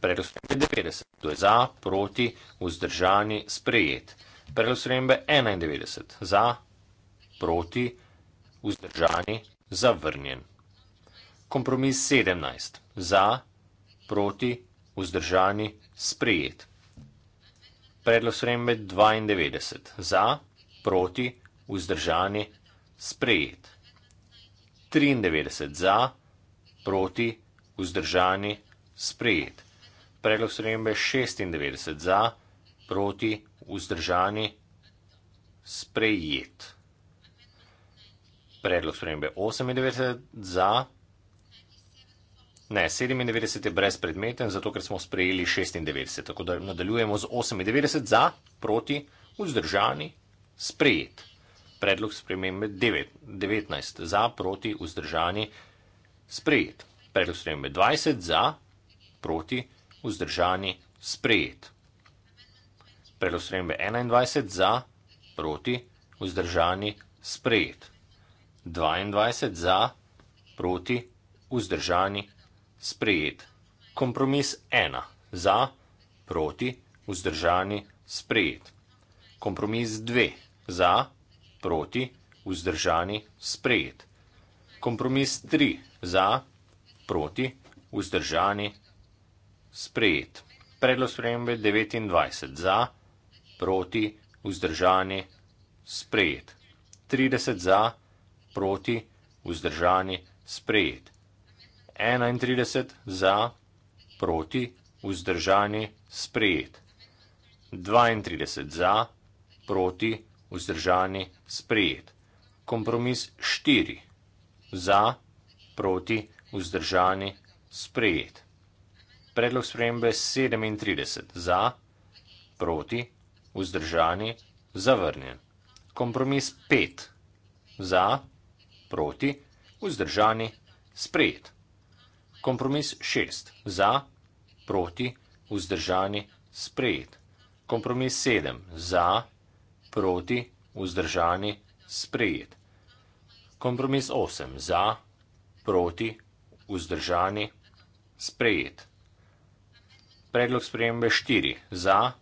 Predloženje 90, to je za, proti, vzdržani, sprejet. Predloženje 91, za, proti, vzdržani, zavrnjen. Kompromis 17, za, proti, vzdržani, sprejet. Predloženje 92, za, proti, vzdržani, sprejet. 93, za, proti, vzdržani, sprejet. Predlog spremembe 96 za, proti, vzdržani, sprejet. Predlog spremembe 98 za, ne, 97 je brezpredmeten, zato ker smo sprejeli 96. Tako da nadaljujemo z 98 za, proti, vzdržani, sprejet. Predlog spremembe 19 za, proti, vzdržani, sprejet. Predlog spremembe 20 za, proti, vzdržani vzdržani, sprejet. Predlog spremembe 21 za, proti, vzdržani, sprejet. 22 za, proti, vzdržani, sprejet. Kompromis 1 za, proti, vzdržani, sprejet. Kompromis 2 za, proti, vzdržani, sprejet. Kompromis 3 za, proti, vzdržani, sprejet sprejet. Predlog spremembe 29 za, proti, vzdržani, sprejet. 30 za, proti, vzdržani, sprejet. 31 za, proti, vzdržani, sprejet. 32 za, proti, vzdržani, sprejet. Kompromis 4 za, proti, vzdržani, sprejet. Predlog spremembe 37. Za, proti, vzdržani, zavrnjen. Kompromis 5. Za, proti, vzdržani, sprejet. Kompromis 6. Za, proti, vzdržani, sprejet. Kompromis 7. Za, proti, vzdržani, sprejet. Kompromis 8. Za, proti, vzdržani, sprejet. Predlog spremembe 4. Za,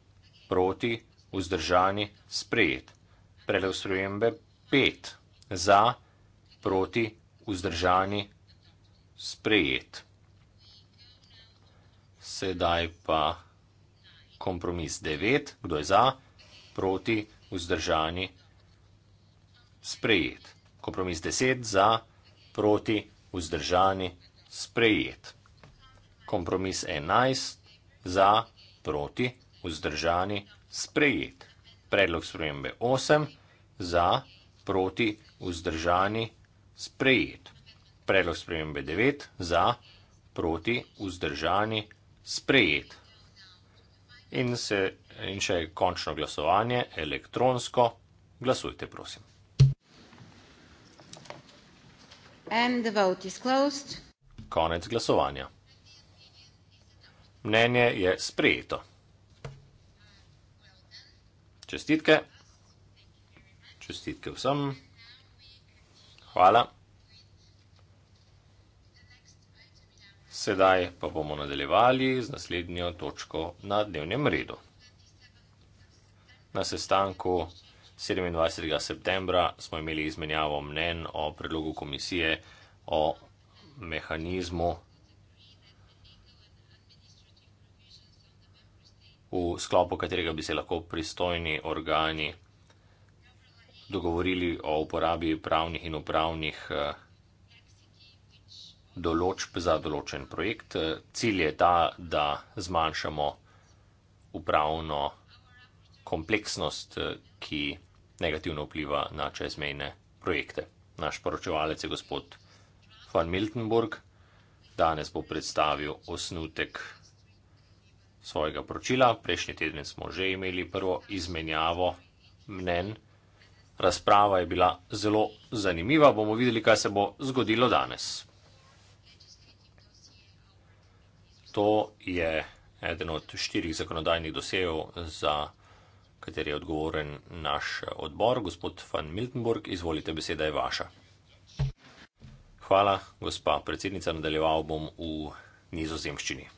proti, vzdržani, sprejet. Predlog spremembe 5. Za, proti, vzdržani, sprejet. Sedaj pa kompromis 9. Kdo je za, proti, vzdržani, sprejet. Kompromis 10. Za, proti, vzdržani, sprejet. Kompromis 11 za, proti, vzdržani, sprejet. Predlog spremembe 8, za, proti, vzdržani, sprejet. Predlog spremembe 9, za, proti, vzdržani, sprejet. In, se, in še končno glasovanje elektronsko. Glasujte, prosim. And the vote is closed. Konec glasovanja. Mnenje je sprejeto. Čestitke. Čestitke vsem. Hvala. Sedaj pa bomo nadaljevali z naslednjo točko na dnevnem redu. Na sestanku 27. septembra smo imeli izmenjavo mnen o predlogu komisije o mehanizmu v sklopu katerega bi se lahko pristojni organi dogovorili o uporabi pravnih in upravnih eh, določb za določen projekt. Eh, cilj je ta, da zmanjšamo upravno kompleksnost, eh, ki negativno vpliva na čezmejne projekte. Naš poročevalec je gospod van Miltenburg, danes bo predstavil osnutek svojega poročila. Prejšnji teden smo že imeli prvo izmenjavo mnen. Razprava je bila zelo zanimiva. Bomo videli, kaj se bo zgodilo danes. To je eden od štirih zakonodajnih dosejev, za kater je odgovoren naš odbor, gospod van Miltenburg. Izvolite, beseda je vaša. Hvala, gospa predsednica. Nadaljeval bom v nizozemščini.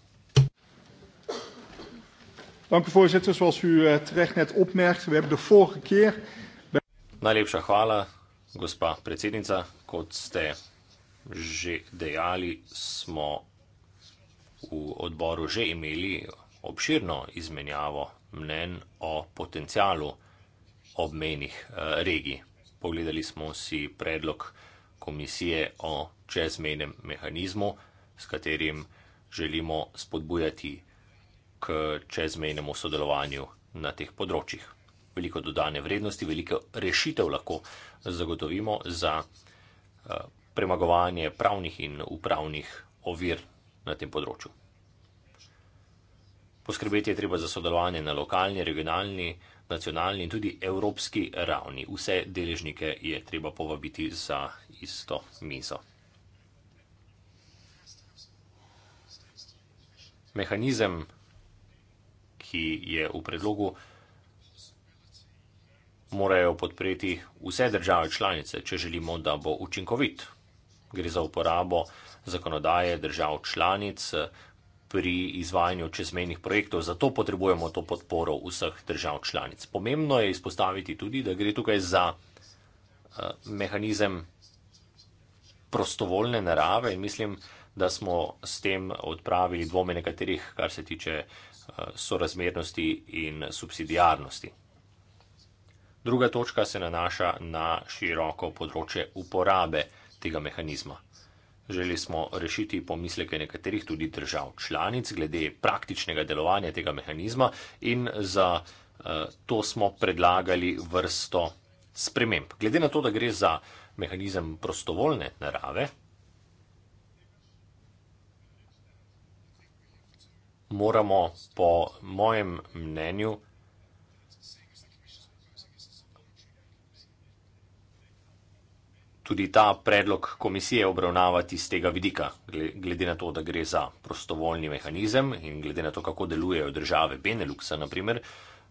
Dank u voorzitter. Zoals u uh, terecht net opmerkt, we hebben de vorige keer. Najlepša hvala, gospa predsednica. Kot ste že dejali, smo v odboru že imeli obširno izmenjavo mnen o potencijalu obmejnih eh, regij. Pogledali smo si predlog komisije o čezmejnem mehanizmu, s katerim želimo spodbujati k čezmejnemu sodelovanju na teh področjih. Veliko dodane vrednosti, veliko rešitev lahko zagotovimo za eh, premagovanje pravnih in upravnih ovir na tem področju. Poskrbeti je treba za sodelovanje na lokalni, regionalni, nacionalni in tudi evropski ravni. Vse deležnike je treba povabiti za isto mizo. Mehanizem ki je v predlogu, morajo podpreti vse države članice, če želimo, da bo učinkovit. Gre za uporabo zakonodaje držav članic eh, pri izvajanju čezmejnih projektov, zato potrebujemo to podporo vseh držav članic. Pomembno je izpostaviti tudi, da gre tukaj za eh, mehanizem prostovoljne narave in mislim, da smo s tem odpravili dvome nekaterih, kar se tiče eh, sorazmernosti in subsidijarnosti. Druga točka se nanaša na široko področje uporabe tega mehanizma. Želeli smo rešiti pomisleke nekaterih tudi držav članic glede praktičnega delovanja tega mehanizma in za eh, to smo predlagali vrsto sprememb. Glede na to, da gre za mehanizem prostovoljne narave, moramo po mojem mnenju tudi ta predlog komisije obravnavati z tega vidika, glede na to, da gre za prostovoljni mehanizem in glede na to, kako delujejo države Beneluxa, naprimer,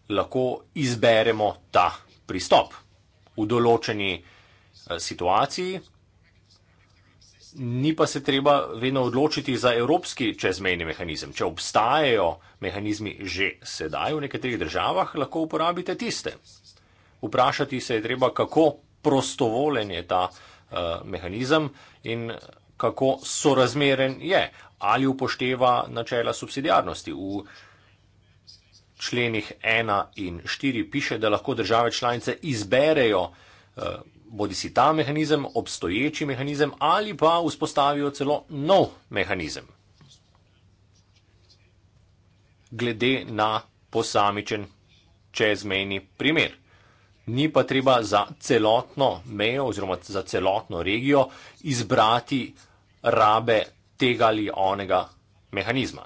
lahko izberemo ta pristop v določeni eh, situaciji, ni pa se treba vedno odločiti za evropski čezmejni mehanizem. Če obstajajo mehanizmi že sedaj v nekaterih državah, lahko uporabite tiste. Vprašati se je treba, kako prostovolen je ta uh, mehanizem in kako sorazmeren je, ali upošteva načela subsidijarnosti. V členih 1 in 4 piše, da lahko države članice izberejo uh, bodi si ta mehanizem, obstoječi mehanizem ali pa vzpostavijo celo nov mehanizem. Glede na posamičen čezmejni primer. Ni pa treba za celotno mejo oziroma za celotno regijo izbrati rabe tega ali onega mehanizma.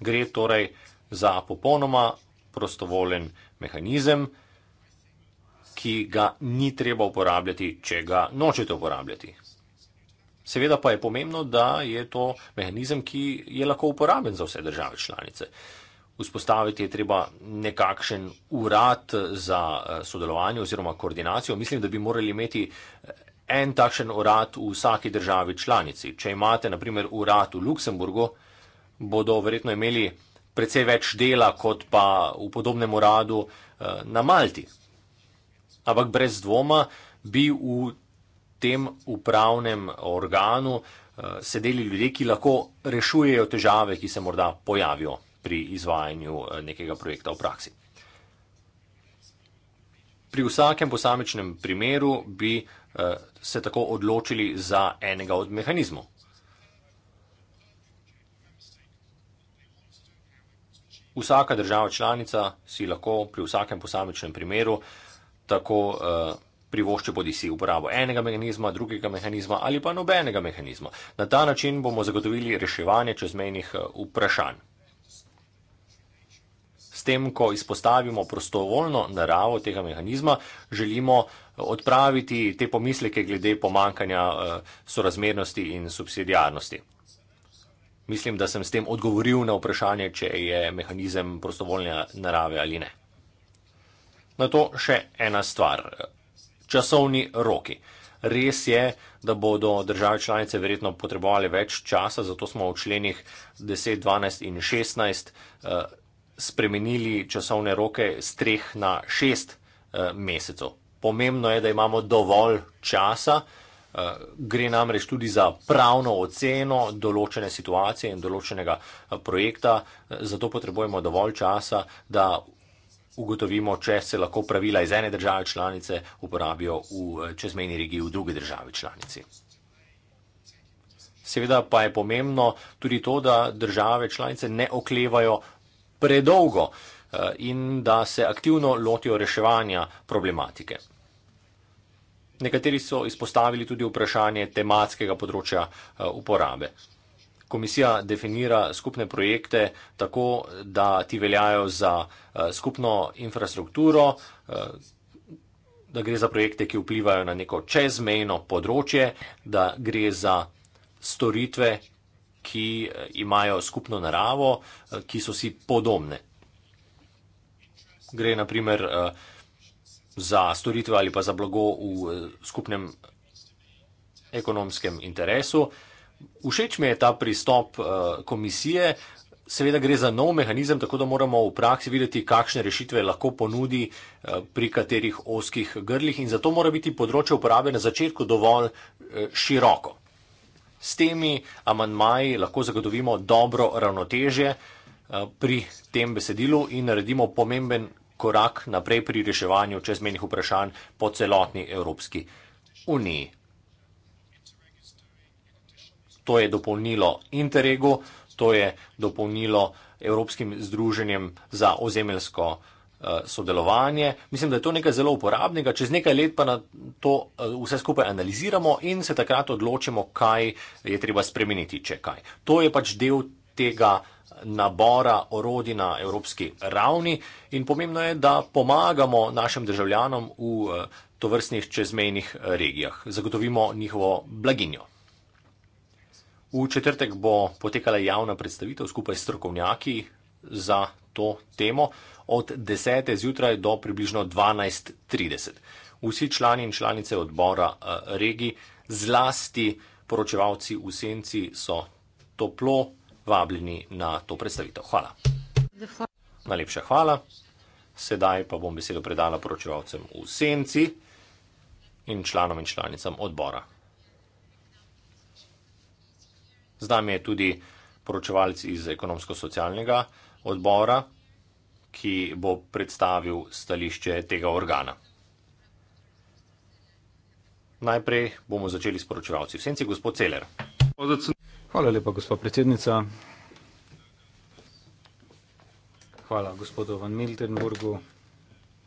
Gre torej za popolnoma prostovoljen mehanizem, ki ga ni treba uporabljati, če ga nočete uporabljati. Seveda pa je pomembno, da je to mehanizem, ki je lahko uporaben za vse države članice. Vzpostaviti je treba nekakšen urad za eh, sodelovanje oziroma koordinacijo. Mislim, da bi morali imeti eh, en takšen urad v vsaki državi članici. Če imate, naprimer, urad v Luksemburgu, bodo verjetno imeli precej več dela kot pa v podobnem uradu eh, na Malti ampak brez dvoma bi v tem upravnem organu eh, sedeli ljudje, ki lahko rešujejo težave, ki se morda pojavijo pri izvajanju eh, nekega projekta v praksi. Pri vsakem posamičnem primeru bi eh, se tako odločili za enega od mehanizmov. Vsaka država članica si lahko pri vsakem posamičnem primeru uh, tako eh, privošče bodi si uporabo enega mehanizma, drugega mehanizma ali pa nobenega mehanizma. Na ta način bomo zagotovili reševanje čezmejnih eh, vprašanj. S tem, ko izpostavimo prostovoljno naravo tega mehanizma, želimo eh, odpraviti te pomisleke glede pomankanja sorazmernosti in subsidijarnosti. Mislim, da sem s tem odgovoril na vprašanje, če je mehanizem prostovoljne narave ali ne. Na to še ena stvar. Časovni roki. Res je, da bodo države članice verjetno potrebovali več časa, zato smo v členih 10, 12 in 16 eh, spremenili časovne roke z 3 na 6 eh, mesecev. Pomembno je, da imamo dovolj časa, eh, gre namreč tudi za pravno oceno določene situacije in določenega projekta, zato potrebujemo dovolj časa, da ugotovimo, če se lahko pravila iz ene države članice uporabijo v eh, čezmejni regiji v drugi državi članici. Seveda pa je pomembno tudi to, da države članice ne oklevajo predolgo eh, in da se aktivno lotijo reševanja problematike. Nekateri so izpostavili tudi vprašanje tematskega področja eh, uporabe. Komisija definira skupne projekte tako, da ti veljajo za eh, skupno infrastrukturo, eh, da gre za projekte, ki vplivajo na neko čezmejno področje, da gre za storitve, ki eh, imajo skupno naravo, ki so si podobne. Gre naprimer za storitve ali pa za blago v skupnem ekonomskem interesu. Všeč mi je ta pristop eh, komisije. Seveda gre za nov mehanizem, tako da moramo v praksi videti, kakšne rešitve lahko ponudi eh, pri katerih oskih grlih in zato mora biti področje uporabe na začetku dovolj eh, široko. S temi amantmaji lahko zagotovimo dobro ravnotežje pri tem besedilu in naredimo pomemben korak naprej pri reševanju čezmenih vprašanj po celotni Evropski uniji to je dopolnilo Interregu, to je dopolnilo Evropskim združenjem za ozemelsko eh, sodelovanje. Mislim, da je to nekaj zelo uporabnega, čez nekaj let pa na to eh, vse skupaj analiziramo in se takrat odločimo, kaj je treba spremeniti, če kaj. To je pač del tega nabora orodi na evropski ravni in pomembno je, da pomagamo našim državljanom v eh, tovrstnih čezmejnih regijah, zagotovimo njihovo blaginjo. V četrtek bo potekala javna predstavitev skupaj s strokovnjaki za to temo od 10. zjutraj do približno 12.30. Vsi člani in članice odbora eh, regi, zlasti poročevalci v senci, so toplo vabljeni na to predstavitev. Hvala. Najlepša hvala. Sedaj pa bom besedo predala poročevalcem v senci in članom in članicam odbora Z nami je tudi poročevalec iz ekonomsko-socialnega odbora, ki bo predstavil stališče tega organa. Najprej bomo začeli s poročevalci. Vsenci, gospod Celer. Hvala lepa, gospod predsednica. Hvala gospodu Van Miltenburgu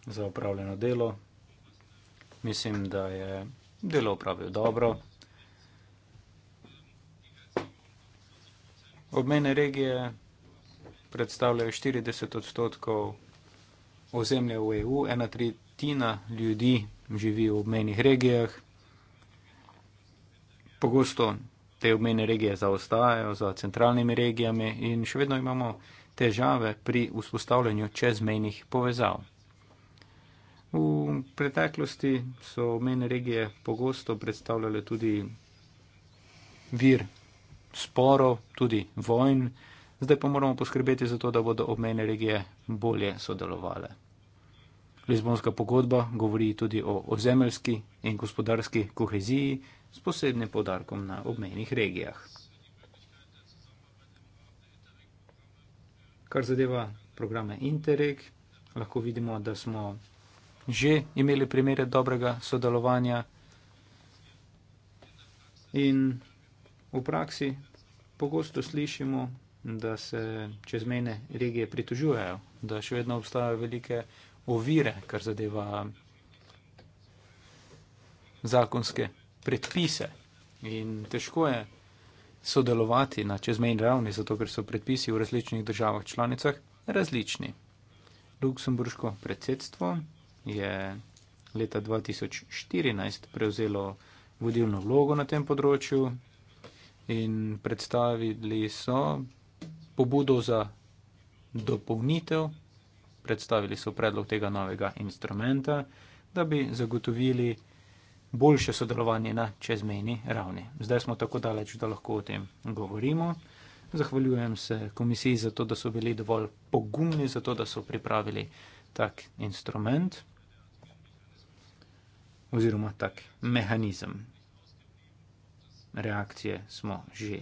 za upravljeno delo. Mislim, da je delo upravil dobro. Obmejne regije predstavljajo 40 odstotkov ozemlja v EU, ena tretjina ljudi živi v obmejnih regijah. Pogosto te obmejne regije zaostajajo za centralnimi regijami in še vedno imamo težave pri vzpostavljanju čezmejnih povezav. V preteklosti so obmejne regije pogosto predstavljale tudi vir sporov, tudi vojn. Zdaj pa moramo poskrbeti za to, da bodo obmejne regije bolje sodelovale. Lizbonska pogodba govori tudi o ozemeljski in gospodarski koheziji s posebnim podarkom na obmejnih regijah. Kar zadeva programe Interreg, lahko vidimo, da smo že imeli primere dobrega sodelovanja in V praksi pogosto slišimo, da se čezmejne regije pritožujejo, da še vedno obstajajo velike ovire, kar zadeva zakonske predpise. In težko je sodelovati na čezmejni ravni, zato ker so predpisi v različnih državah članicah različni. Luksemburško predsedstvo je leta 2014 prevzelo vodilno vlogo na tem področju in predstavili so pobudo za dopolnitev, predstavili so predlog tega novega instrumenta, da bi zagotovili boljše sodelovanje na čezmejni ravni. Zdaj smo tako daleč, da lahko o tem govorimo. Zahvaljujem se komisiji za to, da so bili dovolj pogumni, za to, da so pripravili tak instrument oziroma tak mehanizem reakcije smo že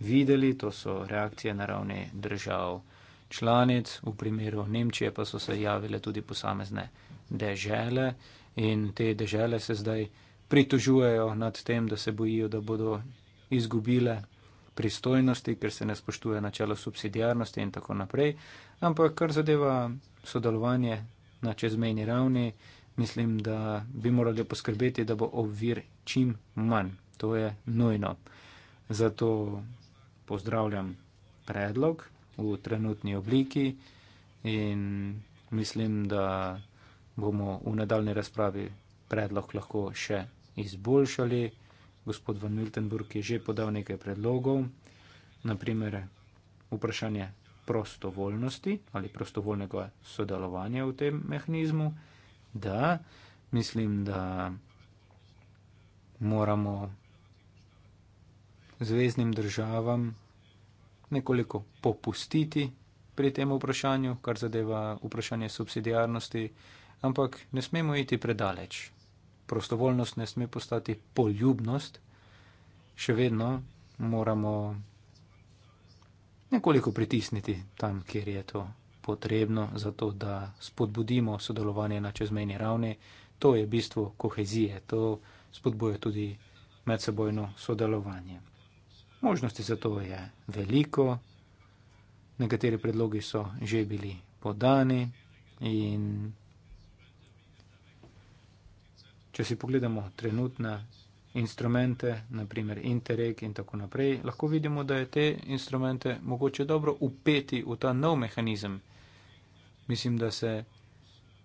videli, to so reakcije na ravni držav članic, v primeru Nemčije pa so se javile tudi posamezne dežele in te dežele se zdaj pritožujejo nad tem, da se bojijo, da bodo izgubile pristojnosti, ker se ne spoštuje načelo subsidijarnosti in tako naprej. Ampak kar zadeva sodelovanje na čezmejni ravni, mislim, da bi morali poskrbeti, da bo ovir čim manj to je nujno. Zato pozdravljam predlog v trenutni obliki in mislim, da bomo v nadaljni razpravi predlog lahko še izboljšali. Gospod Van Miltenburg je že podal nekaj predlogov, naprimer vprašanje prostovoljnosti ali prostovoljnega sodelovanja v tem mehanizmu. Da, mislim, da moramo zvezdnim državam nekoliko popustiti pri tem vprašanju, kar zadeva vprašanje subsidijarnosti, ampak ne smemo iti predaleč. Prostovoljnost ne sme postati poljubnost, še vedno moramo nekoliko pritisniti tam, kjer je to potrebno, zato da spodbudimo sodelovanje na čezmejni ravni. To je bistvo kohezije, to spodbuja tudi medsebojno sodelovanje. Možnosti za to je veliko, nekateri predlogi so že bili podani in če si pogledamo trenutne instrumente, naprimer Interreg in tako naprej, lahko vidimo, da je te instrumente mogoče dobro upeti v ta nov mehanizem. Mislim, da se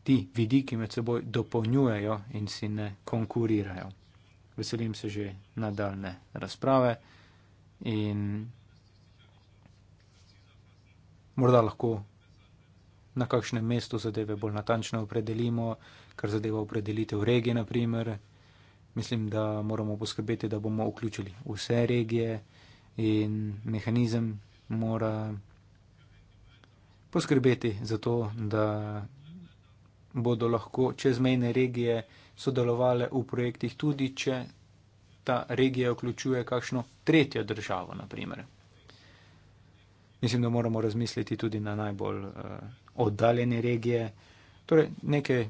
ti vidiki med seboj dopolnjujejo in si ne konkurirajo. Veselim se že nadaljne razprave in morda lahko na kakšnem mestu zadeve bolj natančno opredelimo, kar zadeva opredelitev regije, naprimer. Mislim, da moramo poskrbeti, da bomo vključili vse regije in mehanizem mora poskrbeti za to, da bodo lahko čezmejne regije sodelovale v projektih tudi, če ta regija vključuje kakšno tretjo državo, naprimer. Mislim, da moramo razmisliti tudi na najbolj uh, oddaljene regije, torej nekaj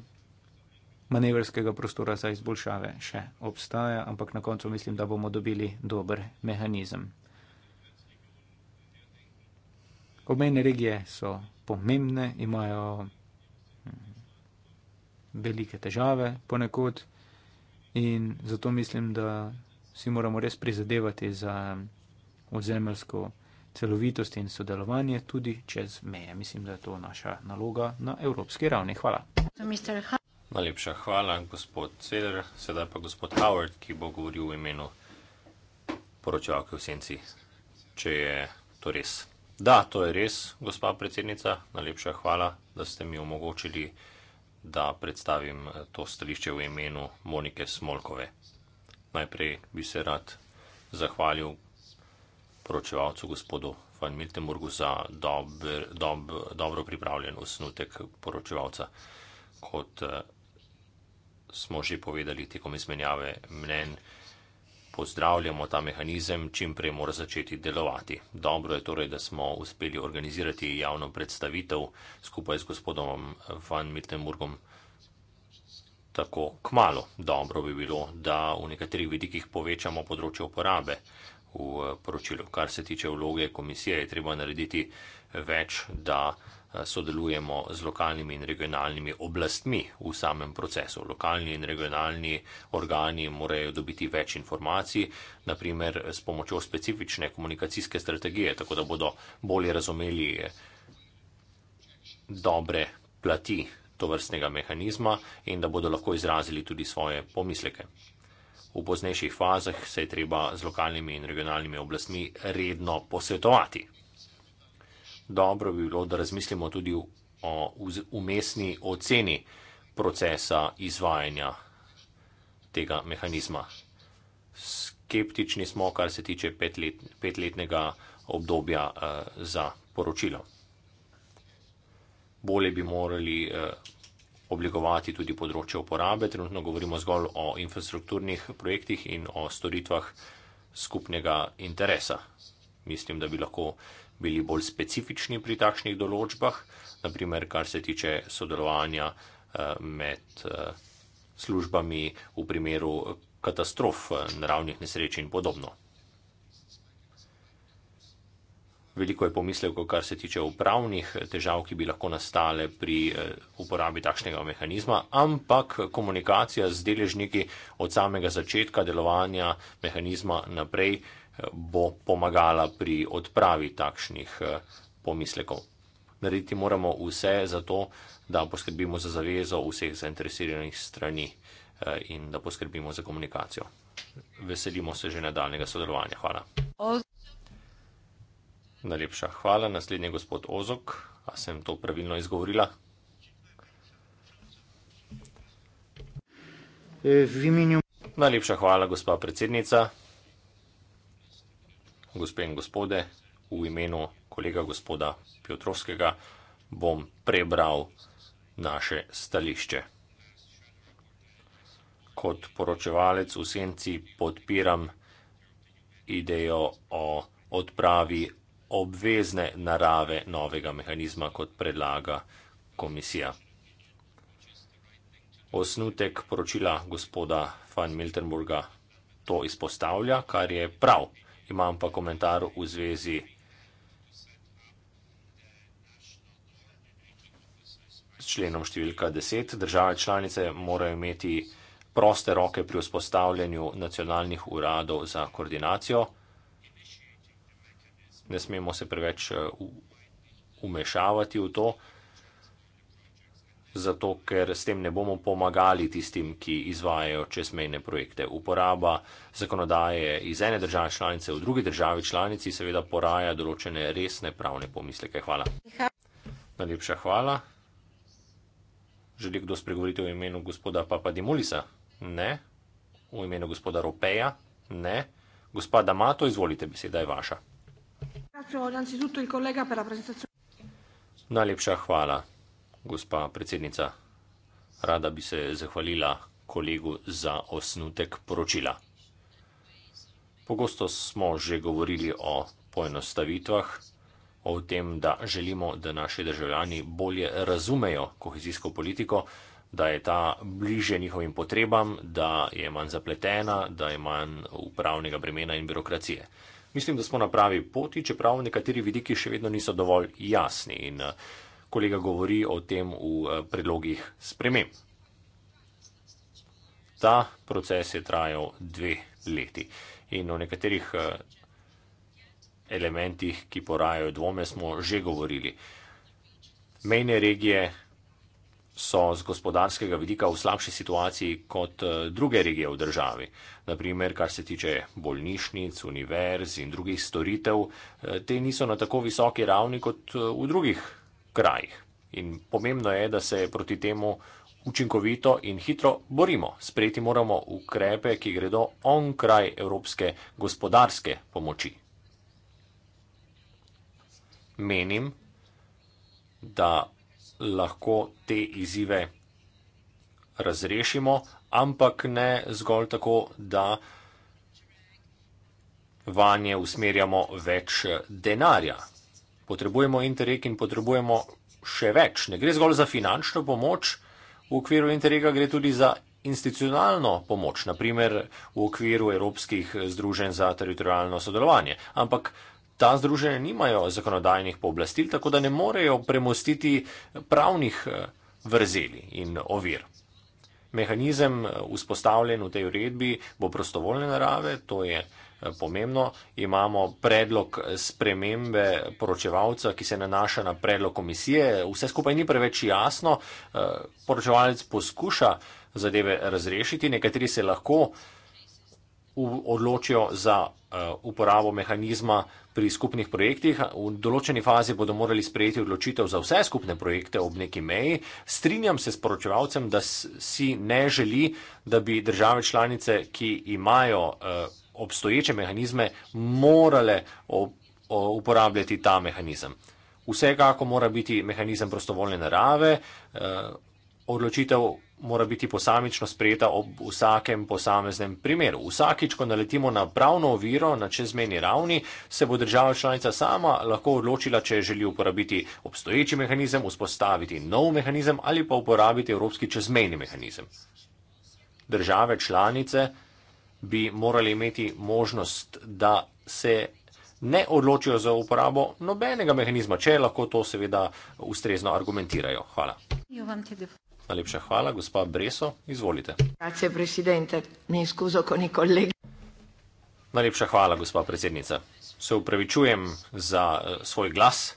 manevrskega prostora za izboljšave še obstaja, ampak na koncu mislim, da bomo dobili dober mehanizem. Obmejne regije so pomembne, imajo hm, velike težave ponekod in zato mislim, da vsi moramo res prizadevati za ozemelsko celovitost in sodelovanje tudi čez meje. Mislim, da je to naša naloga na evropski ravni. Hvala. Najlepša hvala, gospod Ceder. Sedaj pa gospod Howard, ki bo govoril v imenu poročevalke v senci, če je to res. Da, to je res, gospa predsednica. Najlepša hvala, da ste mi omogočili, da predstavim to stališče v imenu Monike Smolkove najprej bi se rad zahvalil poročevalcu gospodu Van Miltenburgu za dober, dob, dobro pripravljen osnutek poročevalca. Kot uh, smo že povedali tekom izmenjave mnen, pozdravljamo ta mehanizem, čim prej mora začeti delovati. Dobro je torej, da smo uspeli organizirati javno predstavitev skupaj z gospodom Van Miltenburgom tako kmalo. Dobro bi bilo, da v nekaterih vidikih povečamo področje uporabe v eh, poročilu. Kar se tiče vloge komisije, je treba narediti več, da eh, sodelujemo z lokalnimi in regionalnimi oblastmi v samem procesu. Lokalni in regionalni organi morajo dobiti več informacij, naprimer s pomočjo specifične komunikacijske strategije, tako da bodo bolje razumeli eh, dobre plati to vrstnega mehanizma in da bodo lahko izrazili tudi svoje pomisleke. V poznejših fazah se je treba z lokalnimi in regionalnimi oblastmi redno posvetovati. Dobro bi bilo, da razmislimo tudi o umestni oceni procesa izvajanja tega mehanizma. Skeptični smo, kar se tiče petletnega obdobja eh, za poročilo bolje bi morali eh, oblikovati tudi področje uporabe. Trenutno govorimo zgolj o infrastrukturnih projektih in o storitvah skupnega interesa. Mislim, da bi lahko bili bolj specifični pri takšnih določbah, naprimer kar se tiče sodelovanja eh, med eh, službami v primeru katastrof, naravnih nesreč in podobno. veliko je pomislekov, kar se tiče upravnih težav, ki bi lahko nastale pri eh, uporabi takšnega mehanizma, ampak komunikacija z deležniki od samega začetka delovanja mehanizma naprej eh, bo pomagala pri odpravi takšnih eh, pomislekov. Narediti moramo vse za to, da poskrbimo za zavezo vseh zainteresiranih strani in da poskrbimo za komunikacijo. Veselimo se že nadaljnega sodelovanja. Hvala. Najlepša hvala. Naslednji je gospod Ozok. A sem to pravilno izgovorila? E, v imenju. Najlepša hvala, gospa predsednica. Gospe in gospode, v imenu kolega gospoda Piotrovskega bom prebral naše stališče. Kot poročevalec v senci podpiram idejo o odpravi obvezne narave novega mehanizma, kot predlaga komisija. Osnutek poročila gospoda van Miltenburga to izpostavlja, kar je prav. Imam pa komentar v zvezi s členom številka 10. Države članice morajo imeti proste roke pri vzpostavljanju nacionalnih uradov za koordinacijo ne smemo se preveč eh, umešavati v to, zato ker s tem ne bomo pomagali tistim, ki izvajajo čezmejne projekte. Uporaba zakonodaje iz ene države članice v drugi državi članici seveda poraja določene resne pravne pomisleke. Hvala. Najlepša hvala. Želi kdo spregovoriti v imenu gospoda Papadimulisa? Ne. V imenu gospoda Ropeja? Ne. Gospa Damato, izvolite, beseda je vaša. Najlepša hvala, gospa predsednica. Rada bi se zahvalila kolegu za osnutek poročila. Pogosto smo že govorili o poenostavitvah, o tem, da želimo, da naši državljani bolje razumejo kohezijsko politiko, da je ta bliže njihovim potrebam, da je manj zapletena, da je manj upravnega bremena in birokracije. Mislim, da smo na pravi poti, čeprav nekateri vidiki še vedno niso dovolj jasni in eh, kolega govori o tem v eh, predlogih sprememb. Ta proces je trajal dve leti in o nekaterih eh, elementih, ki porajajo dvome, smo že govorili. Mejne regije so z gospodarskega vidika v slabši situaciji kot eh, druge regije v državi. Naprimer, kar se tiče bolnišnic, univerz in drugih storitev, eh, te niso na tako visoki ravni kot eh, v drugih krajih. In pomembno je, da se proti temu učinkovito in hitro borimo. Sprejeti moramo ukrepe, ki gredo on kraj evropske gospodarske pomoči. Menim, da lahko te izzive razrešimo, ampak ne zgolj tako, da vanje usmerjamo več denarja. Potrebujemo interreg in potrebujemo še več. Ne gre zgolj za finančno pomoč, v okviru interrega gre tudi za institucionalno pomoč, naprimer v okviru Evropskih združenj za teritorijalno sodelovanje. Ampak Ta združenja nimajo zakonodajnih pooblastil, tako da ne morejo premostiti pravnih eh, vrzeli in ovir. Mehanizem eh, vzpostavljen v tej uredbi bo prostovoljne narave, to je eh, pomembno. Imamo predlog spremembe poročevalca, ki se nanaša na predlog komisije. Vse skupaj ni preveč jasno. Poročevalec poskuša zadeve razrešiti, nekateri se lahko odločijo za eh, uporabo mehanizma pri skupnih projektih. V določeni fazi bodo morali sprejeti odločitev za vse skupne projekte ob neki meji. Strinjam se s poročevalcem, da si ne želi, da bi države članice, ki imajo eh, obstoječe mehanizme, morale uporabljati ta mehanizem. Vsekako mora biti mehanizem prostovoljne narave, eh, odločitev mora biti posamično sprejeta ob vsakem posameznem primeru. Vsakič, ko naletimo na pravno oviro na čezmeni ravni, se bo država članica sama lahko odločila, če želi uporabiti obstoječi mehanizem, vzpostaviti nov mehanizem ali pa uporabiti evropski čezmeni mehanizem. Države članice bi morali imeti možnost, da se ne odločijo za uporabo nobenega mehanizma, če lahko to seveda ustrezno argumentirajo. Hvala. Najlepša hvala, gospa Breso, izvolite. Najlepša hvala, gospa predsednica. Se upravičujem za eh, svoj glas.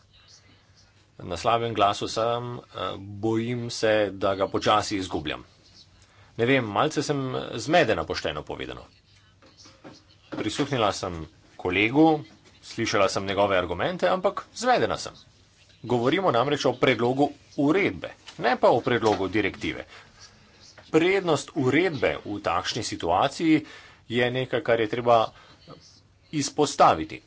Na slabem glasu sem, eh, bojim se, da ga počasi izgubljam. Ne vem, malce sem eh, zmedena, pošteno povedano. Prisuhnila sem kolegu, slišala sem njegove argumente, ampak zmedena sem. Govorimo namreč o predlogu uredbe ne pa o predlogu direktive. Prednost uredbe v takšni situaciji je nekaj, kar je treba izpostaviti.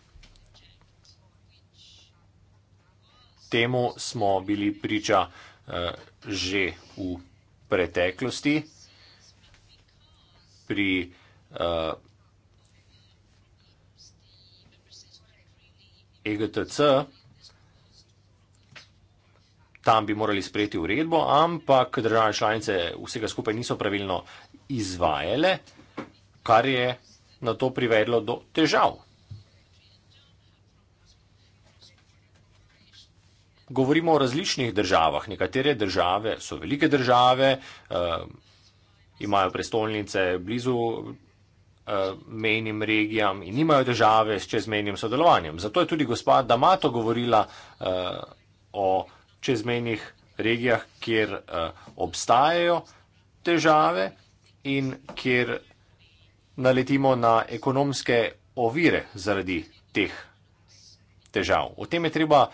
Temu smo bili priča eh, že v preteklosti pri EGTC, eh, e tam bi morali sprejeti uredbo, ampak države članice vsega skupaj niso pravilno izvajale, kar je na to privedlo do težav. Govorimo o različnih državah. Nekatere države so velike države, eh, imajo prestolnice blizu eh, menim regijam in nimajo države s čezmenjem sodelovanjem. Zato je tudi gospa Damato govorila eh, o državah, čezmejnih regijah, kjer eh, obstajajo težave in kjer naletimo na ekonomske ovire zaradi teh težav. O tem je treba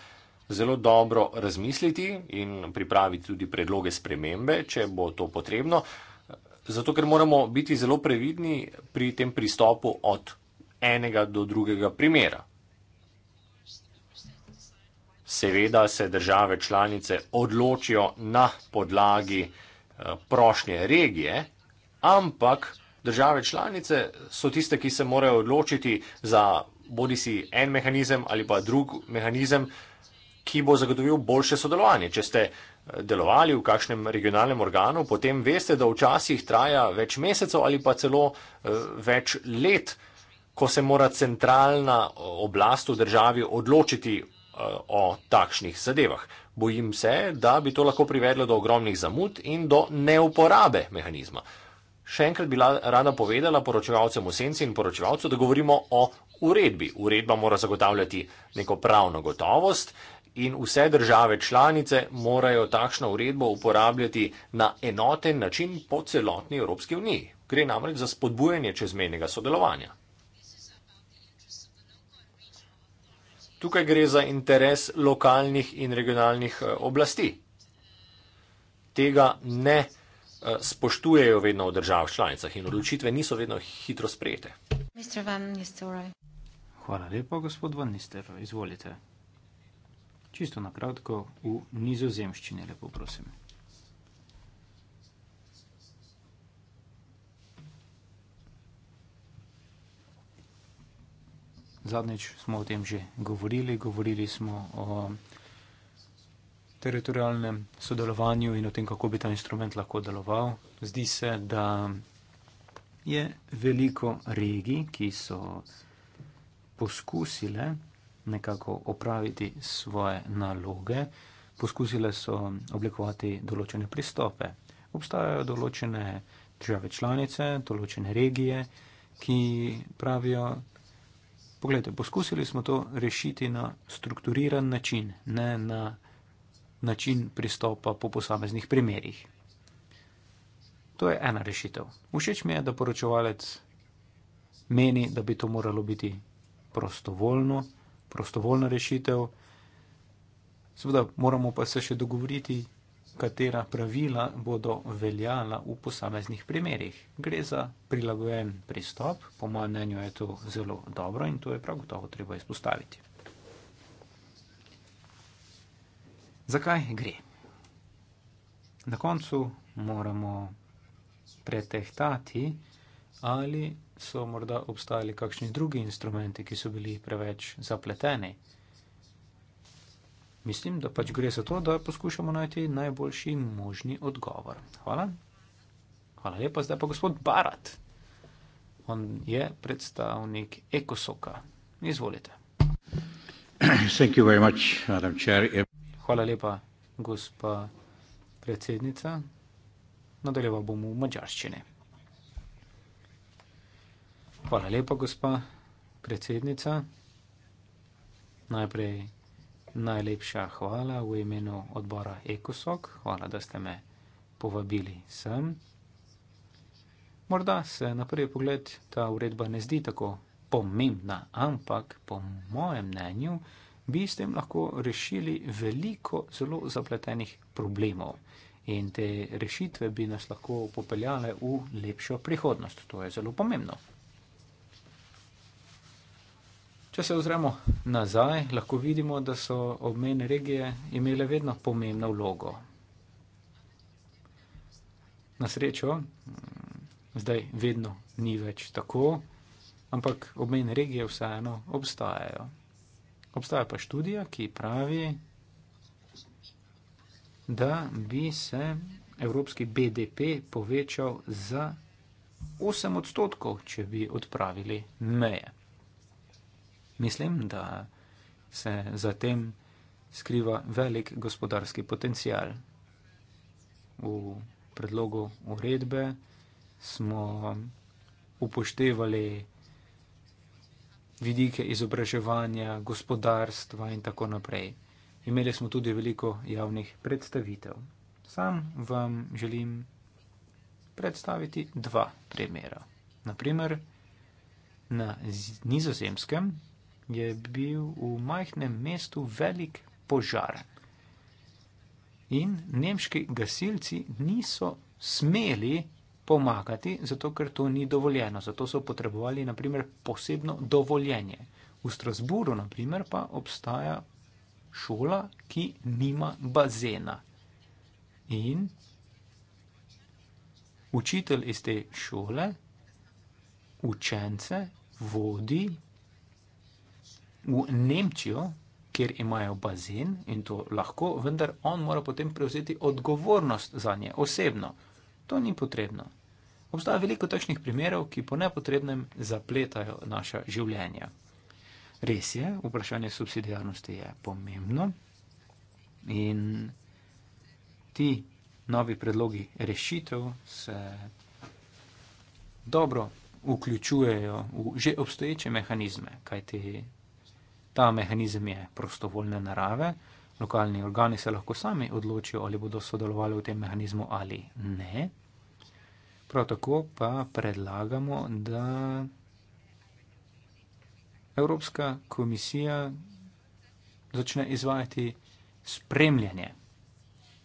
zelo dobro razmisliti in pripraviti tudi predloge spremembe, če bo to potrebno, zato ker moramo biti zelo previdni pri tem pristopu od enega do drugega primera. Seveda se države članice odločijo na podlagi eh, prošnje regije, ampak države članice so tiste, ki se morajo odločiti za bodi si en mehanizem ali pa drug mehanizem, ki bo zagotovil boljše sodelovanje. Če ste eh, delovali v kakšnem regionalnem organu, potem veste, da včasih traja več mesecev ali pa celo eh, več let, ko se mora centralna oblast v državi odločiti Eh, o takšnih zadevah. Bojim se, da bi to lahko privedlo do ogromnih zamud in do neuporabe mehanizma. Še enkrat bi rada povedala poročevalcem v senci in poročevalcu, da govorimo o uredbi. Uredba mora zagotavljati neko pravno gotovost in vse države članice morajo takšno uredbo uporabljati na enoten način po celotni Evropski uniji. Gre namreč za spodbujanje čezmenjega sodelovanja. tukaj gre za interes lokalnih in regionalnih eh, oblasti. Tega ne eh, spoštujejo vedno v držav članicah in odločitve niso vedno hitro sprejete. Hvala lepa, gospod Van Nister. Izvolite. Čisto na kratko v nizozemščini, lepo prosim. Zadnjič smo o tem že govorili, govorili smo o teritorijalnem sodelovanju in o tem, kako bi ta instrument lahko deloval. Zdi se, da je veliko regij, ki so poskusile nekako opraviti svoje naloge, poskusile so oblikovati določene pristope. Obstajajo določene države članice, določene regije, ki pravijo, Poglejte, poskusili smo to rešiti na strukturiran način, ne na način pristopa po posameznih primerjih. To je ena rešitev. Všeč mi je, da poročevalec meni, da bi to moralo biti prostovoljno, prostovoljna rešitev. Seveda, moramo pa se še dogovoriti, katera pravila bodo veljala v posameznih primerjih. Gre za prilagojen pristop, po mojem mnenju je to zelo dobro in to je prav gotovo treba izpostaviti. Zakaj gre? Na koncu moramo pretehtati, ali so morda obstajali kakšni drugi instrumenti, ki so bili preveč zapleteni. Mislim, da pač gre za to, da poskušamo najti najboljši možni odgovor. Hvala. Hvala lepa, zdaj pa gospod Barat. On je predstavnik Ekosoka. Izvolite. Much, Hvala lepa, gospa predsednica. Nadaljeva bomo v mačarščini. Hvala lepa, gospa predsednica. Najprej Najlepša hvala v imenu odbora Ekosok, hvala, da ste me povabili sem. Morda se na prvi pogled ta uredba ne zdi tako pomembna, ampak po mojem mnenju bi s tem lahko rešili veliko zelo zapletenih problemov in te rešitve bi nas lahko popeljale v lepšo prihodnost. To je zelo pomembno. Če se ozremo nazaj, lahko vidimo, da so obmejne regije imele vedno pomembno vlogo. Na srečo, mm, zdaj vedno ni več tako, ampak obmejne regije vseeno obstajajo. Obstaja pa študija, ki pravi, da bi se evropski BDP povečal za 8 odstotkov, če bi odpravili meje. Mislim, da se za tem skriva velik gospodarski potencial. V predlogu uredbe smo upoštevali vidike izobraževanja, gospodarstva in tako naprej. Imeli smo tudi veliko javnih predstavitev. Sam vam želim predstaviti dva primera. Naprimer, na nizozemskem je bil v majhnem mestu velik požar. In nemški gasilci niso smeli pomagati, zato ker to ni dovoljeno. Zato so potrebovali naprimer, posebno dovoljenje. V Strasburu naprimer, pa obstaja šola, ki nima bazena. In učitelj iz te šole učence vodi v Nemčijo, kjer imajo bazen in to lahko, vendar on mora potem prevzeti odgovornost za nje osebno. To ni potrebno. Obstaja veliko takšnih primerov, ki po nepotrebnem zapletajo naša življenja. Res je, vprašanje subsidijarnosti je pomembno in ti novi predlogi rešitev se dobro vključujejo v že obstoječe mehanizme, kajti Ta mehanizem je prostovoljne narave, lokalni organi se lahko sami odločijo, ali bodo sodelovali v tem mehanizmu ali ne. Prav tako pa predlagamo, da Evropska komisija začne izvajati spremljanje,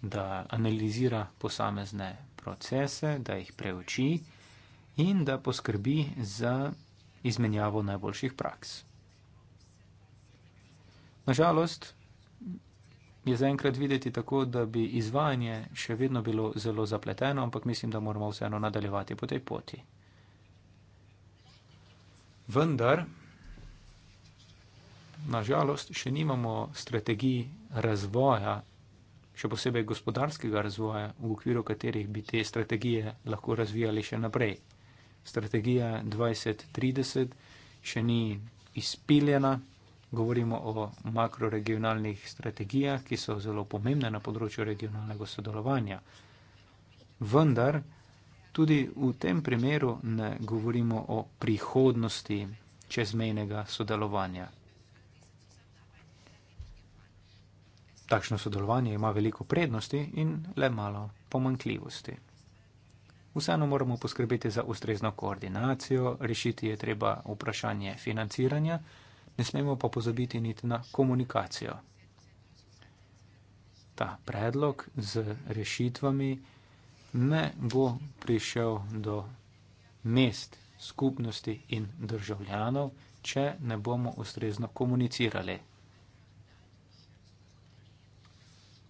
da analizira posamezne procese, da jih preuči in da poskrbi za izmenjavo najboljših praks. Nažalost, je zaenkrat videti tako, da bi izvajanje še vedno bilo zelo zapleteno, ampak mislim, da moramo vseeno nadaljevati po tej poti. Vendar, nažalost, še nimamo strategij razvoja, še posebej gospodarskega razvoja, v okviru katerih bi te strategije lahko razvijali še naprej. Strategija 2030 še ni izpiljena. Govorimo o makroregionalnih strategijah, ki so zelo pomembne na področju regionalnega sodelovanja. Vendar tudi v tem primeru ne govorimo o prihodnosti čezmejnega sodelovanja. Takšno sodelovanje ima veliko prednosti in le malo pomankljivosti. Vseeno moramo poskrbeti za ustrezno koordinacijo, rešiti je treba vprašanje financiranja. Ne smemo pa pozabiti niti na komunikacijo. Ta predlog z rešitvami ne bo prišel do mest, skupnosti in državljanov, če ne bomo ustrezno komunicirali.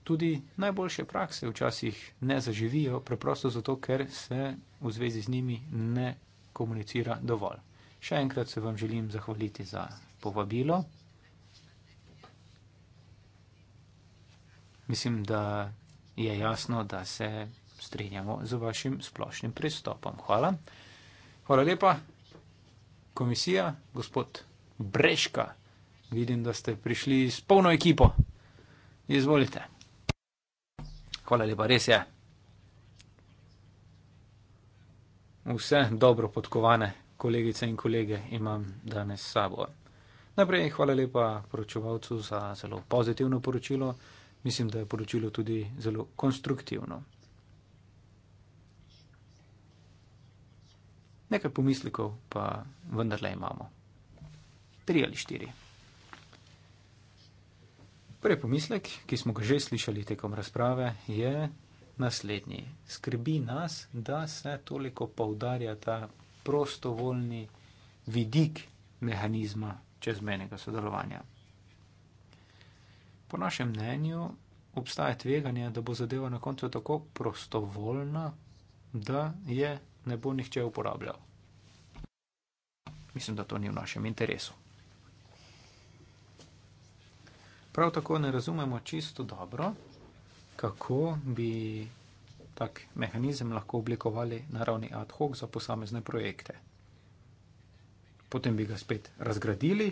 Tudi najboljše prakse včasih ne zaživijo, preprosto zato, ker se v zvezi z njimi ne komunicira dovolj. Še enkrat se vam želim zahvaliti za povabilo. Mislim, da je jasno, da se strinjamo z vašim splošnim pristopom. Hvala. Hvala lepa, komisija, gospod Breška. Vidim, da ste prišli s polno ekipo. Izvolite. Hvala lepa, res je. Vse dobro podkovane kolegice in kolege imam danes s sabo. Najprej hvala lepa poročevalcu za zelo pozitivno poročilo. Mislim, da je poročilo tudi zelo konstruktivno. Nekaj pomislikov pa vendarle imamo. Tri ali štiri. Prvi pomislek, ki smo ga že slišali tekom razprave, je naslednji. Skrbi nas, da se toliko poudarja ta prostovoljni vidik mehanizma čezmenega sodelovanja. Po našem mnenju obstaja tveganje, da bo zadeva na koncu tako prostovoljna, da je ne bo nihče uporabljal. Mislim, da to ni v našem interesu. Prav tako ne razumemo čisto dobro, kako bi tak mehanizem lahko oblikovali na ravni ad hoc za posamezne projekte potem bi ga spet razgradili,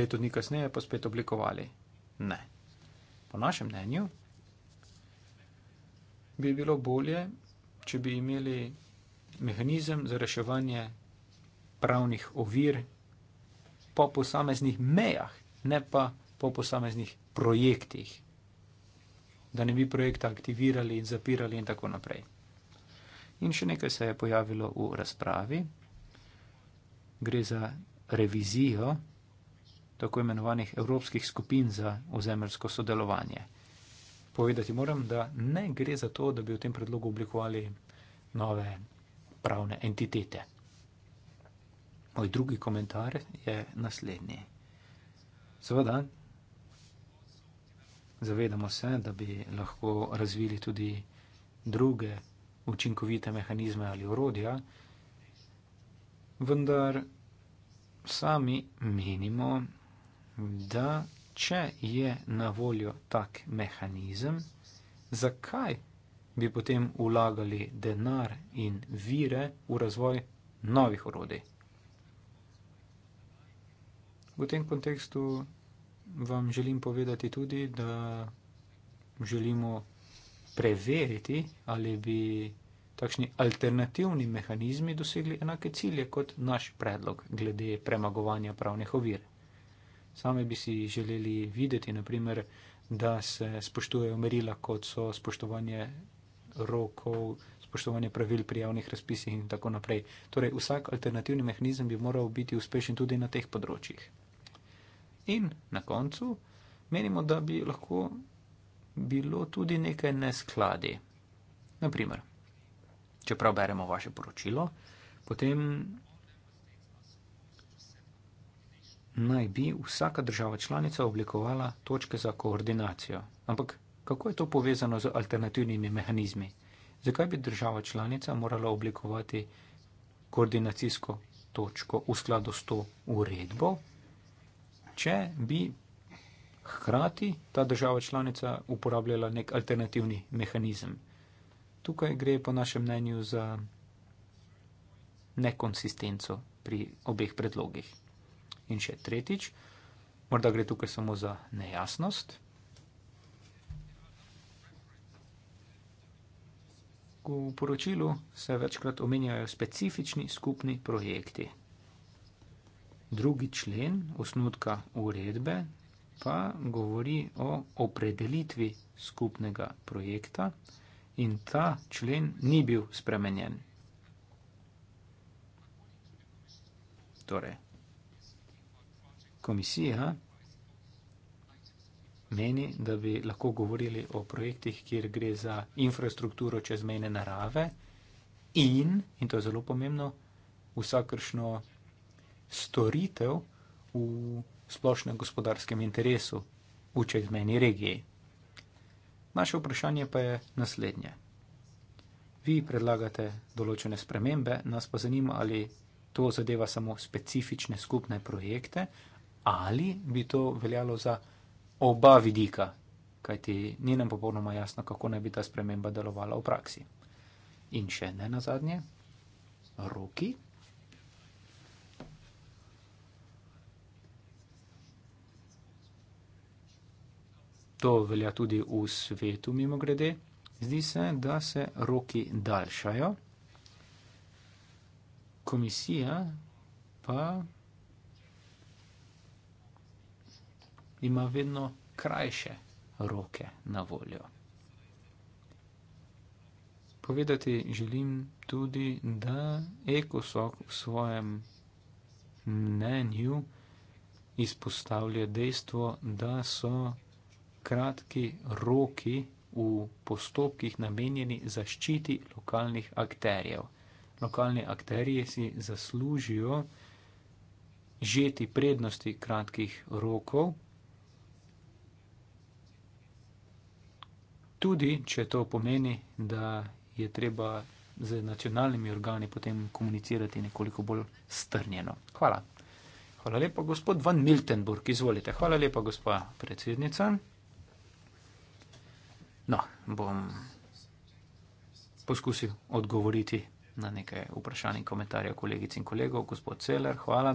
leto dni kasneje pa spet oblikovali. Ne. Po našem mnenju bi bilo bolje, če bi imeli mehanizem za reševanje pravnih ovir po posameznih mejah, ne pa po posameznih projektih, da ne bi projekta aktivirali in zapirali in tako naprej. In še nekaj se je pojavilo v razpravi, gre za revizijo tako imenovanih evropskih skupin za ozemelsko sodelovanje. Povedati moram, da ne gre za to, da bi v tem predlogu oblikovali nove pravne entitete. Moj drugi komentar je naslednji. Seveda, zavedamo se, da bi lahko razvili tudi druge učinkovite mehanizme ali urodja, vendar sami menimo, da če je na voljo tak mehanizem, zakaj bi potem ulagali denar in vire v razvoj novih orodij? V tem kontekstu vam želim povedati tudi, da želimo preveriti, ali bi takšni alternativni mehanizmi dosegli enake cilje kot naš predlog glede premagovanja pravnih ovir. Same bi si želeli videti, naprimer, da se spoštujejo merila, kot so spoštovanje rokov, spoštovanje pravil pri javnih razpisih in tako naprej. Torej, vsak alternativni mehanizem bi moral biti uspešen tudi na teh področjih. In na koncu menimo, da bi lahko bilo tudi nekaj neskladi. Naprimer, čeprav beremo vaše poročilo, potem naj bi vsaka država članica oblikovala točke za koordinacijo. Ampak kako je to povezano z alternativnimi mehanizmi? Zakaj bi država članica morala oblikovati koordinacijsko točko v skladu s to uredbo, če bi hkrati ta država članica uporabljala nek alternativni mehanizem? tukaj gre po našem mnenju za nekonsistenco pri obeh predlogih. In še tretjič, morda gre tukaj samo za nejasnost. V poročilu se večkrat omenjajo specifični skupni projekti. Drugi člen osnutka uredbe pa govori o opredelitvi skupnega projekta, in ta člen ni bil spremenjen. Torej, komisija meni, da bi lahko govorili o projektih, kjer gre za infrastrukturo čezmejne narave in, in to je zelo pomembno, vsakršno storitev v splošnem gospodarskem interesu v čezmejni regiji. Naše vprašanje pa je naslednje. Vi predlagate določene spremembe, nas pa zanima, ali to zadeva samo specifične skupne projekte ali bi to veljalo za oba vidika, kajti ni nam popolnoma jasno, kako naj bi ta sprememba delovala v praksi. In še ne nazadnje, roki. to velja tudi v svetu, mimo grede, zdi se, da se roki daljšajo, komisija pa ima vedno krajše roke na voljo. Povedati želim tudi, da Ekosok v svojem mnenju izpostavlja dejstvo, da so kratki roki v postopkih namenjeni zaščiti lokalnih akterjev. Lokalni akterji si zaslužijo žeti prednosti kratkih rokov, tudi če to pomeni, da je treba z nacionalnimi organi potem komunicirati nekoliko bolj strnjeno. Hvala. Hvala lepa, gospod Van Miltenburg. Izvolite. Hvala lepa, gospa predsednica. No, bom poskusil odgovoriti na nekaj vprašanj in komentarjev kolegic in kolegov. Gospod Celer, hvala.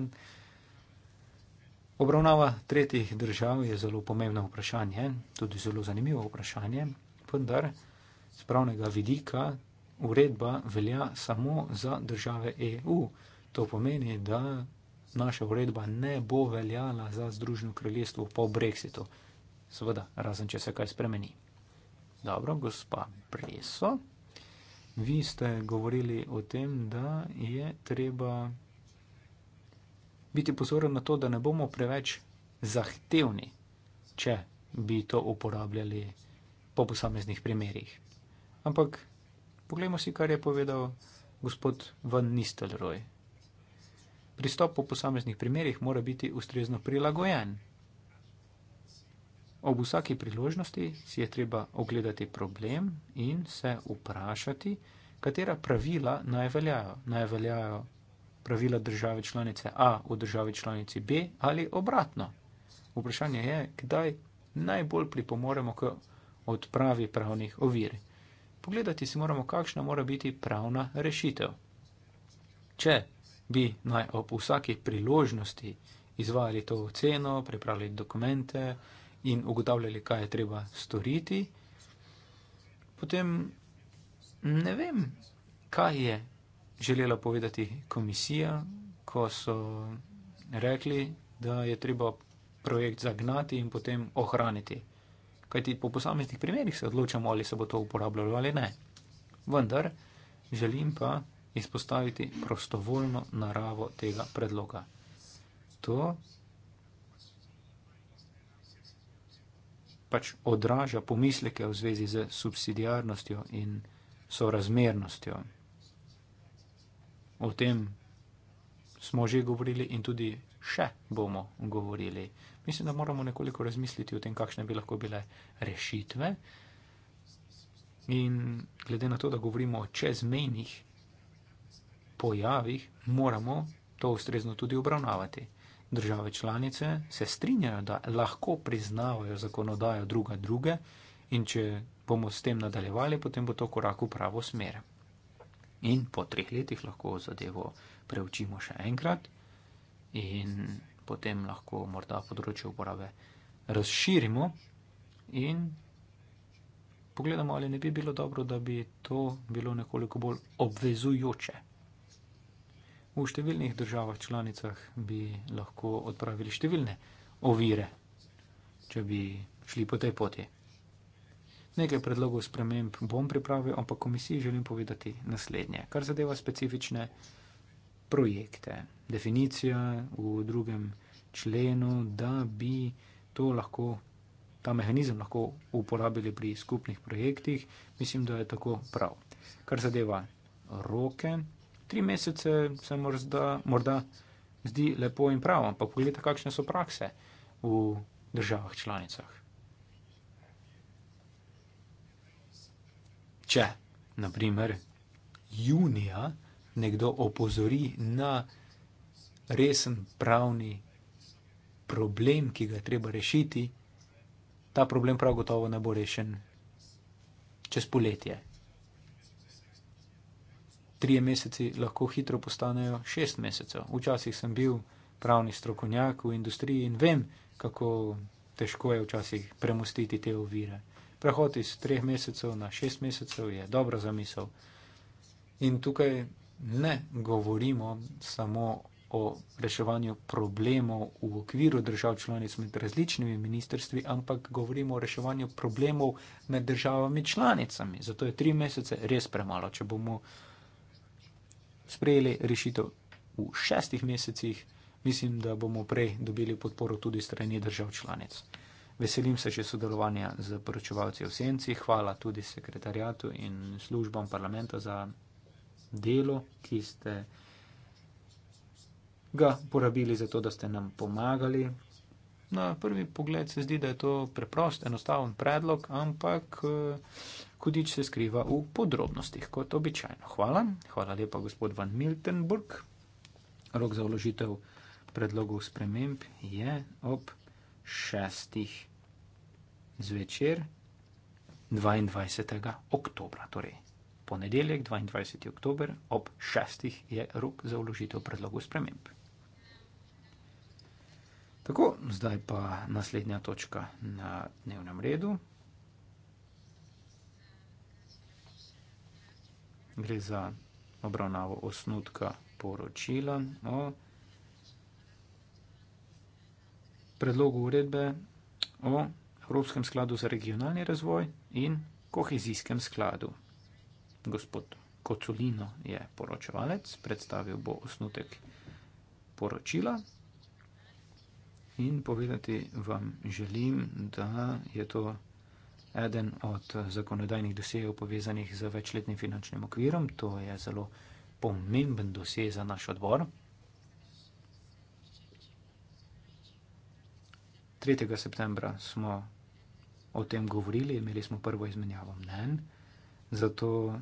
Obravnava tretjih držav je zelo pomembno vprašanje, tudi zelo zanimivo vprašanje, vendar z pravnega vidika uredba velja samo za države EU. To pomeni, da naša uredba ne bo veljala za Združeno kraljestvo po brexitu. Seveda, razen če se kaj spremeni. Dobro, gospa Preso, vi ste govorili o tem, da je treba biti pozoren na to, da ne bomo preveč zahtevni, če bi to uporabljali po posameznih primerjih. Ampak poglejmo si, kar je povedal gospod Van Nistelrooy. Pristop po posameznih primerjih mora biti ustrezno prilagojen. Ob vsaki priložnosti si je treba ogledati problem in se vprašati, katera pravila naj veljajo. Naj veljajo pravila države članice A v državi članici B ali obratno. Vprašanje je, kdaj najbolj pripomoremo k odpravi pravnih ovir. Pogledati si moramo, kakšna mora biti pravna rešitev. Če bi naj ob vsaki priložnosti izvajali to oceno, pripravili dokumente, in ugotavljali, kaj je treba storiti, potem ne vem, kaj je želela povedati komisija, ko so rekli, da je treba projekt zagnati in potem ohraniti. Kajti po posameznih primerjih se odločamo, ali se bo to uporabljalo ali ne. Vendar želim pa izpostaviti prostovoljno naravo tega predloga. To pač odraža pomisleke v zvezi z subsidijarnostjo in sorazmernostjo. O tem smo že govorili in tudi še bomo govorili. Mislim, da moramo nekoliko razmisliti o tem, kakšne bi lahko bile rešitve. In glede na to, da govorimo o čezmejnih pojavih, moramo to ustrezno tudi obravnavati. Države članice se strinjajo, da lahko priznavajo zakonodajo druga druge in če bomo s tem nadaljevali, potem bo to korak v pravo smer. In po treh letih lahko zadevo preučimo še enkrat in potem lahko morda področje uporabe razširimo in pogledamo, ali ne bi bilo dobro, da bi to bilo nekoliko bolj obvezujoče v številnih državah članicah bi lahko odpravili številne ovire, če bi šli po tej poti. Nekaj predlogov sprememb bom pripravil, ampak komisiji želim povedati naslednje. Kar zadeva specifične projekte, definicija v drugem členu, da bi to lahko, ta mehanizem lahko uporabili pri skupnih projektih, mislim, da je tako prav. Kar zadeva roke, tri mesece se morda, morda zdi lepo in prav, ampak pogledajte, kakšne so prakse v državah članicah. Če, naprimer, junija nekdo opozori na resen pravni problem, ki ga je treba rešiti, ta problem prav gotovo ne bo rešen čez poletje, tri meseci lahko hitro postanejo šest mesecev. Včasih sem bil pravni strokovnjak v industriji in vem, kako težko je včasih premustiti te ovire. Prehod iz treh mesecev na šest mesecev je dobra zamisel. In tukaj ne govorimo samo o reševanju problemov v okviru držav članic med različnimi ministrstvi, ampak govorimo o reševanju problemov med državami članicami. Zato je tri mesece res premalo. Če bomo uh, sprejeli rešitev v šestih mesecih, mislim, da bomo prej dobili podporo tudi strani držav članic. Veselim se že sodelovanja z poročevalci v Senci, hvala tudi sekretarjatu in službam parlamenta za delo, ki ste ga porabili za to, da ste nam pomagali. Na prvi pogled se zdi, da je to preprost, enostaven predlog, ampak eh, Hudič se skriva v podrobnostih, kot običajno. Hvala, hvala lepa, gospod Van Miltenburg. Rok za vložitev predlogov sprememb je ob šestih zvečer 22. oktobra, torej ponedeljek 22. oktober ob šestih je rok za vložitev predlogov sprememb. Tako, zdaj pa naslednja točka na dnevnem redu. gre za obravnavo osnutka poročila o predlogu uredbe o Evropskem skladu za regionalni razvoj in kohezijskem skladu. Gospod Koculino je poročevalec, predstavil bo osnutek poročila in povedati vam želim, da je to eden od zakonodajnih dosejev povezanih z večletnim finančnim okvirom. To je zelo pomemben dosej za naš odbor. 3. septembra smo o tem govorili, imeli smo prvo izmenjavo mnen, zato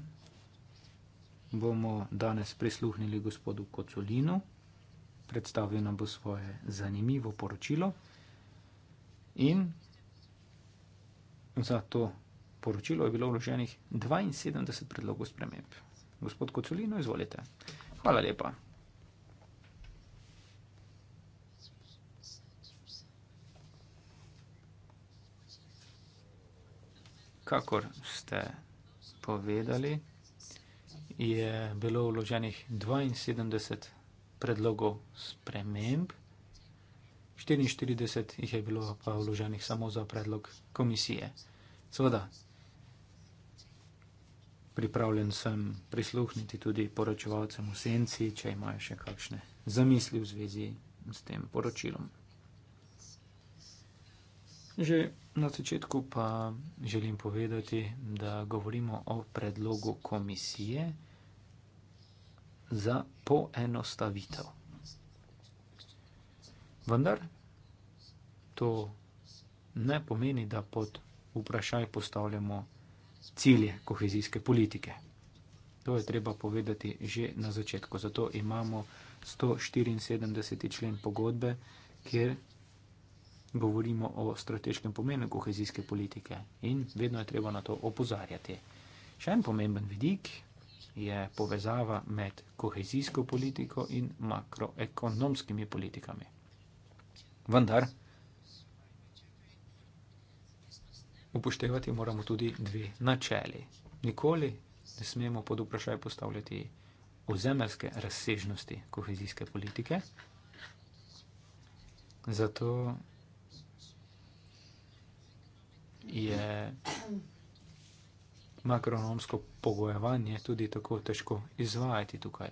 bomo danes prisluhnili gospodu Kocolinu, predstavljeno bo svoje zanimivo poročilo in za to poročilo je bilo vloženih 72 predlogov sprememb. Gospod Kocolino, izvolite. Hvala lepa. Kakor ste povedali, je bilo vloženih 72 predlogov sprememb. 44 jih je bilo pa vloženih samo za predlog komisije. Seveda, pripravljen sem prisluhniti tudi poročevalcem v senci, če imajo še kakšne zamisli v zvezi s tem poročilom. Že na začetku pa želim povedati, da govorimo o predlogu komisije za poenostavitev. Vendar to ne pomeni, da pod vprašaj postavljamo cilje kohezijske politike. To je treba povedati že na začetku. Zato imamo 174. člen pogodbe, kjer govorimo o strateškem pomenu kohezijske politike in vedno je treba na to opozarjati. Še en pomemben vidik je povezava med kohezijsko politiko in makroekonomskimi politikami. Vendar upoštevati moramo tudi dve načeli. Nikoli ne smemo pod vprašaj postavljati ozemeljske razsežnosti kohezijske politike. Zato je makronomsko pogojevanje tudi tako težko izvajati tukaj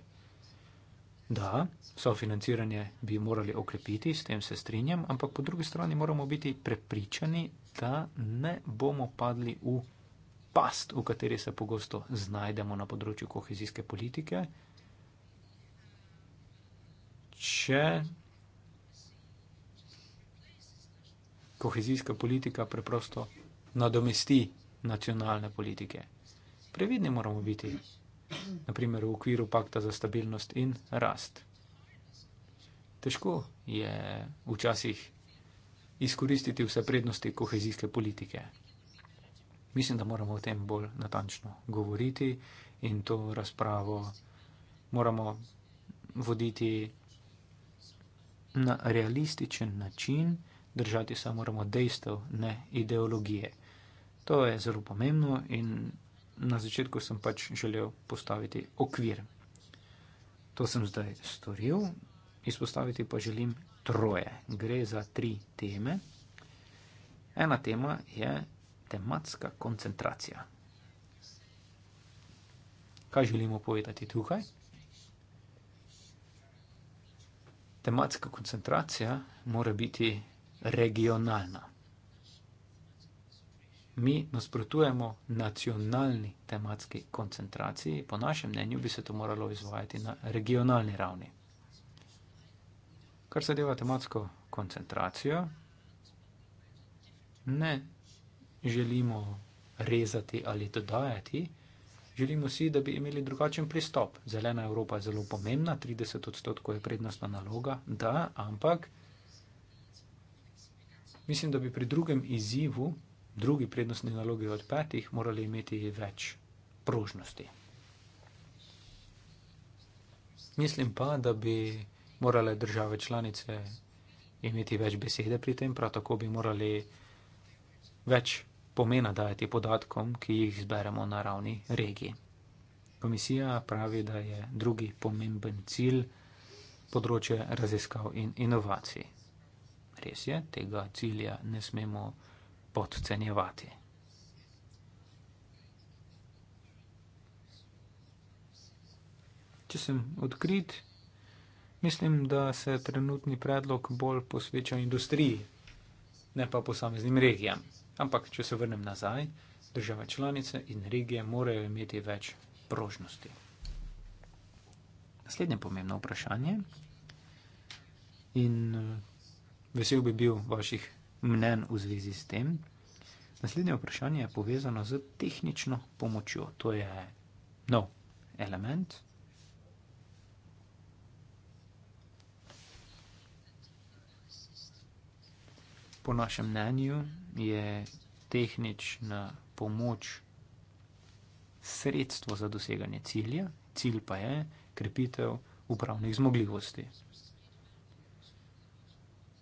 Da, sofinanciranje bi morali okrepiti, s tem se strinjam, ampak po drugi strani moramo biti prepričani, da ne bomo padli v past, v kateri se pogosto znajdemo na področju kohezijske politike, če kohezijska politika preprosto nadomesti nacionalne politike. Previdni moramo biti naprimer v okviru pakta za stabilnost in rast. Težko je včasih izkoristiti vse prednosti kohezijske politike. Mislim, da moramo o tem bolj natančno govoriti in to razpravo moramo voditi na realističen način, držati se moramo dejstev, ne ideologije. To je zelo pomembno in na začetku sem pač želel postaviti okvir. To sem zdaj storil, izpostaviti pa želim troje. Gre za tri teme. Ena tema je tematska koncentracija. Kaj želimo povedati tukaj? Tematska koncentracija mora biti regionalna mi nasprotujemo nacionalni tematski koncentraciji, po našem mnenju bi se to moralo izvajati na regionalni ravni. Kar se deva tematsko koncentracijo, ne želimo rezati ali dodajati, želimo si, da bi imeli drugačen pristop. Zelena Evropa je zelo pomembna, 30 odstotkov je prednostna naloga, da, ampak mislim, da bi pri drugem izzivu drugi prednostni nalogi od petih morali imeti več prožnosti. Mislim pa, da bi morale države članice imeti več besede pri tem, prav tako bi morali več pomena dajati podatkom, ki jih zberemo na ravni regije. Komisija pravi, da je drugi pomemben cilj področje raziskav in inovacij. Res je, tega cilja ne smemo podcenjevati. Če sem odkrit, mislim, da se trenutni predlog bolj posveča industriji, ne pa posameznim regijam. Ampak, če se vrnem nazaj, države članice in regije morajo imeti več prožnosti. Naslednje pomembno vprašanje in eh, vesel bi bil vaših mnen v zvezi s tem. Naslednje vprašanje je povezano z tehnično pomočjo. To je nov element. Po našem mnenju je tehnična pomoč sredstvo za doseganje cilja, cilj pa je krepitev upravnih zmogljivosti.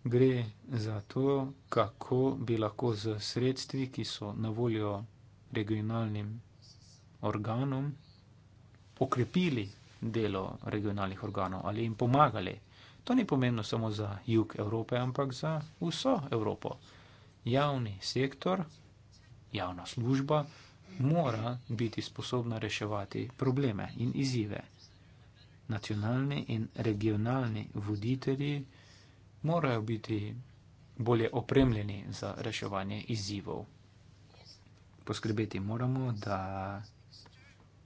Gre za to, kako bi lahko z sredstvi, ki so na voljo regionalnim organom, okrepili delo regionalnih organov ali jim pomagali. To ni pomembno samo za jug Evrope, ampak za vso Evropo. Javni sektor, javna služba mora biti sposobna reševati probleme in izzive. Nacionalni in regionalni voditelji morajo biti bolje opremljeni za reševanje izzivov. Poskrbeti moramo, da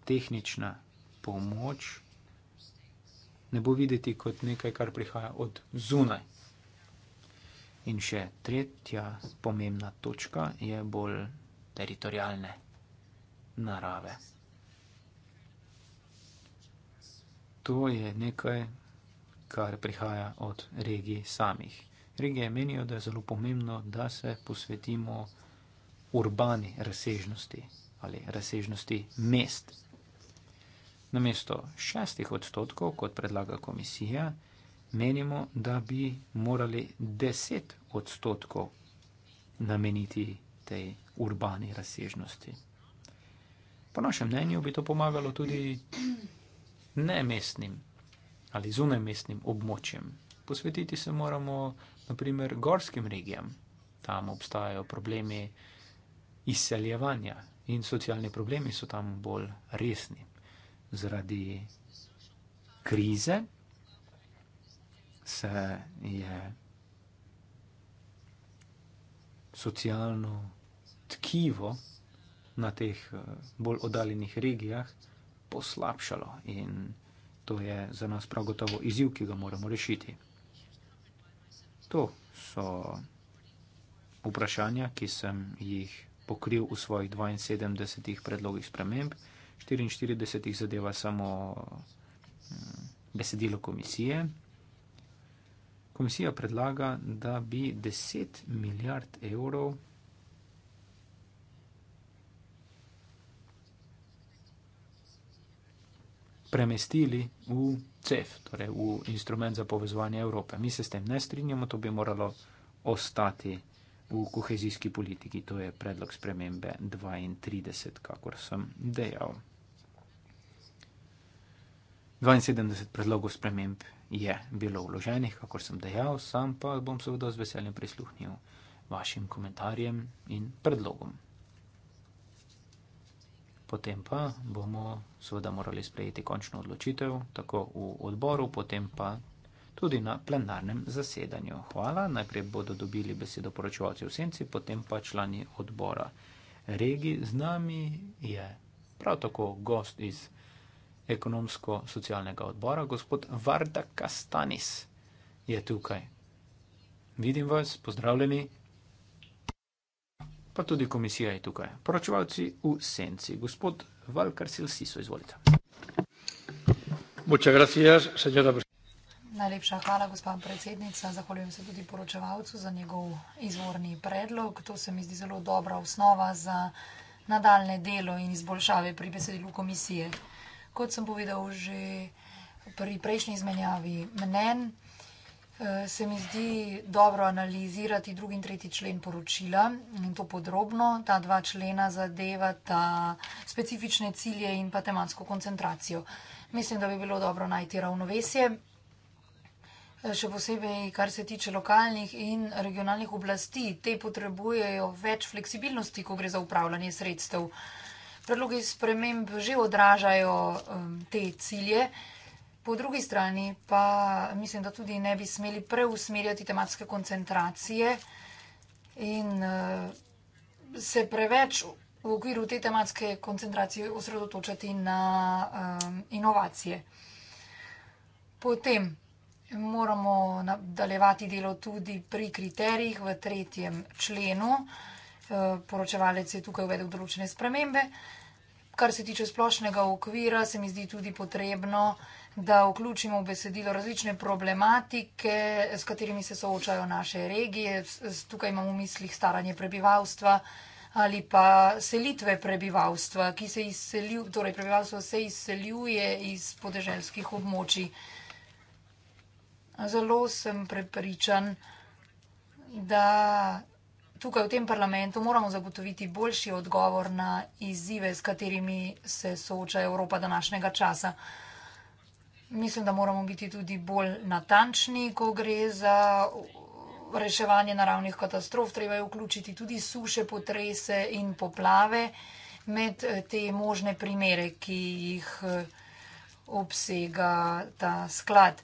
tehnična pomoč ne bo videti kot nekaj, kar prihaja od zunaj. In še tretja pomembna točka je bolj teritorijalne narave. To je nekaj, kar prihaja od regij samih. Regije menijo, da je zelo pomembno, da se posvetimo urbani razsežnosti ali razsežnosti mest. Namesto šestih odstotkov, kot predlaga komisija, menimo, da bi morali deset odstotkov nameniti tej urbani razsežnosti. Po našem mnenju bi to pomagalo tudi ne mestnim ali zunaj mestnim območjem. Posvetiti se moramo naprimer gorskim regijam. Tam obstajajo problemi izseljevanja in socialni problemi so tam bolj resni. Zaradi krize se je socialno tkivo na teh eh, bolj odaljenih regijah poslabšalo in To je za nas prav gotovo izziv, ki ga moramo rešiti. To so vprašanja, ki sem jih pokril v svojih 72 predlogih sprememb, 44 jih zadeva samo mm, besedilo komisije. Komisija predlaga, da bi 10 milijard evrov premestili v CEF, torej v instrument za povezovanje Evrope. Mi se s tem ne strinjamo, to bi moralo ostati v kohezijski politiki. To je predlog spremembe 32, kakor sem dejal. 72 predlogov sprememb je bilo vloženih, kakor sem dejal, sam pa bom seveda z veseljem prisluhnil vašim komentarjem in predlogom potem pa bomo seveda morali sprejeti končno odločitev, tako v odboru, potem pa tudi na plenarnem zasedanju. Hvala. Najprej bodo dobili besedo poročevalci v senci, potem pa člani odbora. Regi z nami je prav tako gost iz ekonomsko-socialnega odbora, gospod Varda Kastanis je tukaj. Vidim vas, pozdravljeni pa tudi komisija je tukaj. Poročevalci v senci. Gospod Valkar Silsiso, izvolite. Najlepša hvala, gospa predsednica. Zahvaljujem se tudi poročevalcu za njegov izvorni predlog. To se mi zdi zelo dobra osnova za nadaljne delo in izboljšave pri besedilu komisije. Kot sem povedal že pri prejšnji izmenjavi mnen, Eh, se mi zdi dobro analizirati drugi in tretji člen poročila in to podrobno. Ta dva člena zadevata specifične cilje in pa tematsko koncentracijo. Mislim, da bi bilo dobro najti ravnovesje, eh, še posebej, kar se tiče lokalnih in regionalnih oblasti. Te potrebujejo več fleksibilnosti, ko gre za upravljanje sredstev. Predlogi sprememb že odražajo eh, te cilje. Po drugi strani pa mislim, da tudi ne bi smeli preusmerjati tematske koncentracije in uh, se preveč v okviru te tematske koncentracije osredotočati na um, inovacije. Potem moramo nadaljevati delo tudi pri kriterijih v tretjem členu. Eh, poročevalec je tukaj uvedel določene spremembe. Kar se tiče splošnega okvira, se mi zdi tudi potrebno uh, da vključimo v besedilo različne problematike, s katerimi se soočajo naše regije. Tukaj imamo v mislih staranje prebivalstva ali pa selitve prebivalstva, ki se izseljuje, torej prebivalstvo se izseljuje iz podeželskih območij. Zelo sem prepričan, da tukaj v tem parlamentu moramo zagotoviti boljši odgovor na izzive, s katerimi se sooča Evropa današnjega časa. Mislim, da moramo biti tudi bolj natančni, ko gre za reševanje naravnih katastrof. Treba je vključiti tudi suše, potrese in poplave med eh, te možne primere, ki jih eh, obsega ta sklad.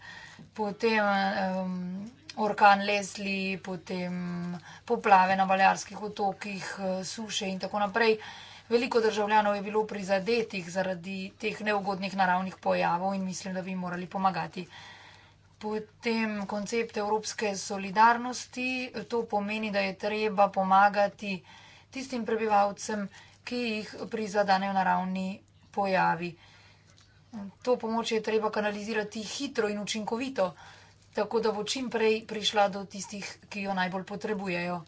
Potem um, orkan Lesli, potem poplave na Balearskih otokih, eh, suše in tako naprej. Veliko državljanov je bilo prizadetih zaradi teh neugodnih naravnih pojavov in mislim, da bi jim morali pomagati. Potem koncept evropske solidarnosti, to pomeni, da je treba pomagati tistim prebivalcem, ki jih prizadanejo naravni pojavi. To pomoč je treba kanalizirati hitro in učinkovito, tako da bo čim prej prišla do tistih, ki jo najbolj potrebujejo.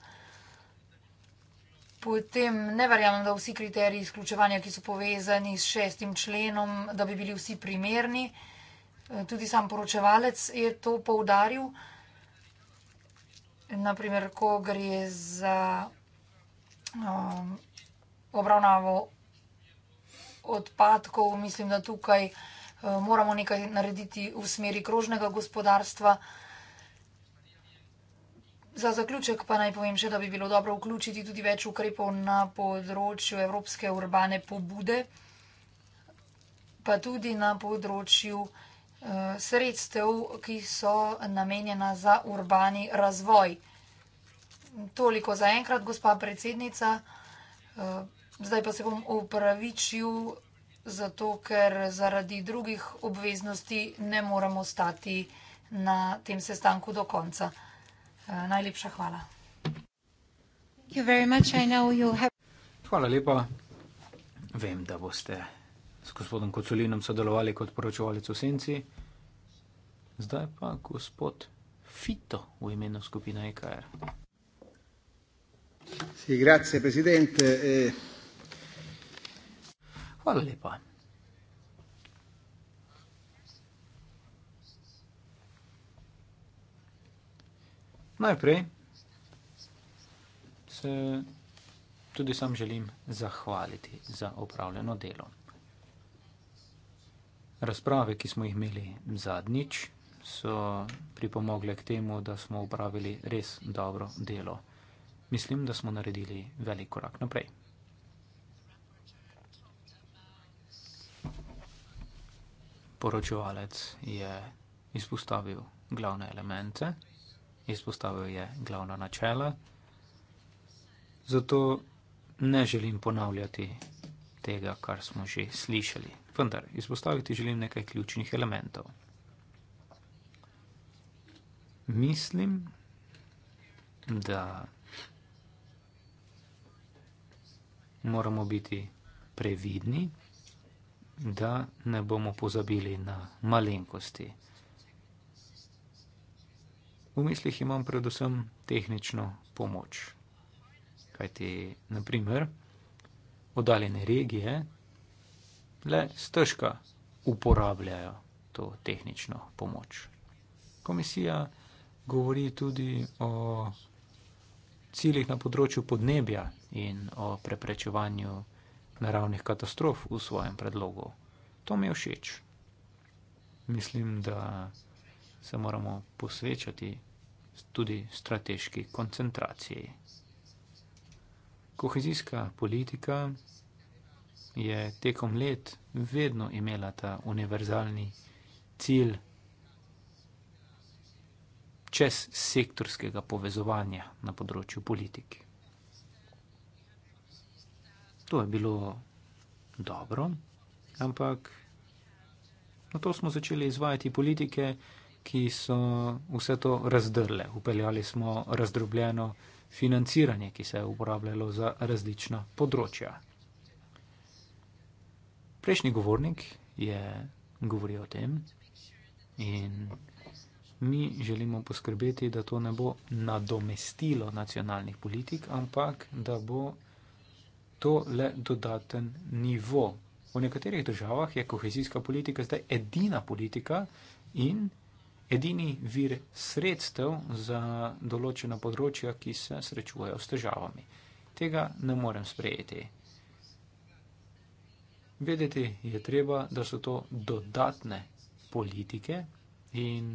Potem ne verjamem, da vsi kriteriji izključevanja, ki so povezani s šestim členom, da bi bili vsi primerni. E, tudi sam poročevalec je to poudaril. Naprimer, ko gre za um, obravnavo odpadkov, mislim, da tukaj uh, moramo nekaj narediti v smeri krožnega gospodarstva. Uh, Za zaključek pa naj povem še, da bi bilo dobro vključiti tudi več ukrepov na področju evropske urbane pobude, pa tudi na področju eh, sredstev, ki so namenjena za urbani razvoj. Toliko za enkrat, gospa predsednica. Eh, zdaj pa se bom opravičil, zato ker zaradi drugih obveznosti ne moremo stati na tem sestanku do konca. Eh, najlepša hvala. Hvala lepa. Vem, da boste s gospodom Koculinom sodelovali kot poročevalec v Senci. Zdaj pa gospod Fito v imenu skupine EKR. Eh. Hvala lepa. Najprej se tudi sam želim zahvaliti za opravljeno delo. Razprave, ki smo jih imeli zadnjič, so pripomogle k temu, da smo upravili res dobro delo. Mislim, da smo naredili velik korak naprej. Poročevalec je izpostavil glavne elemente izpostavil je glavna načela. Zato ne želim ponavljati tega, kar smo že slišali. Vendar izpostaviti želim nekaj ključnih elementov. Mislim, da moramo biti previdni, da ne bomo pozabili na malenkosti. V mislih imam predvsem tehnično pomoč. Kaj ti, naprimer, oddaljene regije le stežka uporabljajo to tehnično pomoč. Komisija govori tudi o ciljih na področju podnebja in o preprečevanju naravnih katastrof v svojem predlogu. To mi je všeč. Mislim, da se moramo posvečati tudi strateški koncentraciji. Kohezijska politika je tekom let vedno imela ta univerzalni cilj čez sektorskega povezovanja na področju politike. To je bilo dobro, ampak na to smo začeli izvajati politike, ki je bilo dobro ki so vse to razdrle. Upeljali smo razdrobljeno financiranje, ki se je uporabljalo za različna področja. Prejšnji govornik je govoril o tem in mi želimo poskrbeti, da to ne bo nadomestilo nacionalnih politik, ampak da bo to le dodaten nivo. V nekaterih državah je kohezijska politika zdaj edina politika in edini vir sredstev za določena področja, ki se srečujejo s težavami. Tega ne morem sprejeti. Vedeti je treba, da so to dodatne politike in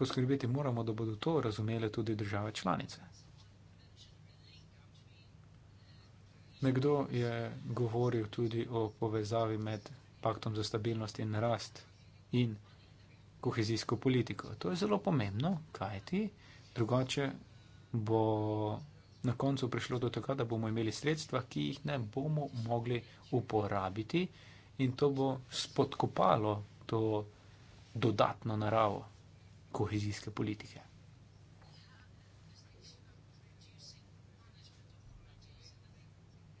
poskrbeti moramo, da bodo to razumele tudi države članice. Nekdo je govoril tudi o povezavi med paktom za stabilnost in rast in kohezijsko politiko. To je zelo pomembno, kajti drugače bo na koncu prišlo do tega, da bomo imeli sredstva, ki jih ne bomo mogli uporabiti in to bo spodkopalo to dodatno naravo kohezijske politike.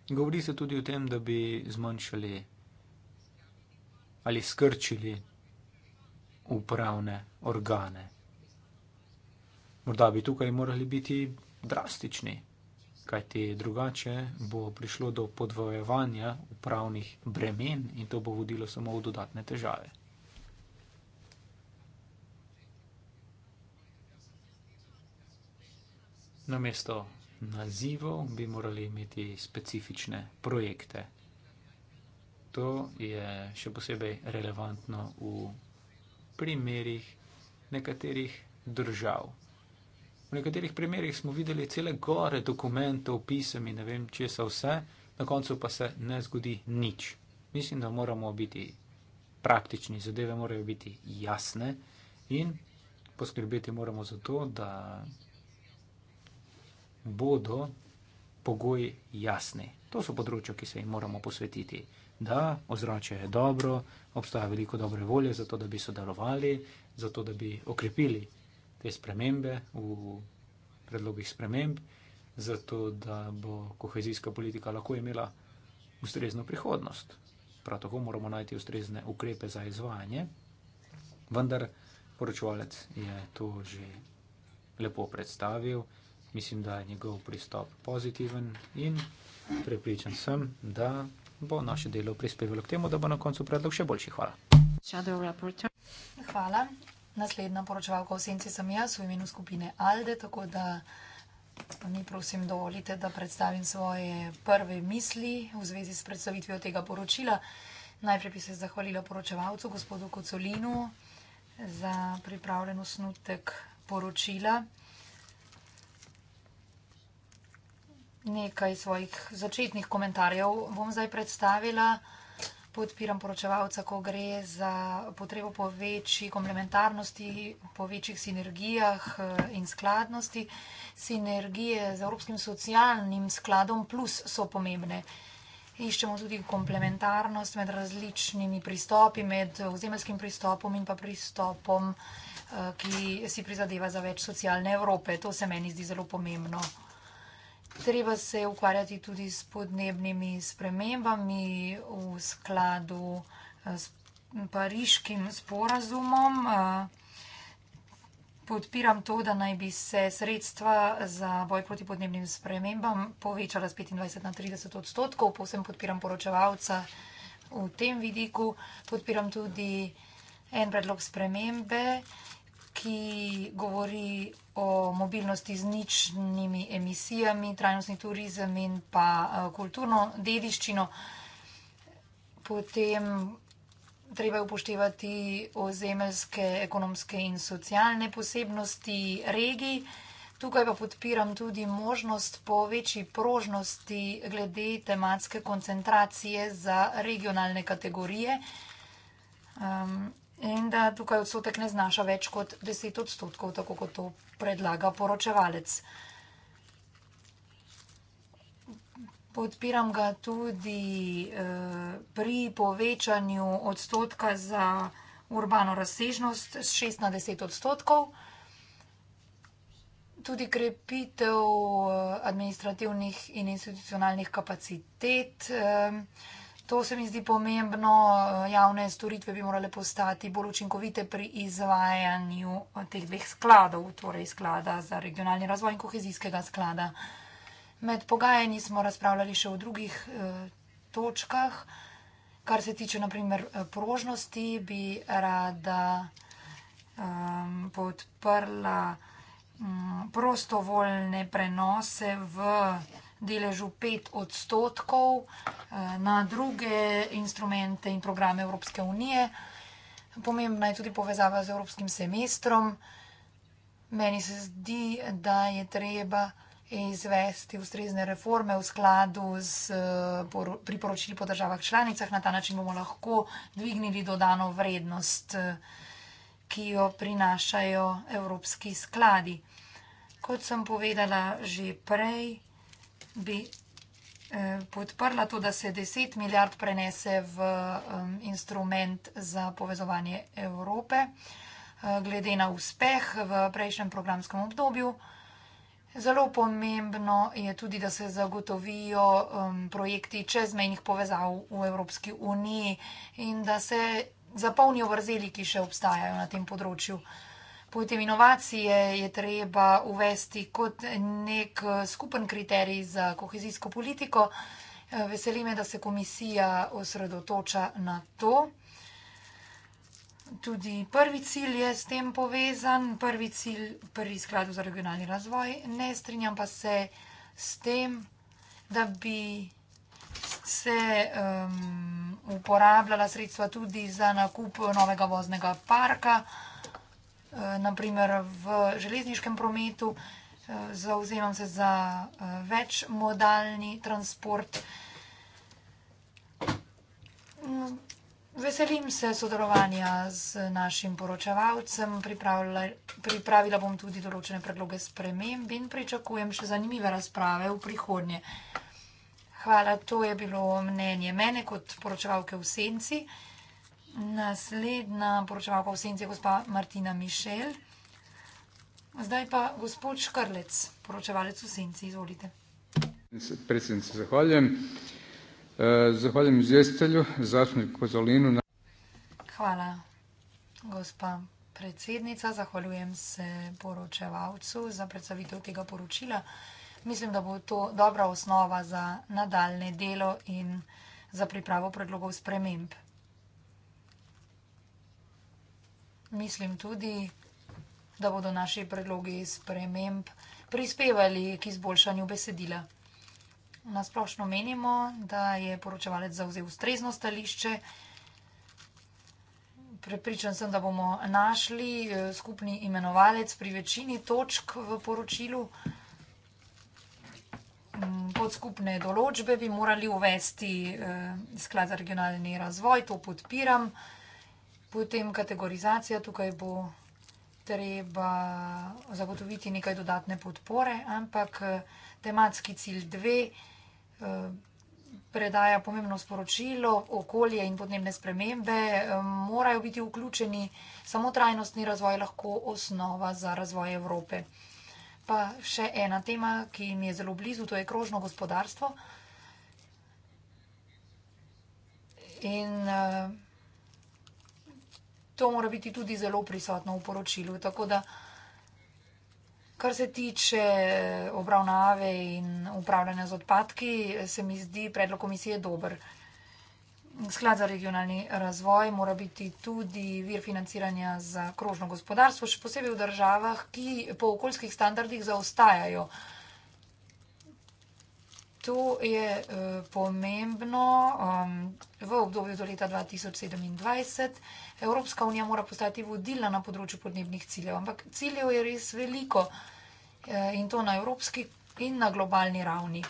Govori se tudi o tem, da bi zmanjšali ali skrčili upravne organe. Morda bi tukaj morali biti drastični, kajti drugače bo prišlo do podvojevanja upravnih bremen in to bo vodilo samo v dodatne težave. Namesto nazivov bi morali imeti specifične projekte. To je še posebej relevantno v primerih nekaterih držav. V nekaterih primerih smo videli cele gore dokumentov, pisem in ne vem, če so vse, na koncu pa se ne zgodi nič. Mislim, da moramo biti praktični, zadeve morajo biti jasne in poskrbeti moramo za to, da bodo pogoji jasni. To so področja, ki se jim moramo posvetiti da ozračje je dobro, obstaja veliko dobre volje za to, da bi sodelovali, za to, da bi okrepili te spremembe v predlogih sprememb, za to, da bo kohezijska politika lahko imela ustrezno prihodnost. Prav tako moramo najti ustrezne ukrepe za izvajanje, vendar poročevalec je to že lepo predstavil. Mislim, da je njegov pristop pozitiven in prepričan sem, da bo naše delo prispevalo k temu, da bo na koncu predlog še boljši. Hvala. Hvala. Naslednja poročevalka v senci sem jaz v imenu skupine Alde, tako da mi prosim dovolite, da predstavim svoje prve misli v zvezi s predstavitvijo tega poročila. Najprej bi se zahvalila poročevalcu, gospodu Kocolinu, za pripravljen osnutek poročila. nekaj svojih začetnih komentarjev bom zdaj predstavila. Podpiram poročevalca, ko gre za potrebo po večji komplementarnosti, po večjih sinergijah eh, in skladnosti. Sinergije z Evropskim socialnim skladom plus so pomembne. Iščemo tudi komplementarnost med različnimi pristopi, med ozemeljskim pristopom in pa pristopom, eh, ki si prizadeva za več socialne Evrope. To se meni zdi zelo pomembno. Treba se ukvarjati tudi s podnebnimi spremembami v skladu eh, s pariškim sporazumom. Eh, podpiram to, da naj bi se sredstva za boj proti podnebnim spremembam povečala z 25 na 30 odstotkov. Povsem podpiram poročevalca v tem vidiku. Podpiram tudi en predlog spremembe, ki govori o mobilnosti z ničnimi emisijami, trajnostni turizem in pa eh, kulturno dediščino, potem treba upoštevati ozemeljske, ekonomske in socialne posebnosti regij. Tukaj pa podpiram tudi možnost po večji prožnosti glede tematske koncentracije za regionalne kategorije. Um, In da tukaj odstotek ne znaša več kot 10 odstotkov, tako kot to predlaga poročevalec. Podpiram ga tudi eh, pri povečanju odstotka za urbano razsežnost z 6 na 10 odstotkov. Tudi krepitev eh, administrativnih in institucionalnih kapacitet vsega. Eh, To se mi zdi pomembno. Eh, javne storitve bi morale postati bolj učinkovite pri izvajanju eh, teh dveh skladov, torej sklada za regionalni razvoj in kohezijskega sklada. Med pogajanji smo razpravljali še o drugih eh, točkah. Kar se tiče naprimer prožnosti, bi rada um, podprla um, prostovoljne prenose v deležu 5 odstotkov eh, na druge instrumente in programe Evropske unije. Pomembna je tudi povezava z Evropskim semestrom. Meni se zdi, da je treba izvesti ustrezne reforme v skladu z eh, priporočili po državah članicah. Na ta način bomo lahko dvignili dodano vrednost, eh, ki jo prinašajo evropski skladi. Kot sem povedala že prej, bi eh, podprla to, da se 10 milijard prenese v instrument za povezovanje Evrope, eh, glede na uspeh v prejšnjem programskem obdobju. Zelo pomembno je tudi, da se zagotovijo projekti čezmejnih povezav v Evropski uniji in da se zapolnijo vrzeli, ki še obstajajo na tem področju potem inovacije je treba uvesti kot nek eh, skupen kriterij za kohezijsko politiko. Eh, veseli me, da se komisija osredotoča na to. Tudi prvi cilj je s tem povezan, prvi cilj, prvi skladu za regionalni razvoj. Ne strinjam pa se s tem, da bi se um, uporabljala sredstva tudi za nakup novega voznega parka. Eh, naprimer v železniškem prometu, eh, zauzemam se za eh, večmodalni transport. Mm, veselim se sodelovanja z našim poročevalcem, pripravila bom tudi določene predloge sprememb in pričakujem še zanimive razprave v prihodnje. Hvala, to je bilo mnenje mene kot poročevalke v senci. Naslednja poročevalka v senci je gospa Martina Mišel. Zdaj pa gospod Škrlec, poročevalec v senci, izvolite. Predsednica, zahvaljujem. Eh, zahvaljujem izvestelju, zastupniku Kozolinu. Na... Hvala, gospa predsednica. Zahvaljujem se poročevalcu za predstavitev tega poročila. Mislim, da bo to dobra osnova za nadaljne delo in za pripravo predlogov sprememb. Mislim tudi, da bodo naši predlogi sprememb prispevali k izboljšanju besedila. Nasplošno menimo, da je poročevalec zauzel ustrezno stališče. Prepričan sem, da bomo našli eh, skupni imenovalec pri večini točk v poročilu. Pod mm, skupne določbe bi morali uvesti eh, sklad za regionalni razvoj, to podpiram. Potem kategorizacija, tukaj bo treba zagotoviti nekaj dodatne podpore, ampak eh, tematski cilj 2 eh, predaja pomembno sporočilo, okolje in podnebne spremembe eh, morajo biti vključeni, samo trajnostni razvoj lahko osnova za razvoj Evrope. Pa še ena tema, ki mi je zelo blizu, to je krožno gospodarstvo. In uh, to mora biti tudi zelo prisotno v poročilu. Tako da, kar se tiče obravnave in upravljanja z odpadki, se mi zdi predlog komisije dober. Sklad za regionalni razvoj mora biti tudi vir financiranja za krožno gospodarstvo, še posebej v državah, ki po okoljskih standardih zaostajajo to je uh, pomembno um, v obdobju do leta 2027. Evropska unija mora postati vodilna na področju podnebnih ciljev, ampak ciljev je res veliko uh, in to na evropski in na globalni ravni.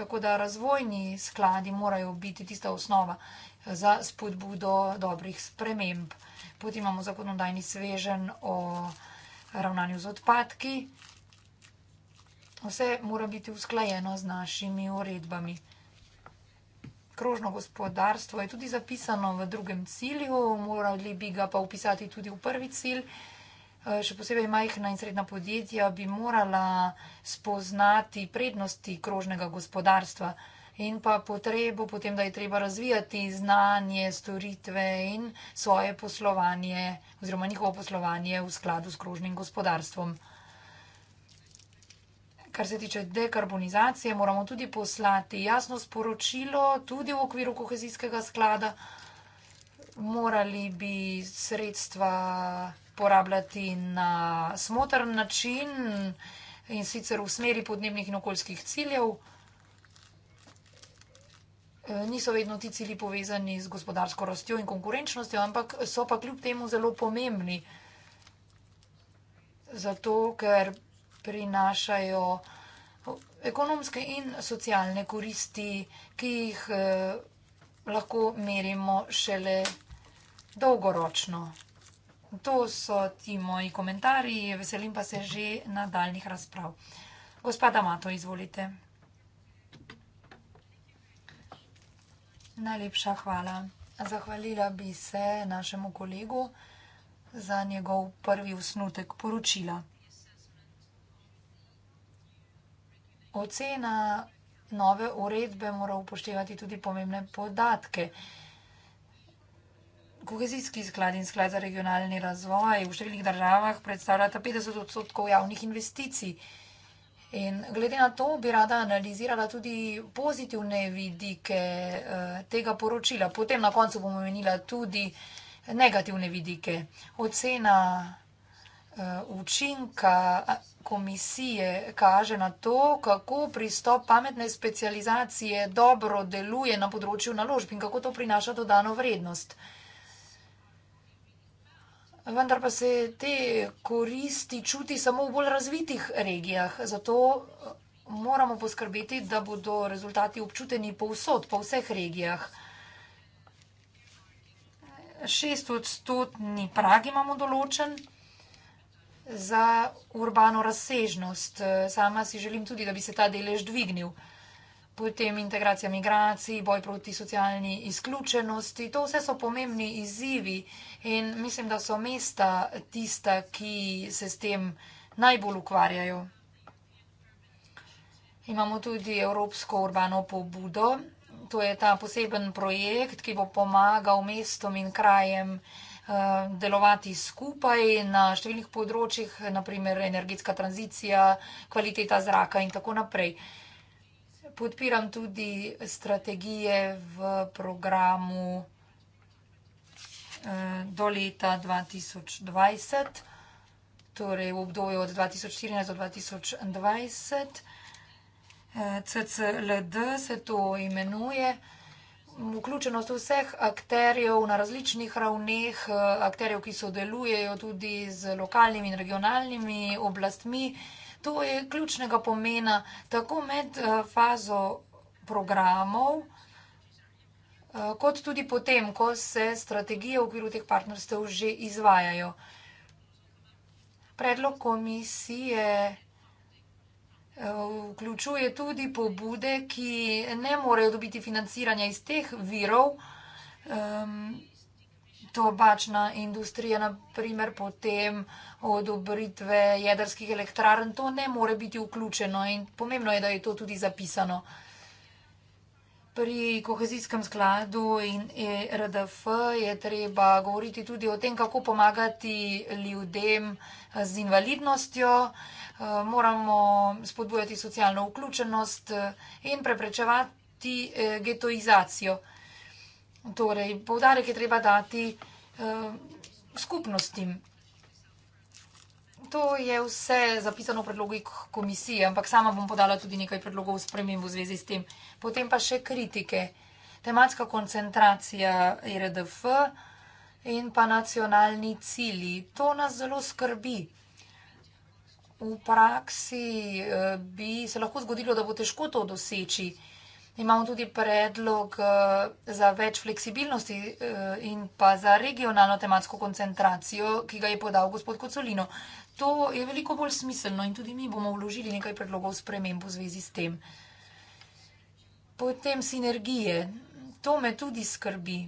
Tako da razvojni skladi morajo biti tista osnova eh, za spodbudo dobrih sprememb. Potem imamo zakonodajni svežen o ravnanju z odpadki, Vse mora biti usklajeno z našimi uredbami. Krožno gospodarstvo je tudi zapisano v drugem cilju, morali bi ga pa upisati tudi v prvi cilj. Eh, še posebej majhna in srednja podjetja bi morala spoznati prednosti krožnega gospodarstva in pa potrebo potem, da je treba razvijati znanje, storitve in svoje poslovanje oziroma njihovo poslovanje v skladu s krožnim gospodarstvom. Kar se tiče dekarbonizacije, moramo tudi poslati jasno sporočilo, tudi v okviru kohezijskega sklada. Morali bi sredstva porabljati na smotrn način in sicer v smeri podnebnih in okoljskih ciljev. Niso vedno ti cilji povezani z gospodarsko rastjo in konkurenčnostjo, ampak so pa kljub temu zelo pomembni. Zato, ker prinašajo ekonomske in socialne koristi, ki jih eh, lahko merimo šele dolgoročno. To so ti moji komentarji, veselim pa se že nadaljnih razprav. Gospoda Mato, izvolite. Najlepša hvala. Zahvalila bi se našemu kolegu za njegov prvi usnutek poročila. ocena nove uredbe mora upoštevati tudi pomembne podatke. Kohezijski sklad in sklad za regionalni razvoj v številnih državah predstavljata 50 odstotkov javnih investicij. In glede na to bi rada analizirala tudi pozitivne vidike eh, tega poročila. Potem na koncu bom omenila tudi negativne vidike. Ocena Eh, učinka eh, komisije kaže na to, kako pristop pametne specializacije dobro deluje na področju naložb in kako to prinaša dodano vrednost. Vendar pa se te koristi čuti samo v bolj razvitih regijah, zato eh, moramo poskrbeti, da bodo rezultati občuteni povsod, po vseh regijah. Šest odstotni prag imamo določen, za urbano razsežnost. Sama si želim tudi, da bi se ta delež dvignil. Potem integracija migracij, boj proti socialni izključenosti, to vse so pomembni izzivi in mislim, da so mesta tista, ki se s tem najbolj ukvarjajo. Imamo tudi Evropsko urbano pobudo, to je ta poseben projekt, ki bo pomagal mestom in krajem, ki bo pomagal mestom in krajem, Eh, delovati skupaj na številnih področjih, naprimer energetska tranzicija, kvaliteta zraka in tako naprej. Podpiram tudi strategije v programu eh, do leta 2020, torej v obdobju od 2014 do 2020. Eh, CCLD se to imenuje vključenost vseh akterjev na različnih ravneh, eh, akterjev, ki sodelujejo tudi z lokalnimi in regionalnimi oblastmi. To je ključnega pomena tako med eh, fazo programov, eh, kot tudi potem, ko se strategije v okviru teh partnerstev že izvajajo. Predlog komisije je, Eh, vključuje tudi pobude, ki ne morejo dobiti financiranja iz teh virov, tobačna industrija, na primer, potem odobritve jedrskih elektrarn, to ne more biti vključeno in pomembno je, da je to tudi zapisano. Pri kohezijskem skladu in e RDF je treba govoriti tudi o tem, kako pomagati ljudem z invalidnostjo. Eh, moramo spodbujati socialno vključenost eh, in preprečevati eh, getoizacijo. Torej, povdarek je treba dati skupnostim. To je vse zapisano v predlogu komisije, ampak sama bom podala tudi nekaj predlogov sprememb v zvezi s tem. Potem pa še kritike. Tematska koncentracija RDF in pa nacionalni cili. To nas zelo skrbi v praksi eh, bi se lahko zgodilo, da bo težko to doseči. Imamo tudi predlog eh, za več fleksibilnosti eh, in pa za regionalno tematsko koncentracijo, ki ga je podal gospod Kocolino. To je veliko bolj smiselno in tudi mi bomo vložili nekaj predlogov sprememb v zvezi s tem. Potem sinergije. To me tudi skrbi.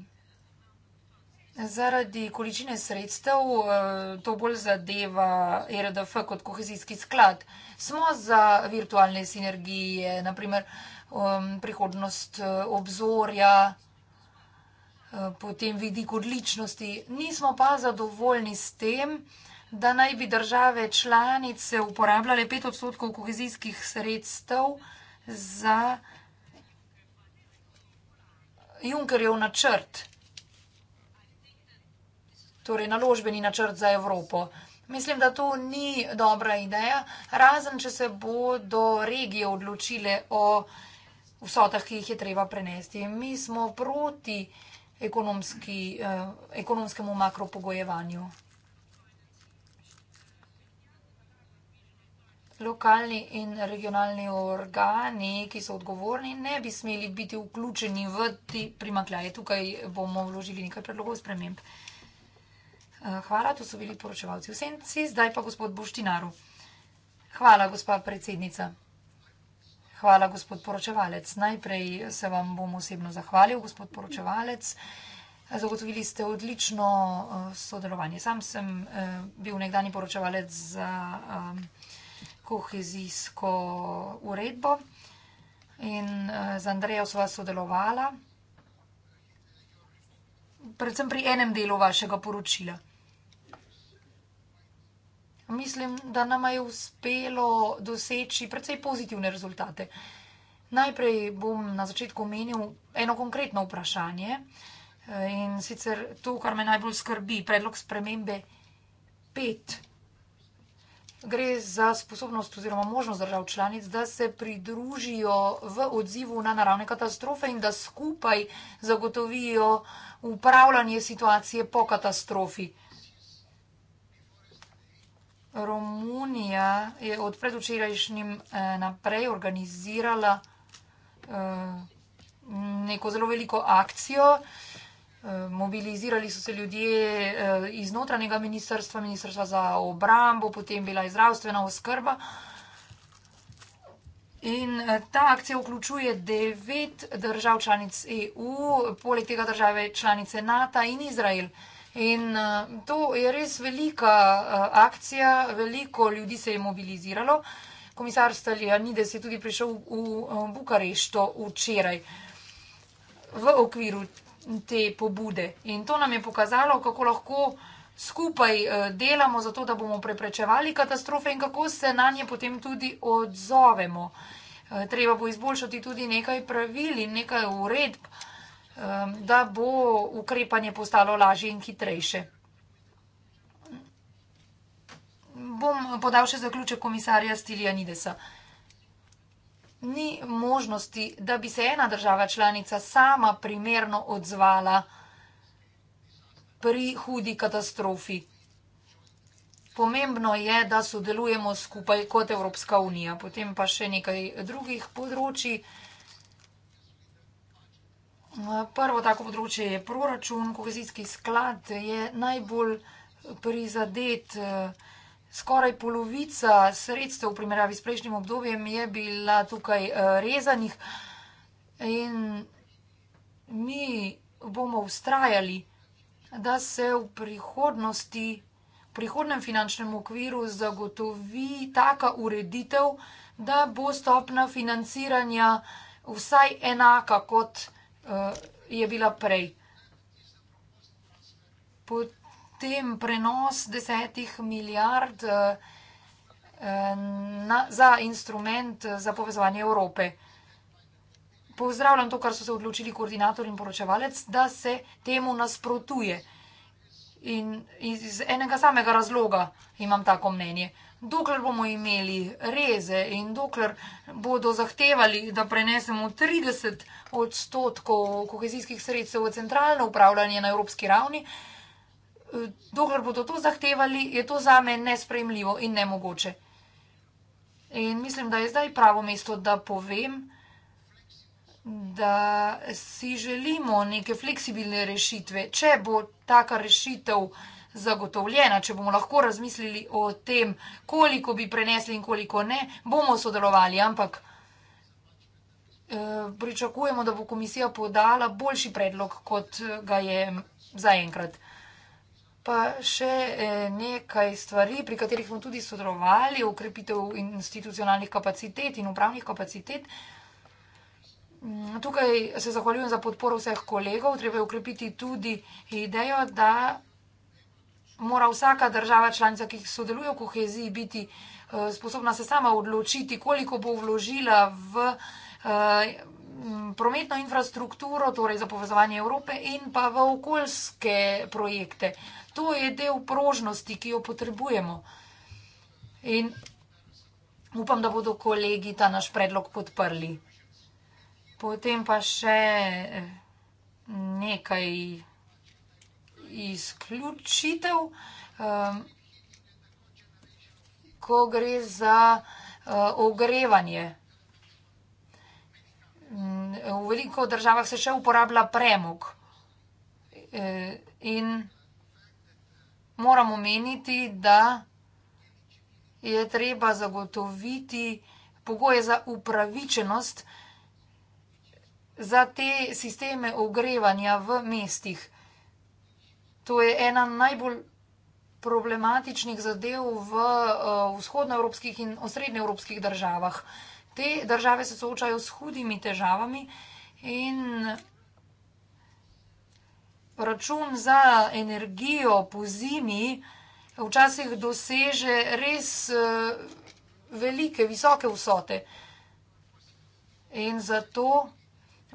Zaradi količine sredstev eh, to bolj zadeva ERDF kot kohezijski sklad. Smo za virtualne sinergije, naprimer um, prihodnost eh, obzorja, eh, potem vidik odličnosti. Nismo pa zadovoljni s tem, da naj bi države članice uporabljale 5 odstotkov kohezijskih sredstev za Junkerjev načrt torej naložbeni načrt za Evropo. Mislim, da to ni dobra ideja, razen če se bodo regije odločile o vsotah, ki jih je treba prenesti. Mi smo proti ekonomski, eh, ekonomskemu makropogojevanju. Lokalni in regionalni organi, ki so odgovorni, ne bi smeli biti vključeni v ti primakljaje. Tukaj bomo vložili nekaj predlogov sprememb. Eh, hvala, to so bili poročevalci v senci, zdaj pa gospod Boštinaru. Hvala, gospa predsednica. Hvala, gospod poročevalec. Najprej se vam bom osebno zahvalil, gospod poročevalec. Zagotovili ste odlično eh, sodelovanje. Sam sem eh, bil nekdani poročevalec za kohezijsko uredbo in z Andrejo sva sodelovala, predvsem pri enem delu vašega poročila mislim, da nam je uspelo doseči precej pozitivne rezultate. Najprej bom na začetku omenil eno konkretno vprašanje eh, in sicer to, kar me najbolj skrbi, predlog spremembe 5. Gre za sposobnost oziroma možnost držav članic, da se pridružijo v odzivu na naravne katastrofe in da skupaj zagotovijo upravljanje situacije po katastrofi. Romunija je od predvčerajšnjim eh, naprej organizirala eh, neko zelo veliko akcijo. Eh, mobilizirali so se ljudje iz notranjega ministrstva, ministrstva za obrambo, potem bila je zdravstvena oskrba. In ta akcija vključuje devet držav članic EU, poleg tega države članice NATO in Izrael. In uh, to je res velika uh, akcija, veliko ljudi se je mobiliziralo. Komisar Staljanides je tudi prišel v, v, eh, v Bukarešto včeraj v okviru te pobude. In to nam je pokazalo, kako lahko skupaj uh, delamo za to, da bomo preprečevali katastrofe in kako se na nje potem tudi odzovemo. Uh, treba bo izboljšati tudi nekaj pravil in nekaj uredb. Uh, Um, da bo ukrepanje postalo lažje in hitrejše. Bom podal še zaključek komisarja Stilianidesa. Ni možnosti, da bi se ena država članica sama primerno odzvala pri hudi katastrofi. Pomembno je, da sodelujemo skupaj kot Evropska unija. Potem pa še nekaj drugih področji. Prvo tako področje je proračun, kohezijski sklad je najbolj prizadet. Eh, skoraj polovica sredstev v primerjavi s prejšnjim obdobjem je bila tukaj eh, rezanih in mi bomo ustrajali, da se v prihodnosti, v prihodnem finančnem okviru zagotovi taka ureditev, da bo stopna financiranja vsaj enaka kot vsega uh, je bila prej. Potem prenos desetih milijard uh, na, za instrument eh, za povezovanje Evrope. Pozdravljam to, kar so se odločili koordinator in poročevalec, da se temu nasprotuje. In iz enega samega razloga imam tako mnenje dokler bomo imeli reze in dokler bodo zahtevali, da prenesemo 30 odstotkov kohezijskih sredstev v centralno upravljanje na evropski ravni, eh, dokler bodo to zahtevali, je to za me nespremljivo in nemogoče. In mislim, da je zdaj pravo mesto, da povem, da si želimo neke fleksibilne rešitve, če bo taka rešitev vsega, zagotovljena, če bomo lahko razmislili o tem, koliko bi prenesli in koliko ne, bomo sodelovali, ampak eh, pričakujemo, da bo komisija podala boljši predlog, kot eh, ga je zaenkrat. Pa še eh, nekaj stvari, pri katerih smo tudi sodelovali, ukrepitev institucionalnih kapacitet in upravnih kapacitet. Mm, tukaj se zahvaljujem za podporo vseh kolegov. Treba je ukrepiti tudi idejo, da mora vsaka država članica, ki sodeluje v koheziji, biti eh, sposobna se sama odločiti, koliko bo vložila v eh, prometno infrastrukturo, torej za povezovanje Evrope in pa v okoljske projekte. To je del prožnosti, ki jo potrebujemo. In upam, da bodo kolegi ta naš predlog podprli. Potem pa še eh, nekaj izključitev, um, ko gre za uh, ogrevanje. Mm, v veliko državah se še uporablja premog. In moram omeniti, da je treba zagotoviti pogoje za upravičenost za te sisteme ogrevanja v mestih. To je ena najbolj problematičnih zadev v eh, vzhodnoevropskih in osrednjeevropskih državah. Te države se soočajo s hudimi težavami in račun za energijo po zimi včasih doseže res eh, velike, visoke vsote. In zato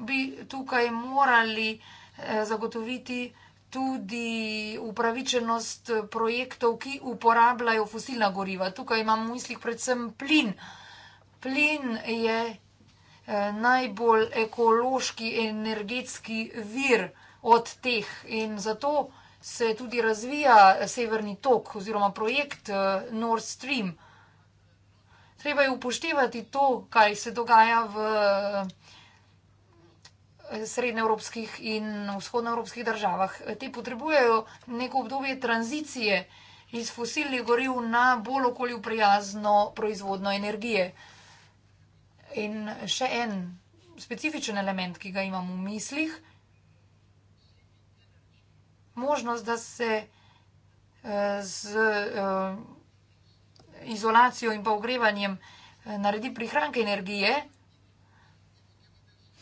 bi tukaj morali eh, zagotoviti vsega, tudi upravičenost projektov, ki uporabljajo fosilna goriva. Tukaj imam v mislih predvsem plin. Plin je eh, najbolj ekološki energetski vir od teh in zato se tudi razvija severni tok oziroma projekt eh, Nord Stream. Treba je upoštevati to, kaj se dogaja v srednjeevropskih in vzhodnoevropskih državah. Te potrebujejo neko obdobje tranzicije iz fosilnih goriv na bolj okolju prijazno proizvodno energije. In še en specifičen element, ki ga imam v mislih, možnost, da se eh, z eh, izolacijo in pa ogrevanjem eh, naredi prihranke energije,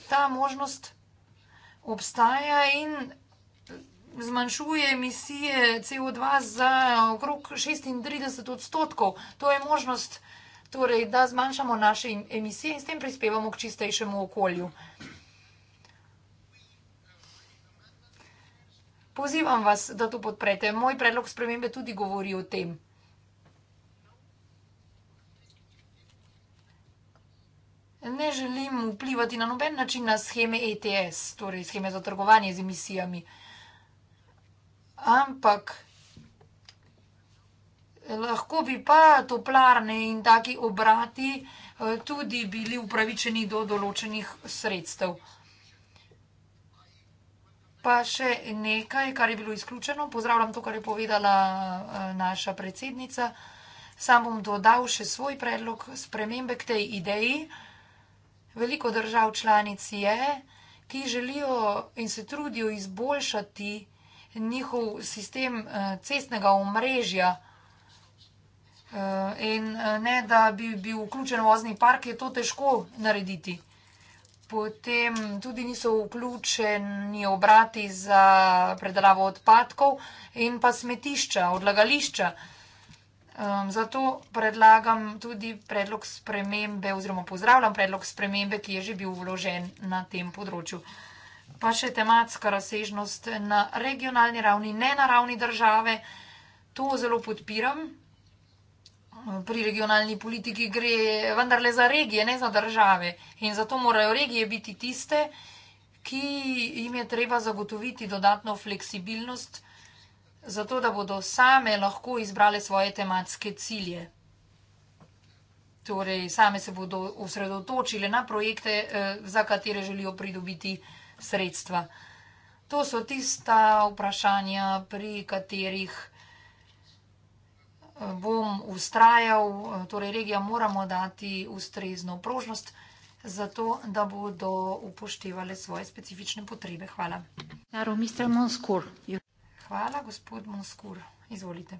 ta možnost obstaja in zmanjšuje emisije CO2 za okrog 36 odstotkov. To je možnost, torej, da zmanjšamo naše emisije in s tem prispevamo k čistejšemu okolju. Pozivam vas, da to podprete. Moj predlog spremembe tudi govori o tem. ne želim vplivati na noben način na scheme ETS, torej scheme za trgovanje z emisijami. Ampak lahko bi pa toplarne in taki obrati eh, tudi bili upravičeni do določenih sredstev. Pa še nekaj, kar je bilo izključeno. Pozdravljam to, kar je povedala eh, naša predsednica. Sam bom dodal še svoj predlog spremembe k tej ideji veliko držav članic je, ki želijo in se trudijo izboljšati njihov sistem eh, cestnega omrežja. Eh, in eh, ne, da bi bil vključen vozni park, je to težko narediti. Potem tudi niso vključeni obrati za predelavo odpadkov in pa smetišča, odlagališča. Um, zato predlagam tudi predlog spremembe, oziroma pozdravljam predlog spremembe, ki je že bil vložen na tem področju. Pa še tematska razsežnost na regionalni ravni, ne na ravni države. To zelo podpiram. Ehm, pri regionalni politiki gre vendarle za regije, ne za države. In zato morajo regije biti tiste, ki jim je treba zagotoviti dodatno fleksibilnost zato da bodo same lahko izbrale svoje tematske cilje. Torej, same se bodo osredotočile na projekte, eh, za katere želijo pridobiti sredstva. To so tista vprašanja, pri katerih eh, bom ustrajal, torej regija moramo dati ustrezno prožnost, zato da bodo upoštevale svoje specifične potrebe. Hvala. Hvala. Gospod Monskur, izvolite.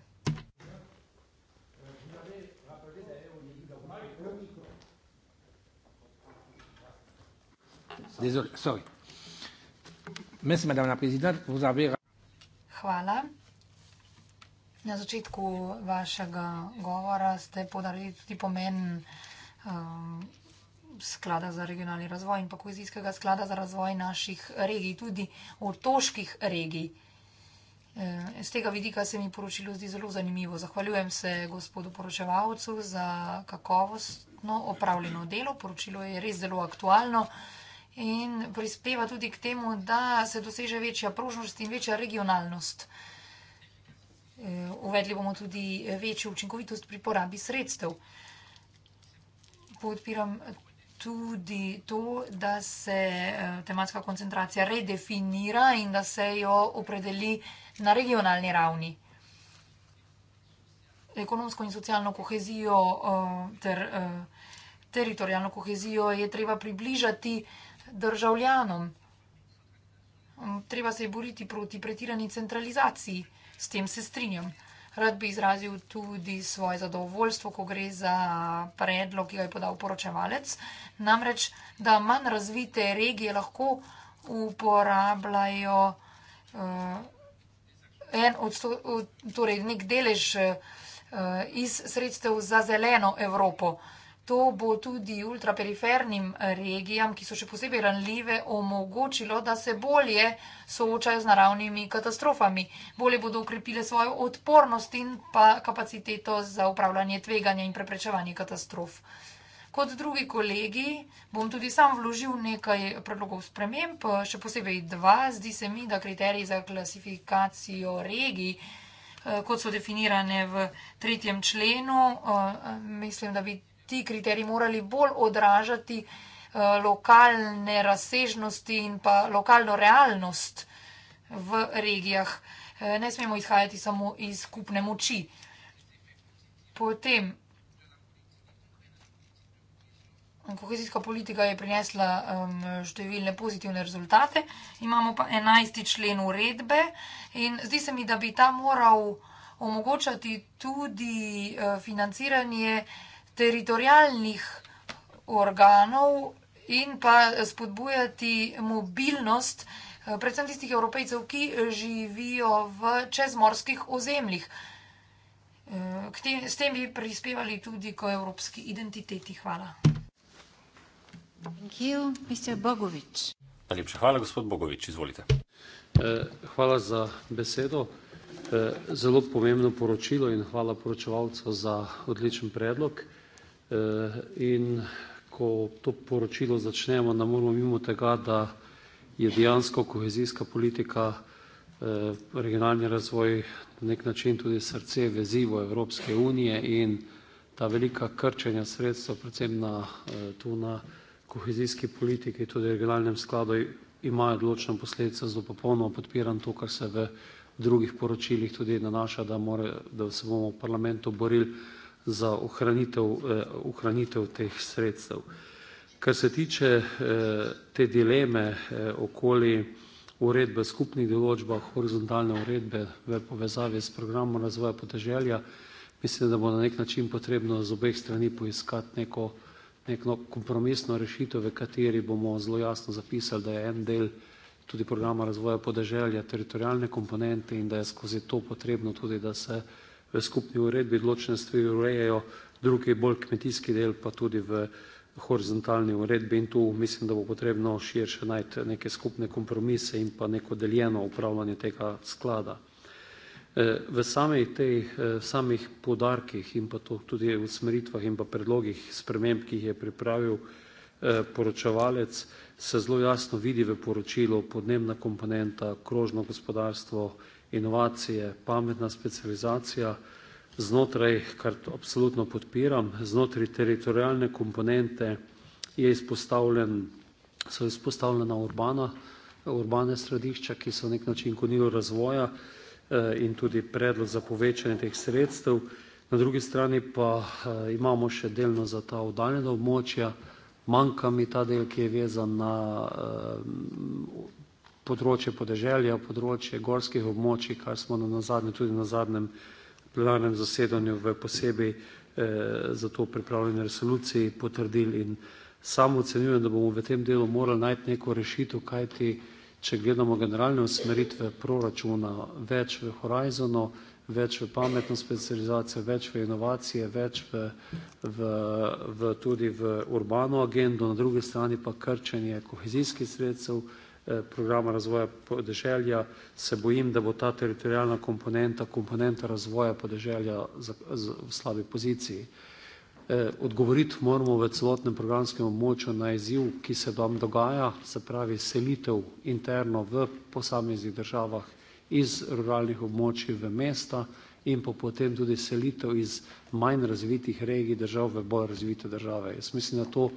Hvala. Na začetku vašega govora ste podarili tudi pomen um, sklada za regionalni razvoj in pa kohezijskega sklada za razvoj naših regij, tudi otoških regij. Uh, Eh, Z tega vidika se mi poročilo zdi zelo zanimivo. Zahvaljujem se gospodu poročevalcu za kakovostno opravljeno delo. Poročilo je res zelo aktualno in prispeva tudi k temu, da se doseže večja prožnost in večja regionalnost. Eh, uvedli bomo tudi večjo učinkovitost pri porabi sredstev. Podpiram tudi to, da se eh, tematska koncentracija redefinira in da se jo opredeli na regionalni ravni. Ekonomsko in socialno kohezijo eh, ter eh, teritorijalno kohezijo je treba približati državljanom. Treba se je boriti proti pretirani centralizaciji, s tem se strinjam. Rad bi izrazil tudi svoje zadovoljstvo, ko gre za predlog, ki ga je podal poročevalec. Namreč, da manj razvite regije lahko uporabljajo uh, en odsto, torej nek delež uh, iz sredstev za zeleno Evropo. Uh, To bo tudi ultraperifernim eh, regijam, ki so še posebej ranljive, omogočilo, da se bolje soočajo z naravnimi katastrofami, bolje bodo ukrepile svojo odpornost in pa kapaciteto za upravljanje tveganja in preprečevanje katastrof. Kot drugi kolegi bom tudi sam vložil nekaj predlogov sprememb, še posebej dva. Zdi se mi, da kriteriji za klasifikacijo regij, eh, kot so definirane v tretjem členu, eh, mislim, da bi ti kriteriji morali bolj odražati eh, lokalne razsežnosti in pa lokalno realnost v regijah. Eh, ne smemo izhajati samo iz skupne moči. Potem, kohezijska politika je prinesla um, številne pozitivne rezultate, imamo pa 11. člen uredbe in zdi se mi, da bi ta moral omogočati tudi uh, financiranje uh, teritorijalnih organov in pa spodbujati mobilnost eh, predvsem tistih evropejcev, ki živijo v čezmorskih ozemljih. Eh, tem, s tem bi prispevali tudi k evropski identiteti. Hvala. You, Najlepša hvala, gospod Bogovič. Izvolite. Eh, hvala za besedo. Zelo pomembno poročilo in hvala poročevalcu za odličen predlog. Eh, in ko to poročilo začnemo, ne moramo mimo tega, da je dejansko kohezijska politika, eh, regionalni razvoj na nek način tudi srce vezivo Evropske unije in ta velika krčenja sredstev, predvsem na, eh, tu na kohezijski politiki, tudi regionalnem skladu, imajo odločno posledico, zato popolnoma podpiram to, kar se v drugih poročilih tudi nanaša, da more, da se bomo v parlamentu borili za ohranitev, eh, ohranitev teh sredstev. Kar se tiče eh, te dileme eh, okoli uredbe skupnih določbah, horizontalne uredbe v povezavi s programom razvoja podeželja, mislim, da bo na nek način potrebno z obeh strani poiskati neko, neko kompromisno rešitev, v kateri bomo zelo jasno zapisali, da je en del tudi programa razvoja podeželja teritorijalne komponente in da je skozi to potrebno tudi, da se eh, v skupni uredbi določene stvari urejajo, drugi bolj kmetijski del pa tudi v horizontalni uredbi in tu mislim, da bo potrebno širše najti neke skupne kompromise in pa neko deljeno upravljanje tega sklada. E, v e, samih tej, samih podarkih in pa to tudi usmeritvah in pa predlogih sprememb, ki jih je pripravil e, poročevalec, se zelo jasno vidi v poročilu podnebna komponenta, krožno gospodarstvo, inovacije, pametna specializacija, znotraj, kar absolutno podpiram, znotraj teritorijalne komponente je izpostavljen, so izpostavljena urbana, urbane središča, ki so nek način konilo razvoja eh, in tudi predlog za povečanje teh sredstev. Na drugi strani pa eh, imamo še delno za ta oddaljena območja, manjka mi ta del, ki je vezan na eh, področje podeželja, področje gorskih območij, kar smo na zadnje, tudi na zadnjem plenarnem zasedanju v posebej eh, za to pripravljeni resoluciji potrdili in samo ocenjujem, da bomo v tem delu morali najti neko rešitev, kajti če gledamo generalne usmeritve proračuna več v Horizonu, več v pametno specializacijo, več v inovacije, več v, v, v tudi v urbano agendo, na drugi strani pa krčenje kohezijskih sredstev, eh, programa razvoja podeželja, se bojim, da bo ta teritorijalna komponenta, komponenta razvoja podeželja za, za, v slabi poziciji. Eh, odgovoriti moramo v celotnem programskem območju na izziv, ki se vam dogaja, se pravi selitev interno v posameznih državah iz ruralnih območij v mesta in pa potem tudi selitev iz manj razvitih regij držav v bolj razvite države. Jaz mislim, da to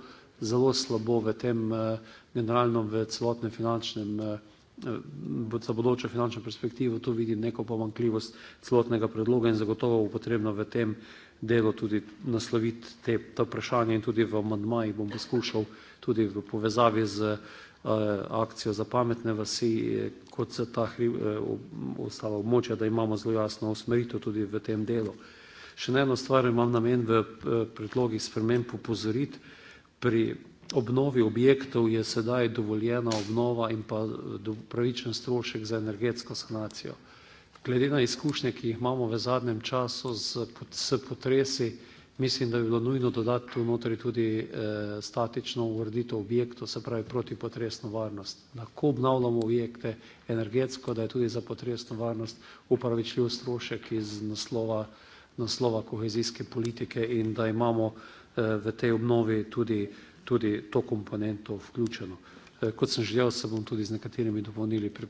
zelo slabo v tem eh, generalnem, v celotnem finančnem, eh, eh, za bodočo finančno perspektivo tu vidim neko pomankljivost celotnega predloga in zagotovo bo potrebno v tem delu tudi nasloviti te, ta vprašanja in tudi v amandmajih bom poskušal tudi v povezavi z Eh, akcijo za pametne vasi, eh, kot za ta eh, ostala območja, da imamo zelo jasno usmeritev tudi v tem delu. Še eno stvar imam namen v predlogih sprememb upozoriti. Pri obnovi objektov je sedaj dovoljena obnova in pa pravičen strošek za energetsko sanacijo. Glede na izkušnje, ki jih imamo v zadnjem času s potresi, mislim, da bi bilo nujno dodati tu notri tudi eh, statično ureditev objektov, se pravi protipotresno varnost. Lahko obnavljamo objekte energetsko, da je tudi za potresno varnost upravičljiv strošek iz naslova, naslova kohezijske politike in da imamo eh, v tej obnovi tudi, tudi to komponento vključeno. Eh, kot sem želel, se bom tudi z nekaterimi dopolnili pri,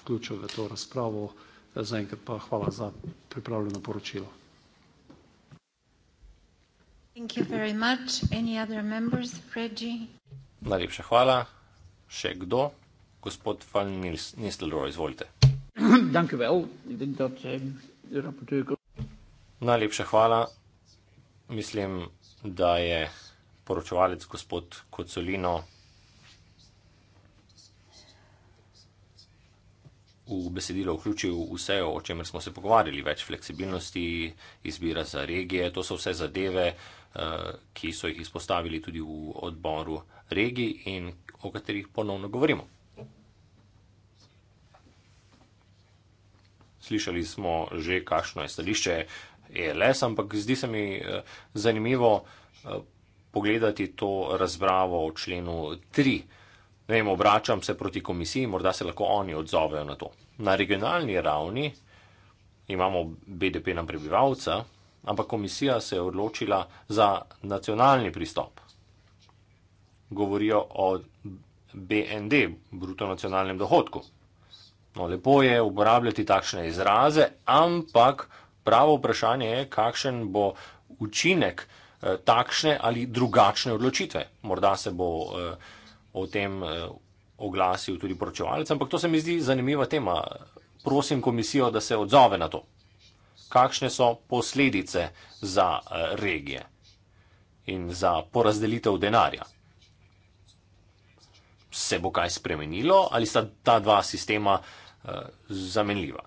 vključil v to razpravo. Zaenkrat pa hvala za pripravljeno poročilo. Najlepša hvala. Še kdo? Gospod Van Nistelrooy, izvolite. Eh, Najlepša hvala. Mislim, da je poročevalec gospod Kocolino v besedilo vključil vse, o čemer smo se pogovarjali, več fleksibilnosti, izbira za regije, to so vse zadeve, Eh, ki so jih izpostavili tudi v odboru regij in o katerih ponovno govorimo. Slišali smo že, kakšno je stališče ELS, ampak zdi se mi eh, zanimivo eh, pogledati to razbravo v členu 3. Ne vem, obračam se proti komisiji, morda se lahko oni odzovejo na to. Na regionalni ravni imamo BDP na prebivalca, ampak komisija se je odločila za nacionalni pristop. Govorijo o BND, bruto nacionalnem dohodku. No, lepo je uporabljati takšne izraze, ampak pravo vprašanje je, kakšen bo učinek eh, takšne ali drugačne odločitve. Morda se bo eh, o tem eh, oglasil tudi poročevalec, ampak to se mi zdi zanimiva tema. Prosim komisijo, da se odzove na to kakšne so posledice za eh, regije in za porazdelitev denarja. Se bo kaj spremenilo ali sta ta dva sistema eh, zamenljiva?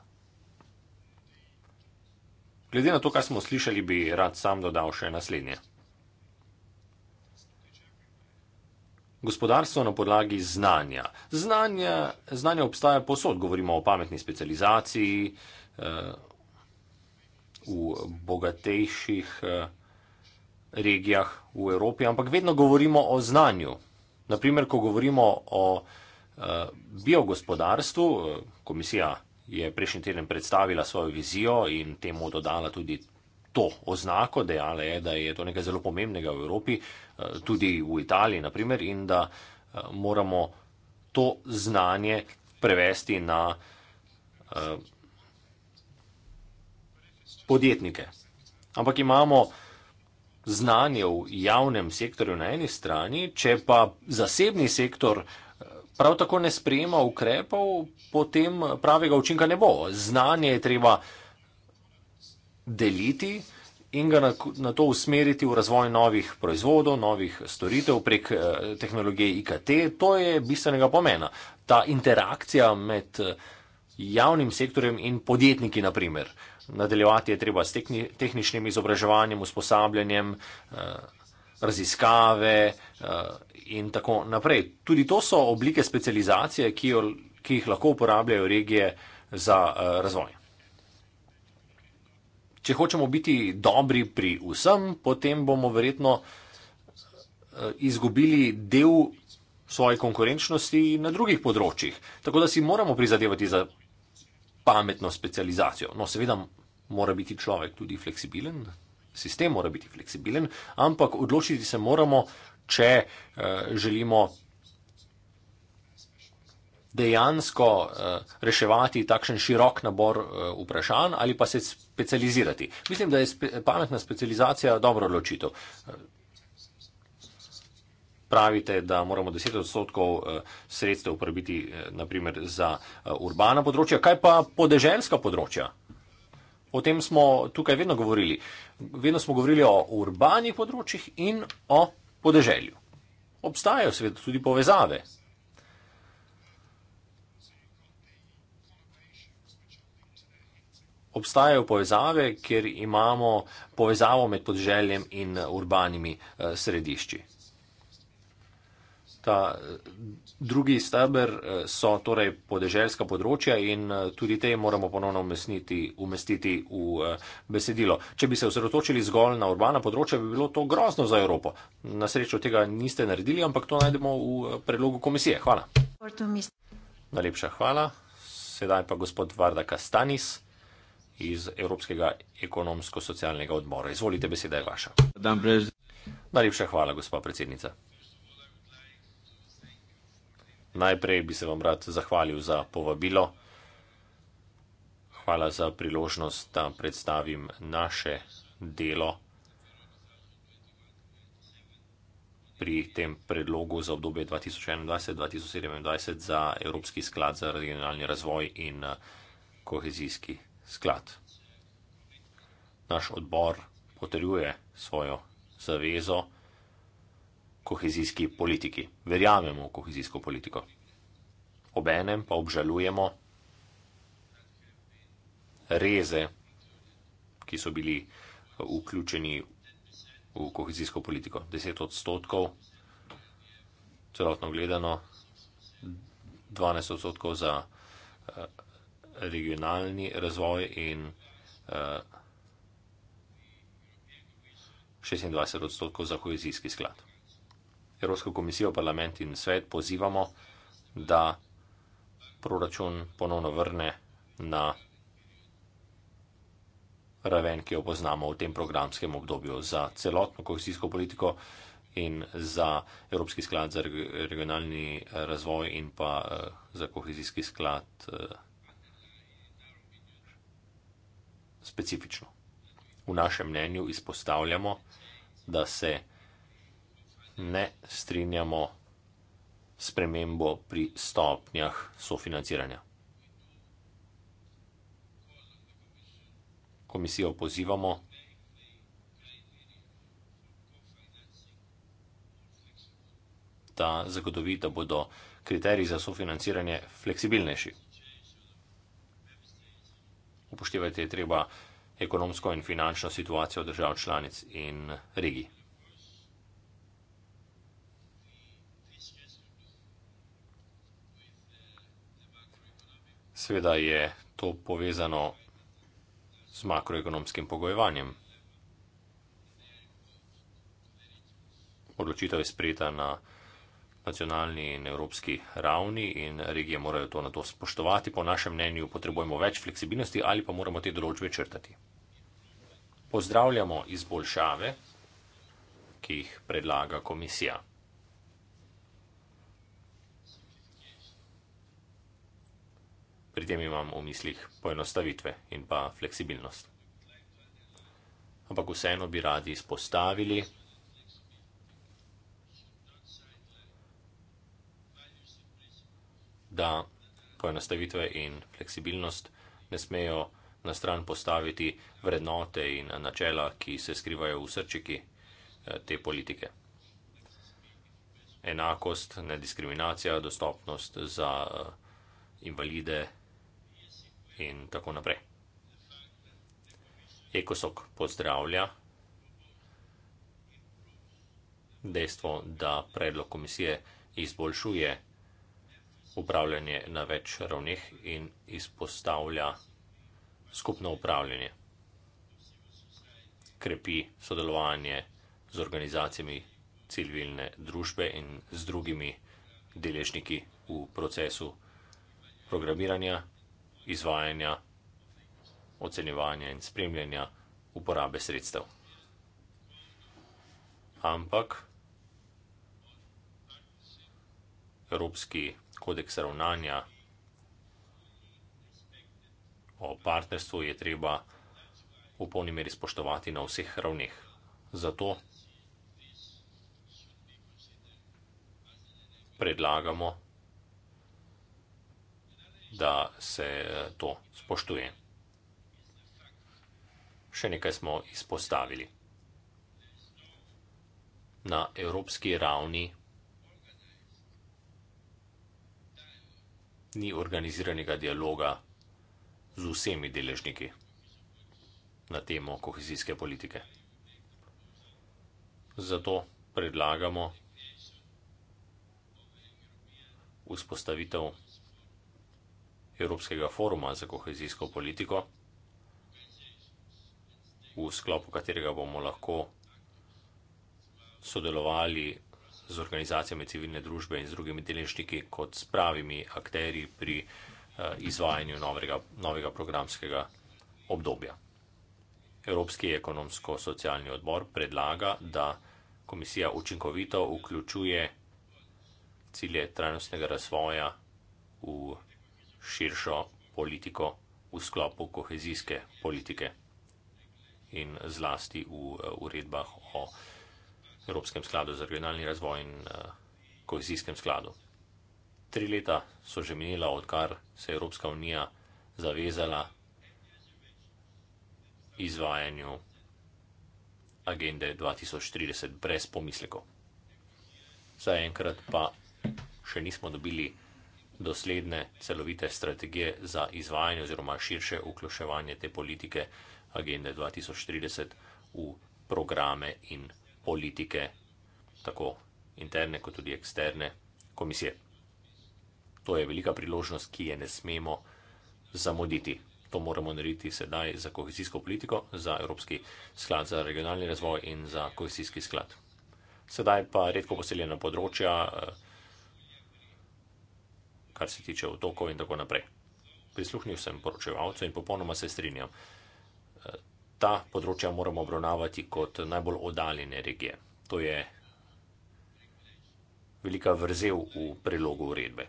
Glede na to, kar smo slišali, bi rad sam dodal še naslednje. Gospodarstvo na podlagi znanja. Znanje, znanje obstaja posod, govorimo o pametni specializaciji, eh, v bogatejših eh, regijah v Evropi, ampak vedno govorimo o znanju. Naprimer, ko govorimo o eh, biogospodarstvu, eh, komisija je prejšnji teden predstavila svojo vizijo in temu dodala tudi to oznako, dejala je, da je to nekaj zelo pomembnega v Evropi, tudi v Italiji, naprimer, in da moramo to znanje prevesti na podjetnike. Ampak imamo znanje v javnem sektorju na eni strani, če pa zasebni sektor eh, prav tako ne sprejema ukrepov, potem pravega učinka ne bo. Znanje je treba deliti in ga na, na to usmeriti v razvoj novih proizvodov, novih storitev prek eh, tehnologije IKT. To je bistvenega pomena. Ta interakcija med eh, javnim sektorjem in podjetniki, na primer nadaljevati je treba s tehničnim izobraževanjem, usposabljanjem, eh, raziskave eh, in tako naprej. Tudi to so oblike specializacije, ki, jo, ki jih lahko uporabljajo regije za eh, razvoj. Če hočemo biti dobri pri vsem, potem bomo verjetno izgubili del svoje konkurenčnosti na drugih področjih. Tako da si moramo prizadevati za pametno specializacijo. No, seveda mora biti človek tudi fleksibilen, sistem mora biti fleksibilen, ampak odločiti se moramo, če uh, želimo dejansko uh, reševati takšen širok nabor uh, vprašanj ali pa se specializirati. Mislim, da je spe pametna specializacija dobro odločitev. Uh, pravite, da moramo 10 odstotkov uh, sredstev uporabiti uh, naprimer za uh, urbana področja. Kaj pa podeželska področja? O tem smo tukaj vedno govorili. Vedno smo govorili o urbanih področjih in o podeželju. Obstajajo seveda tudi povezave. Obstajajo povezave, kjer imamo povezavo med podeželjem in urbanimi eh, središči. Ta drugi stabr eh, so torej podeželska področja in eh, tudi te moramo ponovno umestniti, umestiti v eh, besedilo. Če bi se osredotočili zgolj na urbana področja, bi bilo to grozno za Evropo. Na srečo tega niste naredili, ampak to najdemo v predlogu komisije. Hvala. Najlepša hvala. Sedaj pa gospod Varda Kastanis iz Evropskega ekonomsko-socialnega odbora. Izvolite, beseda je vaša. Najlepša hvala, gospod predsednica. Najprej bi se vam rad zahvalil za povabilo. Hvala za priložnost, da predstavim naše delo pri tem predlogu za obdobje 2021-2027 za Evropski sklad za regionalni razvoj in eh, kohezijski sklad. Naš odbor potrjuje svojo zavezo kohezijski politiki, verjamemo v kohezijsko politiko. Obenem pa obžalujemo reze, ki so bili eh, vključeni v kohezijsko politiko. 10 odstotkov, celotno gledano, 12 odstotkov za eh, regionalni razvoj in 26 eh, odstotkov za kohezijski sklad. Evropsko komisijo, parlament in svet pozivamo, da proračun ponovno vrne na raven, ki jo poznamo v tem programskem obdobju za celotno kohezijsko politiko in za Evropski sklad za regionalni razvoj in pa eh, za kohezijski sklad eh, specifično. V našem mnenju izpostavljamo, da se ne strinjamo s premembo pri stopnjah sofinanciranja. Komisijo pozivamo, da zagotovi, da bodo kriteriji za sofinanciranje fleksibilnejši. Upoštevati je treba ekonomsko in finančno situacijo držav članic in regij. Seveda je to povezano z makroekonomskim pogojevanjem. Odločitev je sprejeta na nacionalni in evropski ravni in regije morajo to na to spoštovati. Po našem mnenju potrebujemo več fleksibilnosti ali pa moramo te določbe črtati. Pozdravljamo izboljšave, ki jih predlaga komisija. pri tem imam v mislih poenostavitve in pa fleksibilnost. Ampak vseeno bi radi izpostavili, da poenostavitve in fleksibilnost ne smejo na stran postaviti vrednote in načela, ki se skrivajo v srčiki eh, te politike. Enakost, nediskriminacija, dostopnost za eh, invalide, in tako naprej. Ekosok pozdravlja dejstvo, da predlog komisije izboljšuje upravljanje na več ravneh in izpostavlja skupno upravljanje. Krepi sodelovanje z organizacijami civilne družbe in z drugimi deležniki v procesu programiranja izvajanja, ocenjevanja in spremljanja uporabe sredstev. Ampak Evropski kodeks ravnanja o partnerstvu je treba v polni meri spoštovati na vseh ravneh. Zato predlagamo, da se eh, to spoštuje. Še nekaj smo izpostavili. Na evropski ravni ni organiziranega dialoga z vsemi deležniki na temo kohezijske politike. Zato predlagamo vzpostavitev Evropskega foruma za kohezijsko politiko, v sklopu katerega bomo lahko sodelovali z organizacijami civilne družbe in z drugimi deležniki kot s pravimi akteri pri eh, izvajanju novega, novega programskega obdobja. Evropski ekonomsko-socialni odbor predlaga, da komisija učinkovito vključuje cilje trajnostnega razvoja v širšo politiko v sklopu kohezijske politike in zlasti v eh, uredbah o Evropskem skladu za regionalni razvoj in eh, kohezijskem skladu. Tri leta so že minila, odkar se je Evropska unija zavezala izvajanju agende 2030 brez pomislekov. Zaenkrat pa še nismo dobili dosledne, celovite strategije za izvajanje oziroma širše vključevanje te politike Agende 2030 v programe in politike, tako interne kot tudi eksterne komisije. To je velika priložnost, ki je ne smemo zamuditi. To moramo narediti sedaj za kohezijsko politiko, za Evropski sklad za regionalni razvoj in za kohezijski sklad. Sedaj pa redko poseljena področja. Eh, kar se tiče otokov in tako naprej. Prisluhnil sem poročevalcu in popolnoma se strinjam. Eh, ta področja moramo obravnavati kot najbolj oddaljene regije. To je velika vrzel v prilogu uredbe.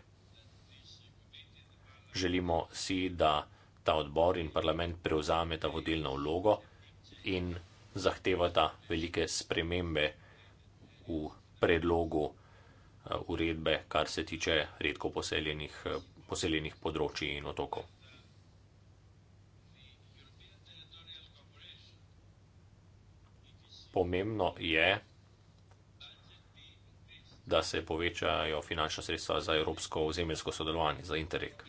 Želimo si, da ta odbor in parlament prevzameta vodilno vlogo in zahtevata velike spremembe v predlogu uredbe. Eh, uredbe, kar se tiče redko poseljenih, eh, poseljenih področji in otokov. Pomembno je, da se povečajo finančna sredstva za evropsko ozemeljsko sodelovanje, za Interreg.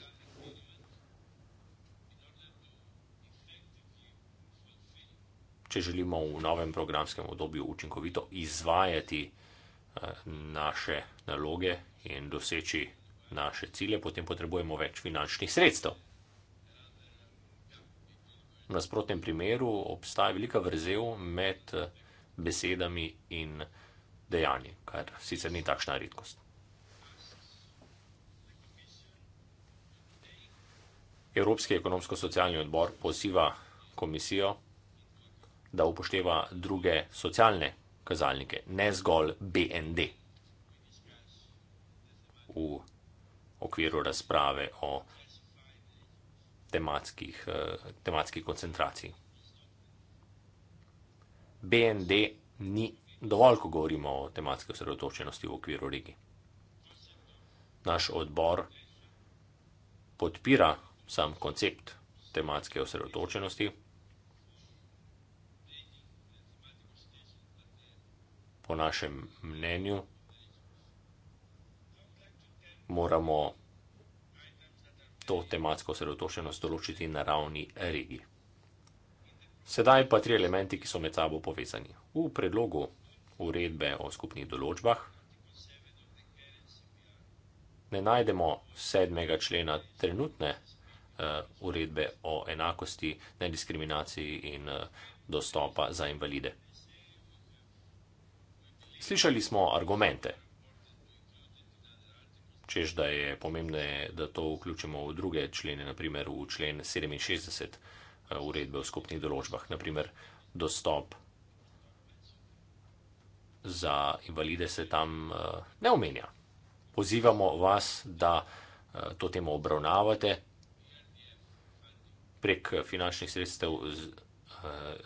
Če želimo v novem programskem obdobju učinkovito izvajati naše naloge in doseči naše cilje, potem potrebujemo več finančnih sredstev. V nasprotnem primeru obstaja velika vrzel med eh, besedami in dejanji, kar sicer ni takšna redkost. Evropski ekonomsko-socialni odbor poziva komisijo, da upošteva druge socialne kazalnike, ne zgolj BND. V okviru razprave o tematskih, eh, tematskih koncentracij. BND ni dovolj, ko govorimo o tematski osredotočenosti v okviru regi. Naš odbor podpira sam koncept tematske osredotočenosti, po našem mnenju moramo to tematsko osredotočenost določiti na ravni regij. Sedaj pa tri elementi, ki so med sabo povezani. V predlogu uredbe o skupnih določbah ne najdemo sedmega člena trenutne eh, uredbe o enakosti, nediskriminaciji in eh, dostopa za invalide. Slišali smo argumente, čež da je pomembno, da to vključimo v druge člene, naprimer v člen 67 eh, uredbe o skupnih določbah, naprimer dostop za invalide se tam eh, ne omenja. Pozivamo vas, da eh, to temo obravnavate prek finančnih sredstev z,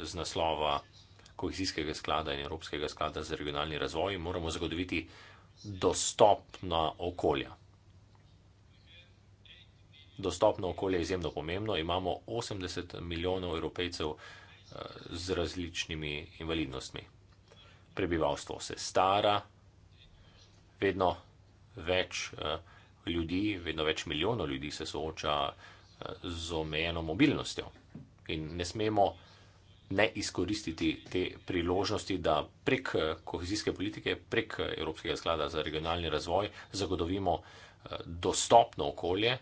z naslova kohezijskega sklada in Evropskega sklada za regionalni razvoj, moramo zagotoviti dostopna okolja. Dostopno okolje je izjemno pomembno. Imamo 80 milijonov evropejcev eh, z različnimi invalidnostmi. Prebivalstvo se stara, vedno več eh, ljudi, vedno več milijonov ljudi se sooča eh, z omejeno mobilnostjo. In ne smemo ne izkoristiti te priložnosti, da prek eh, kohezijske politike, prek eh, Evropskega sklada za regionalni razvoj zagotovimo eh, dostopno okolje,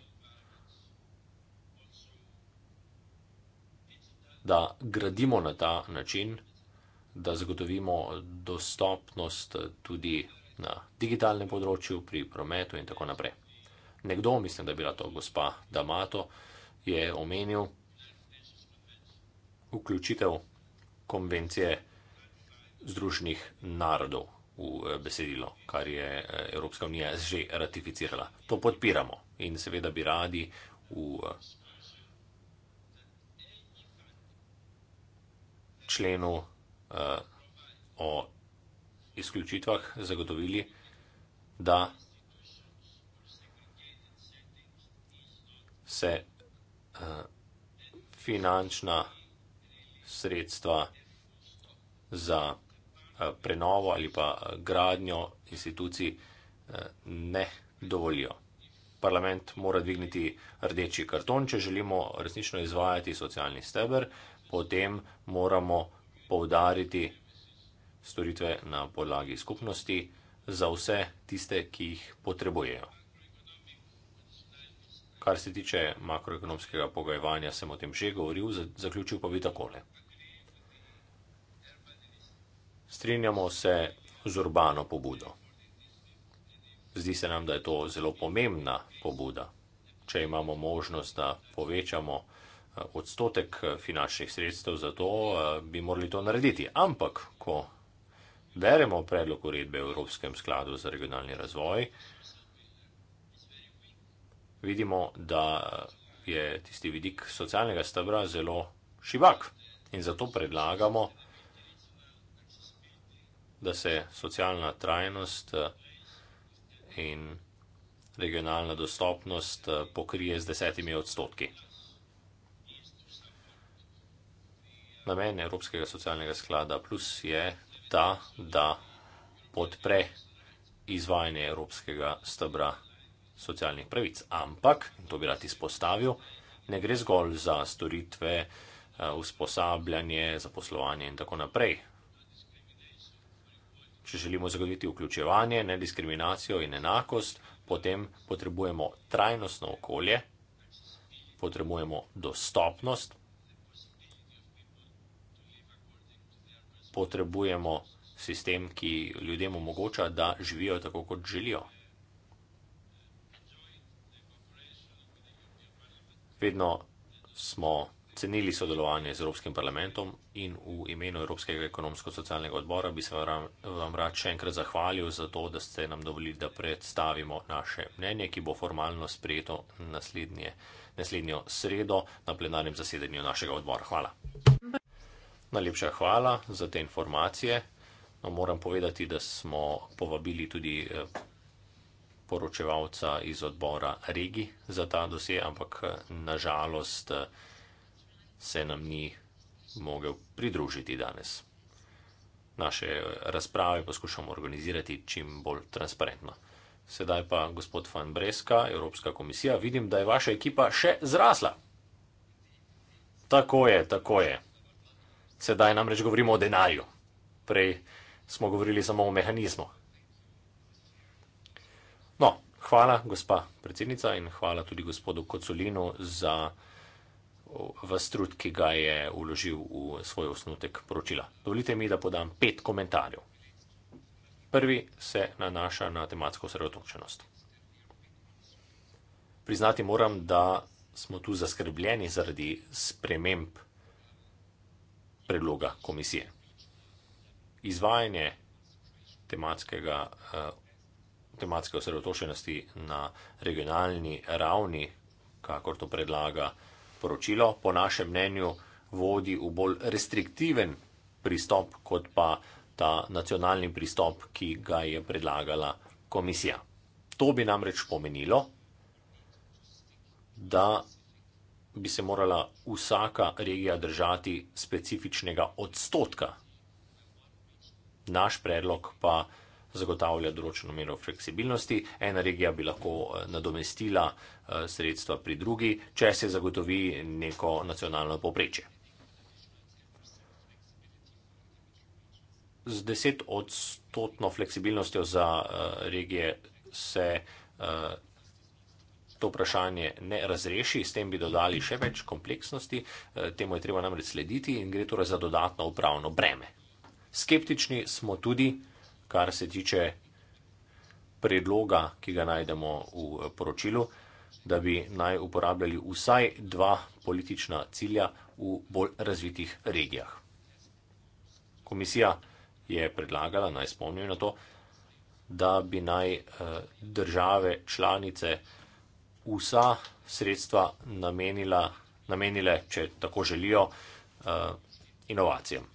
da gradimo na ta način, da zagotovimo dostopnost tudi na digitalnem področju, pri prometu in tako naprej. Nekdo, mislim, da je bila to gospa D'Amato, je omenil, vključitev konvencije Združenih narodov v eh, besedilo, kar je eh, Evropska unija že ratificirala. To podpiramo in seveda bi radi v eh, členu o izključitvah zagotovili, da se finančna sredstva za eh, prenovo ali pa eh, gradnjo institucij eh, ne dovolijo. Parlament mora dvigniti rdeči karton, če želimo resnično izvajati socialni steber, potem moramo povdariti storitve na podlagi skupnosti za vse tiste, ki jih potrebujejo. Kar se tiče makroekonomskega pogajevanja, sem o tem že govoril, zaključil pa bi takole. Strinjamo se z urbano pobudo. Zdi se nam, da je to zelo pomembna pobuda. Če imamo možnost, da povečamo eh, odstotek eh, finančnih sredstev za to, eh, bi morali to narediti. Ampak, ko beremo predlog uredbe v Evropskem skladu za regionalni razvoj, vidimo, da je tisti vidik socialnega stebra zelo šibak. In zato predlagamo, da se socialna trajnost eh, in regionalna dostopnost eh, pokrije z desetimi odstotki. Namen Evropskega socialnega sklada plus je ta, da podpre izvajanje Evropskega stebra socialnih pravic. Ampak, to bi rad izpostavil, ne gre zgolj za storitve, eh, usposabljanje, zaposlovanje in tako naprej. Če želimo zagotoviti vključevanje, ne diskriminacijo in enakost, potem potrebujemo trajnostno okolje, potrebujemo dostopnost, potrebujemo sistem, ki ljudem omogoča, da živijo tako, kot želijo. vedno smo cenili sodelovanje z Evropskim parlamentom in v imenu Evropskega ekonomsko-socialnega odbora bi se vam, vam rad še enkrat zahvalil za to, da ste nam dovolili, da predstavimo naše mnenje, ki bo formalno sprejeto naslednje, naslednjo sredo na plenarnem zasedanju našega odbora. Hvala. Najlepša hvala za te informacije. No, moram povedati, da smo povabili tudi. Eh, poročevalca iz odbora Regi za ta dosje, ampak nažalost se nam ni mogel pridružiti danes. Naše razprave poskušamo organizirati čim bolj transparentno. Sedaj pa gospod Van Breska, Evropska komisija, vidim, da je vaša ekipa še zrasla. Tako je, tako je. Sedaj namreč govorimo o denarju. Prej smo govorili samo o mehanizmu. Hvala, gospa predsednica, in hvala tudi gospodu Kocolinu za vas trud, ki ga je uložil v svoj osnutek poročila. Dovolite mi, da podam pet komentarjev. Prvi se nanaša na tematsko osredotočenost. Priznati moram, da smo tu zaskrbljeni zaradi sprememb predloga komisije. Izvajanje tematskega eh, tematske osredotočenosti na regionalni ravni, kakor to predlaga poročilo, po našem mnenju vodi v bolj restriktiven pristop, kot pa ta nacionalni pristop, ki ga je predlagala komisija. To bi namreč pomenilo, da bi se morala vsaka regija držati specifičnega odstotka. Naš predlog pa je, zagotavlja določeno mero fleksibilnosti. Ena regija bi lahko eh, nadomestila eh, sredstva pri drugi, če se zagotovi neko nacionalno poprečje. Z deset odstotno fleksibilnostjo za eh, regije se to vprašanje ne razreši, s tem bi dodali še več kompleksnosti, temu je treba namreč slediti in gre torej za dodatno upravno breme. Skeptični smo tudi, kar se tiče predloga, ki ga najdemo v poročilu, da bi naj uporabljali vsaj dva politična cilja v bolj razvitih regijah. Komisija je predlagala, naj spomnim na to, da bi naj eh, države članice vsa sredstva namenila, namenile, če tako želijo, eh, inovacijam.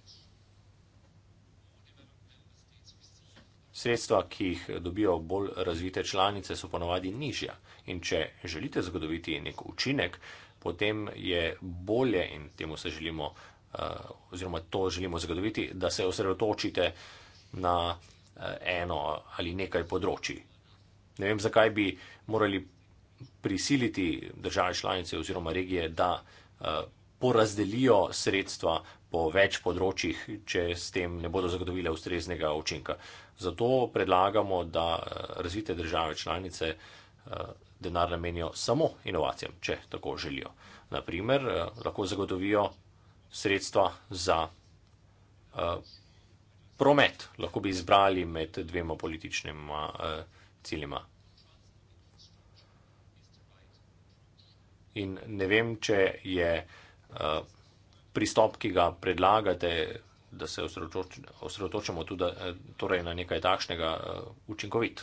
Sredstva, ki jih dobijo bolj razvite članice, so ponovadi nižja. In če želite zagotoviti nek učinek, potem je bolje, in temu se želimo, eh, oziroma to želimo zagotoviti, da se osredotočite na eh, eno ali nekaj področji. Ne vem, zakaj bi morali prisiliti države članice oziroma regije, da eh, porazdelijo sredstva po več področjih, če s tem ne bodo zagotovile ustreznega učinka. Zato predlagamo, da eh, razvite države članice eh, denar namenijo samo inovacijam, če tako želijo. Naprimer, eh, lahko zagotovijo sredstva za promet, lahko bi izbrali med dvema političnima ciljima. In ne vem, če je pristop, ki ga predlagate, da se osredotočamo tudi eh, torej na nekaj takšnega eh, učinkovit.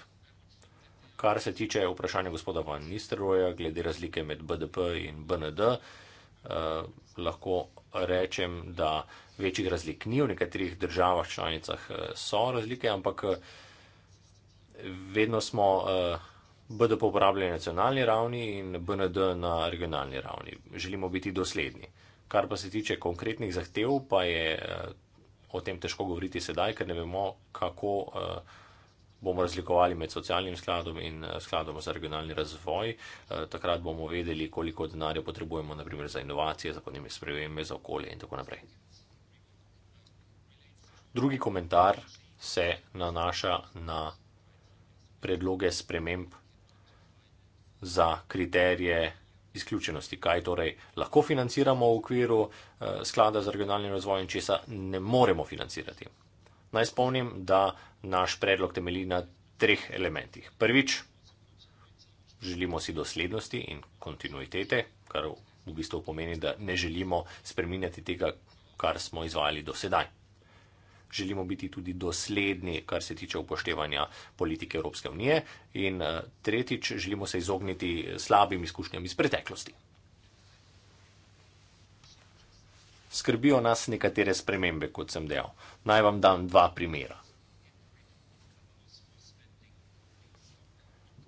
Kar se tiče vprašanja gospoda Van Nistelroja glede razlike med BDP in BND, eh, lahko rečem, da večjih razlik ni, v nekaterih državah članicah so razlike, ampak vedno smo BDP uporabljali na nacionalni ravni in BND na regionalni ravni. Želimo biti dosledni. Kar pa se tiče konkretnih zahtev, pa je o tem težko govoriti sedaj, ker ne vemo, kako eh, bomo razlikovali med socialnim skladom in eh, skladom za regionalni razvoj. Eh, takrat bomo vedeli, koliko denarja potrebujemo, naprimer za inovacije, za podnebne spremembe, za okolje in tako naprej. Drugi komentar se nanaša na predloge sprememb za kriterije izključenosti, kaj torej lahko financiramo v okviru eh, sklada za regionalni razvoj in česa ne moremo financirati. Naj spomnim, da naš predlog temelji na treh elementih. Prvič, želimo si doslednosti in kontinuitete, kar v bistvu pomeni, da ne želimo spreminjati tega, kar smo izvajali do sedaj želimo biti tudi dosledni, kar se tiče upoštevanja politike Evropske unije. In eh, tretjič, želimo se izogniti slabim izkušnjam iz preteklosti. Skrbijo nas nekatere spremembe, kot sem dejal. Naj vam dam dva primera.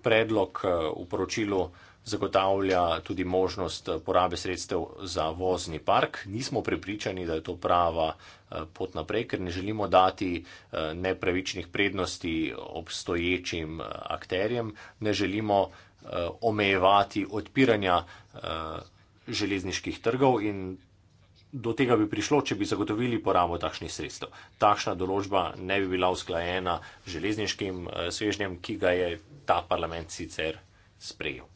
Predlog eh, v poročilu zagotavlja tudi možnost eh, porabe sredstev za vozni park. Nismo prepričani, da je to prava eh, pot naprej, ker ne želimo dati eh, nepravičnih prednosti obstoječim akterjem, ne želimo omejevati odpiranja železniških trgov in do tega bi prišlo, če bi zagotovili porabo takšnih sredstev. Takšna določba ne bi bila usklajena železniškim svežnjem, ki ga je ta parlament sicer sprejel.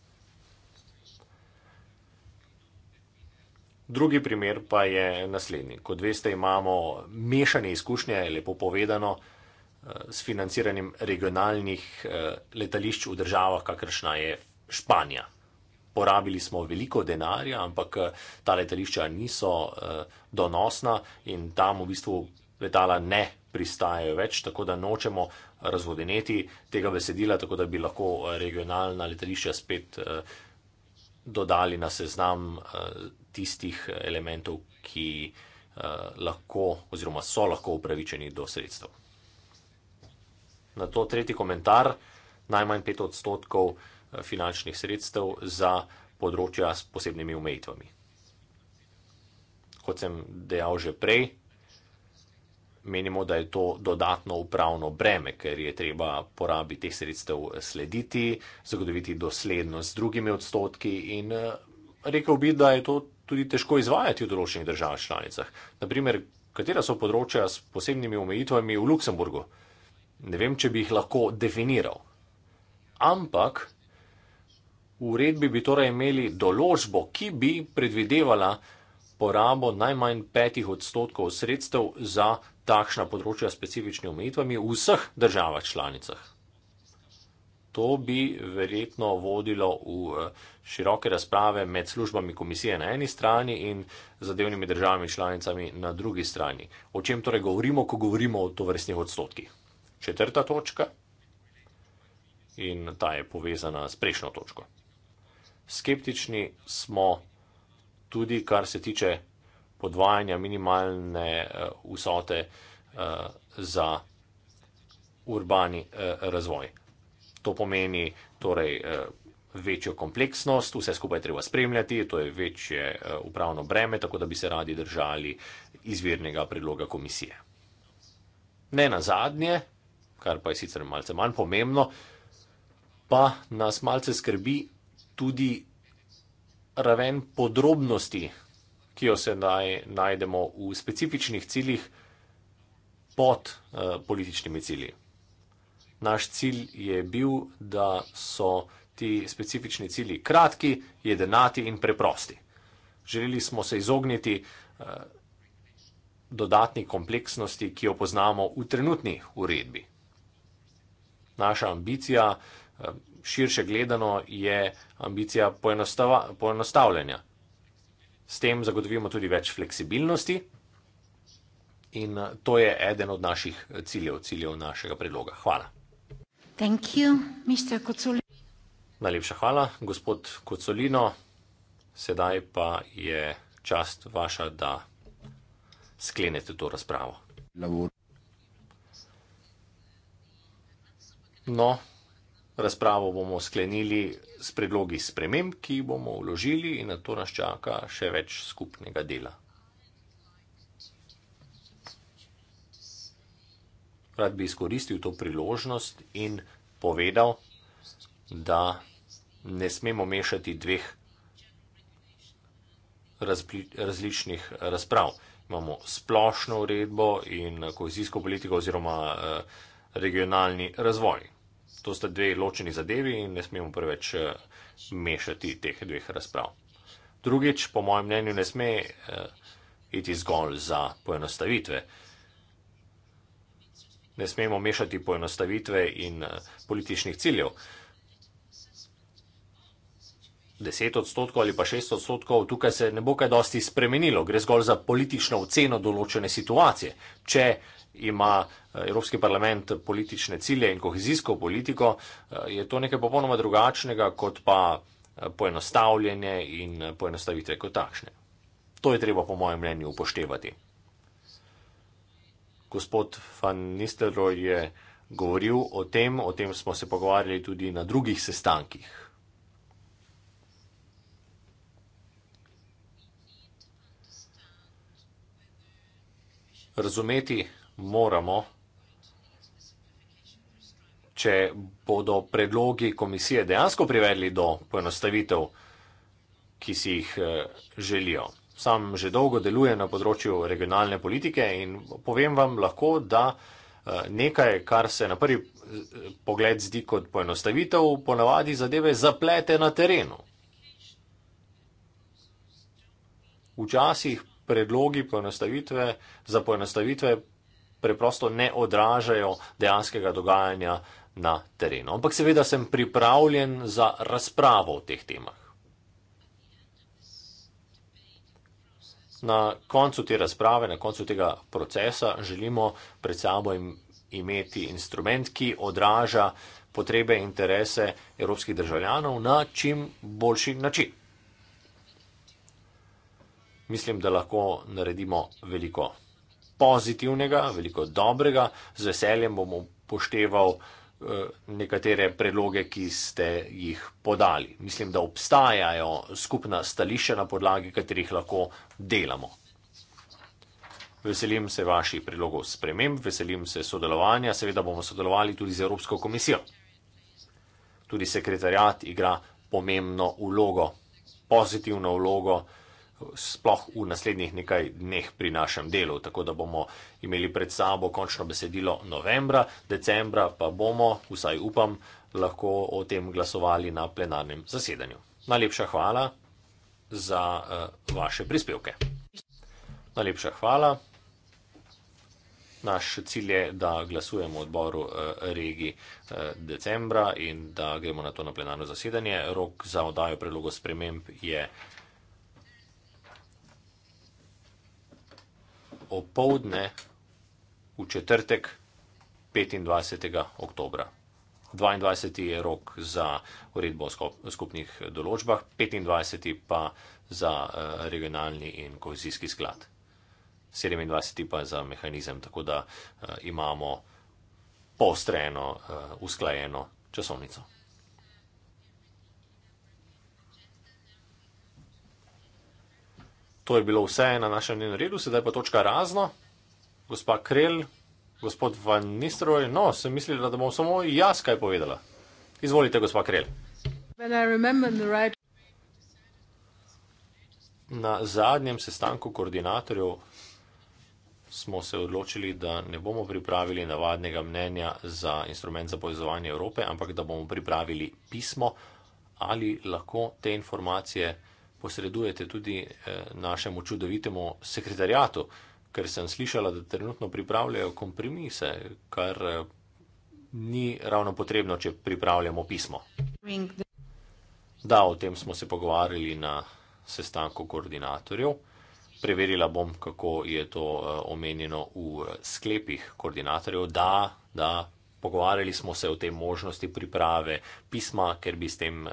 Drugi primer pa je naslednji. Kot veste, imamo mešane izkušnje, lepo povedano, eh, s financiranjem regionalnih eh, letališč v državah, kakršna je Španija. Porabili smo veliko denarja, ampak eh, ta letališča niso donosna in tam v bistvu letala ne pristajajo več, tako da nočemo razvodeneti tega besedila, tako da bi lahko regionalna letališča spet dodali na seznam tistih eh, elementov, ki eh, lahko oziroma so lahko upravičeni do sredstev. Na to tretji komentar, najmanj pet odstotkov eh, finančnih sredstev za področja s posebnimi umejitvami. Kot sem dejal že prej, menimo, da je to dodatno upravno breme, ker je treba porabi teh sredstev slediti, zagotoviti doslednost z drugimi odstotki in rekel bi, da je to tudi težko izvajati v določenih državah članicah. Naprimer, katera so področja s posebnimi omejitvami v Luksemburgu? Ne vem, če bi jih lahko definiral. Ampak v uredbi bi torej imeli določbo, ki bi predvidevala porabo najmanj petih odstotkov sredstev za takšna področja s specifičnimi omejitvami v vseh državah članicah to bi verjetno vodilo v eh, široke razprave med službami komisije na eni strani in zadevnimi državami članicami na drugi strani. O čem torej govorimo, ko govorimo o tovrstnih odstotkih? Četrta točka in ta je povezana s prejšnjo točko. Skeptični smo tudi, kar se tiče podvajanja minimalne eh, vsote eh, za urbani razvoj. To pomeni torej eh, večjo kompleksnost, vse skupaj treba spremljati, to je večje eh, upravno breme, tako da bi se radi držali izvirnega predloga komisije. Ne na zadnje, kar pa je sicer malce manj pomembno, pa nas malce skrbi tudi raven podrobnosti, ki jo se naj, najdemo v specifičnih ciljih pod uh, političnimi cilji. Naš cilj je bil, da so ti specifični cilji kratki, jedenati in preprosti. Želeli smo se izogniti eh, dodatni kompleksnosti, ki jo poznamo v trenutni uredbi. Naša ambicija, eh, širše gledano, je ambicija poenostava, poenostavljanja. S tem zagotovimo tudi več fleksibilnosti in eh, to je eden od naših ciljev, ciljev našega predloga. Hvala. Thank you, Mr. Najlepša hvala, gospod Kocolino. Sedaj pa je čast vaša, da sklenete to razpravo. No, razpravo bomo sklenili s predlogi sprememb, ki jih bomo vložili in na to nas čaka še več skupnega dela. rad bi izkoristil to priložnost in povedal, da ne smemo mešati dveh različnih eh, razprav. Imamo splošno uredbo in kohezijsko politiko oziroma eh, regionalni razvoj. To sta dve ločeni zadevi in ne smemo preveč eh, mešati teh dveh razprav. Drugič, po mojem mnenju, ne sme iti zgolj za poenostavitve ne smemo mešati poenostavitve in eh, političnih ciljev. 10 odstotkov ali pa 6 odstotkov, tukaj se ne bo kaj dosti spremenilo. Gre zgolj za politično oceno določene situacije. Če ima eh, Evropski parlament politične cilje in kohezijsko politiko, eh, je to nekaj popolnoma drugačnega kot pa poenostavljanje in poenostavitve kot takšne. To je treba, po mojem mnenju, upoštevati gospod Van Nistelrooy je govoril o tem, o tem smo se pogovarjali tudi na drugih sestankih. Razumeti moramo, če bodo predlogi komisije dejansko privedli do poenostavitev, ki si jih eh, želijo sam že dolgo deluje na področju regionalne politike in povem vam lahko, da eh, nekaj, kar se na prvi eh, pogled zdi kot poenostavitev, ponavadi zadeve zaplete na terenu. Včasih predlogi poenostavitve za poenostavitve preprosto ne odražajo dejanskega dogajanja na terenu. Ampak seveda sem pripravljen za razpravo o teh temah. Na koncu te razprave, na koncu tega procesa želimo pred sabo imeti instrument, ki odraža potrebe in interese evropskih državljanov na čim boljši način. Mislim, da lahko naredimo veliko pozitivnega, veliko dobrega, z veseljem bomo pošteval uh, Eh, nekatere predloge, ki ste jih podali. Mislim, da obstajajo skupna stališča, na podlagi katerih lahko delamo. Veselim se vaših predlogov sprememb, veselim se sodelovanja, seveda bomo sodelovali tudi z Evropsko komisijo. Tudi sekretarjat igra pomembno vlogo, pozitivno vlogo sploh v naslednjih nekaj dneh pri našem delu, tako da bomo imeli pred sabo končno besedilo novembra, decembra pa bomo, vsaj upam, lahko o tem glasovali na plenarnem zasedanju. Najlepša hvala za uh, vaše prispevke. Najlepša hvala. Naš cilj je, da glasujemo v odboru eh, regi eh, decembra in da gremo na to na plenarno zasedanje. Rok za odajo predlogov sprememb je opoldne v četrtek 25. oktobra. 22. je rok za uredbo o skupnih določbah, 25. pa za eh, regionalni in kohezijski sklad, 27. pa za mehanizem, tako da eh, imamo poostreno, eh, usklajeno časovnico. To je bilo vse na našem dnevnem redu, sedaj pa točka razno. Gospa Krelj, gospod Van Nistroj, no, sem mislila, da bom samo jaz kaj povedala. Izvolite, gospa Krelj. Na zadnjem sestanku koordinatorjev smo se odločili, da ne bomo pripravili navadnega mnenja za instrument za povezovanje Evrope, ampak da bomo pripravili pismo, ali lahko te informacije posredujete tudi eh, našemu čudovitemu sekretarjatu, ker sem slišala, da trenutno pripravljajo kompromise, kar eh, ni ravno potrebno, če pripravljamo pismo. Da, o tem smo se pogovarjali na sestanku koordinatorjev. Preverila bom, kako je to eh, omenjeno v sklepih koordinatorjev. Da, da, pogovarjali smo se o tem možnosti priprave pisma, ker bi s tem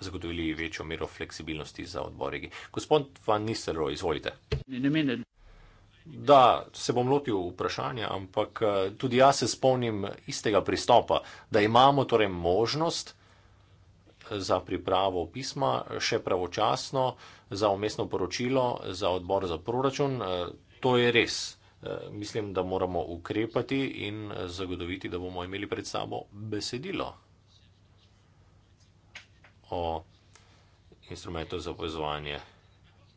zagotovili večjo mero fleksibilnosti za odbore. Gospod Van Nistelro, izvolite. Da, se bom lotil vprašanja, ampak eh, tudi jaz se spomnim istega pristopa, da imamo torej možnost eh, za pripravo pisma še pravočasno za umestno poročilo za odbor za proračun. Eh, to je res. Mislim, da moramo ukrepati in zagotoviti, da bomo imeli pred sabo besedilo o instrumentu za povezovanje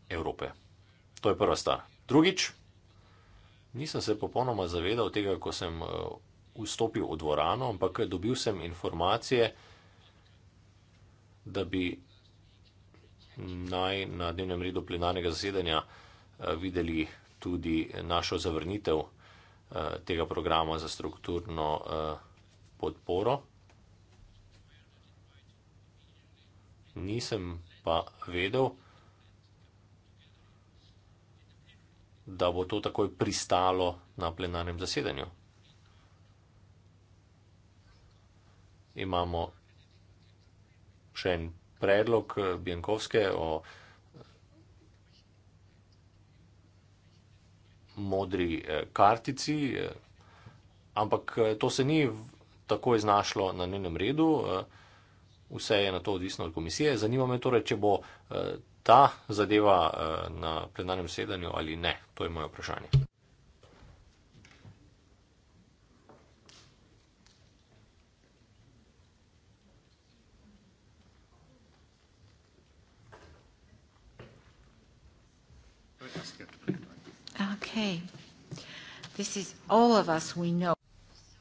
Evrope. To je prva stvar. Drugič, nisem se popolnoma zavedal tega, ko sem eh, vstopil v dvorano, ampak dobil sem informacije, da bi naj na dnevnem redu plenarnega zasedanja eh, videli tudi našo zavrnitev eh, tega programa za strukturno podporo. nisem pa vedel, da bo to takoj pristalo na plenarnem zasedanju. Imamo še en predlog Bjankovske o modri eh, kartici, eh, ampak eh, to se ni takoj znašlo na njenem redu vse je na to odvisno od komisije. Zanima me torej, če bo eh, ta zadeva eh, na plenarnem sedanju ali ne. To je moje vprašanje.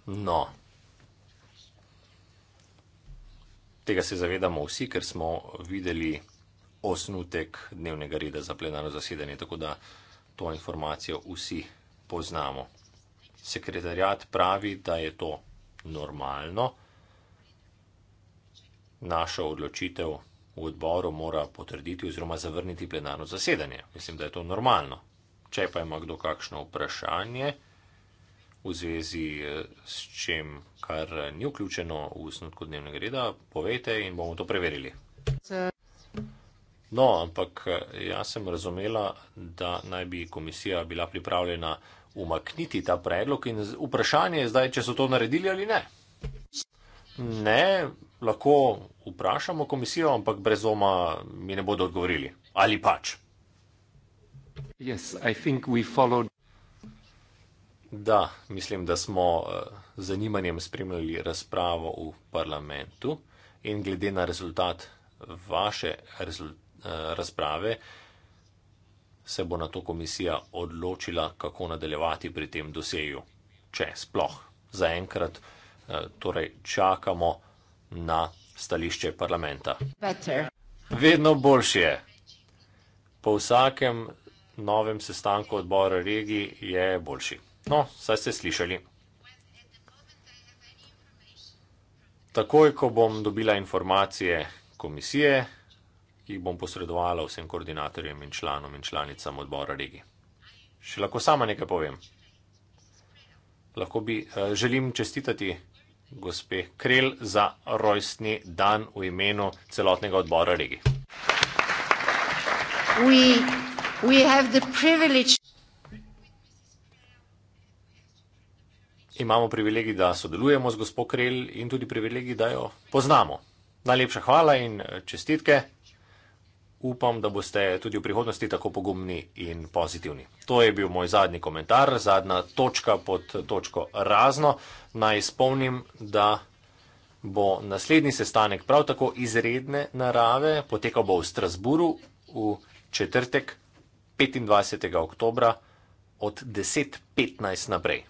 No, Tega se zavedamo vsi, ker smo videli osnutek dnevnega reda za plenarno zasedanje, tako da to informacijo vsi poznamo. Sekretarjat pravi, da je to normalno. Naša odločitev v odboru mora potrditi oziroma zavrniti plenarno zasedanje. Mislim, da je to normalno. Če pa ima kdo kakšno vprašanje, v zvezi eh, s čem, kar eh, ni vključeno v snotko dnevnega reda, povejte in bomo to preverili. No, ampak eh, jaz sem razumela, da naj bi komisija bila pripravljena umakniti ta predlog in vprašanje je zdaj, če so to naredili ali ne. Ne, lahko vprašamo komisijo, ampak brez oma mi ne bodo odgovorili. Ali pač? Yes, followed... Da, mislim, da smo eh, z zanimanjem spremljali razpravo v parlamentu in glede na rezultat vaše eh, razprave se bo na to komisija odločila, kako nadaljevati pri tem doseju, če sploh zaenkrat eh, torej čakamo na stališče parlamenta. Better. Vedno boljše. Po vsakem novem sestanku odbora regij je boljši. No, saj ste slišali. Takoj, ko bom dobila informacije komisije, jih bom posredovala vsem koordinatorjem in članom in članicam odbora regi. Še lahko sama nekaj povem. Lahko bi, eh, želim čestitati gospe Krel za rojstni dan v imenu celotnega odbora regi. We, we have the privilege. imamo privilegij, da sodelujemo z gospod Krelj in tudi privilegij, da jo poznamo. Najlepša hvala in eh, čestitke. Upam, da boste tudi v prihodnosti tako pogumni in pozitivni. To je bil moj zadnji komentar, zadnja točka pod točko razno. Naj spomnim, da bo naslednji sestanek prav tako izredne narave, potekal bo v Strasburu v četrtek 25. oktobra od 10.15 naprej.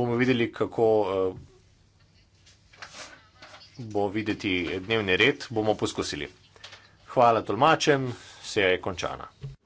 bomo videli, kako eh, bo videti dnevni red, bomo poskusili. Hvala tolmačem, seja je končana.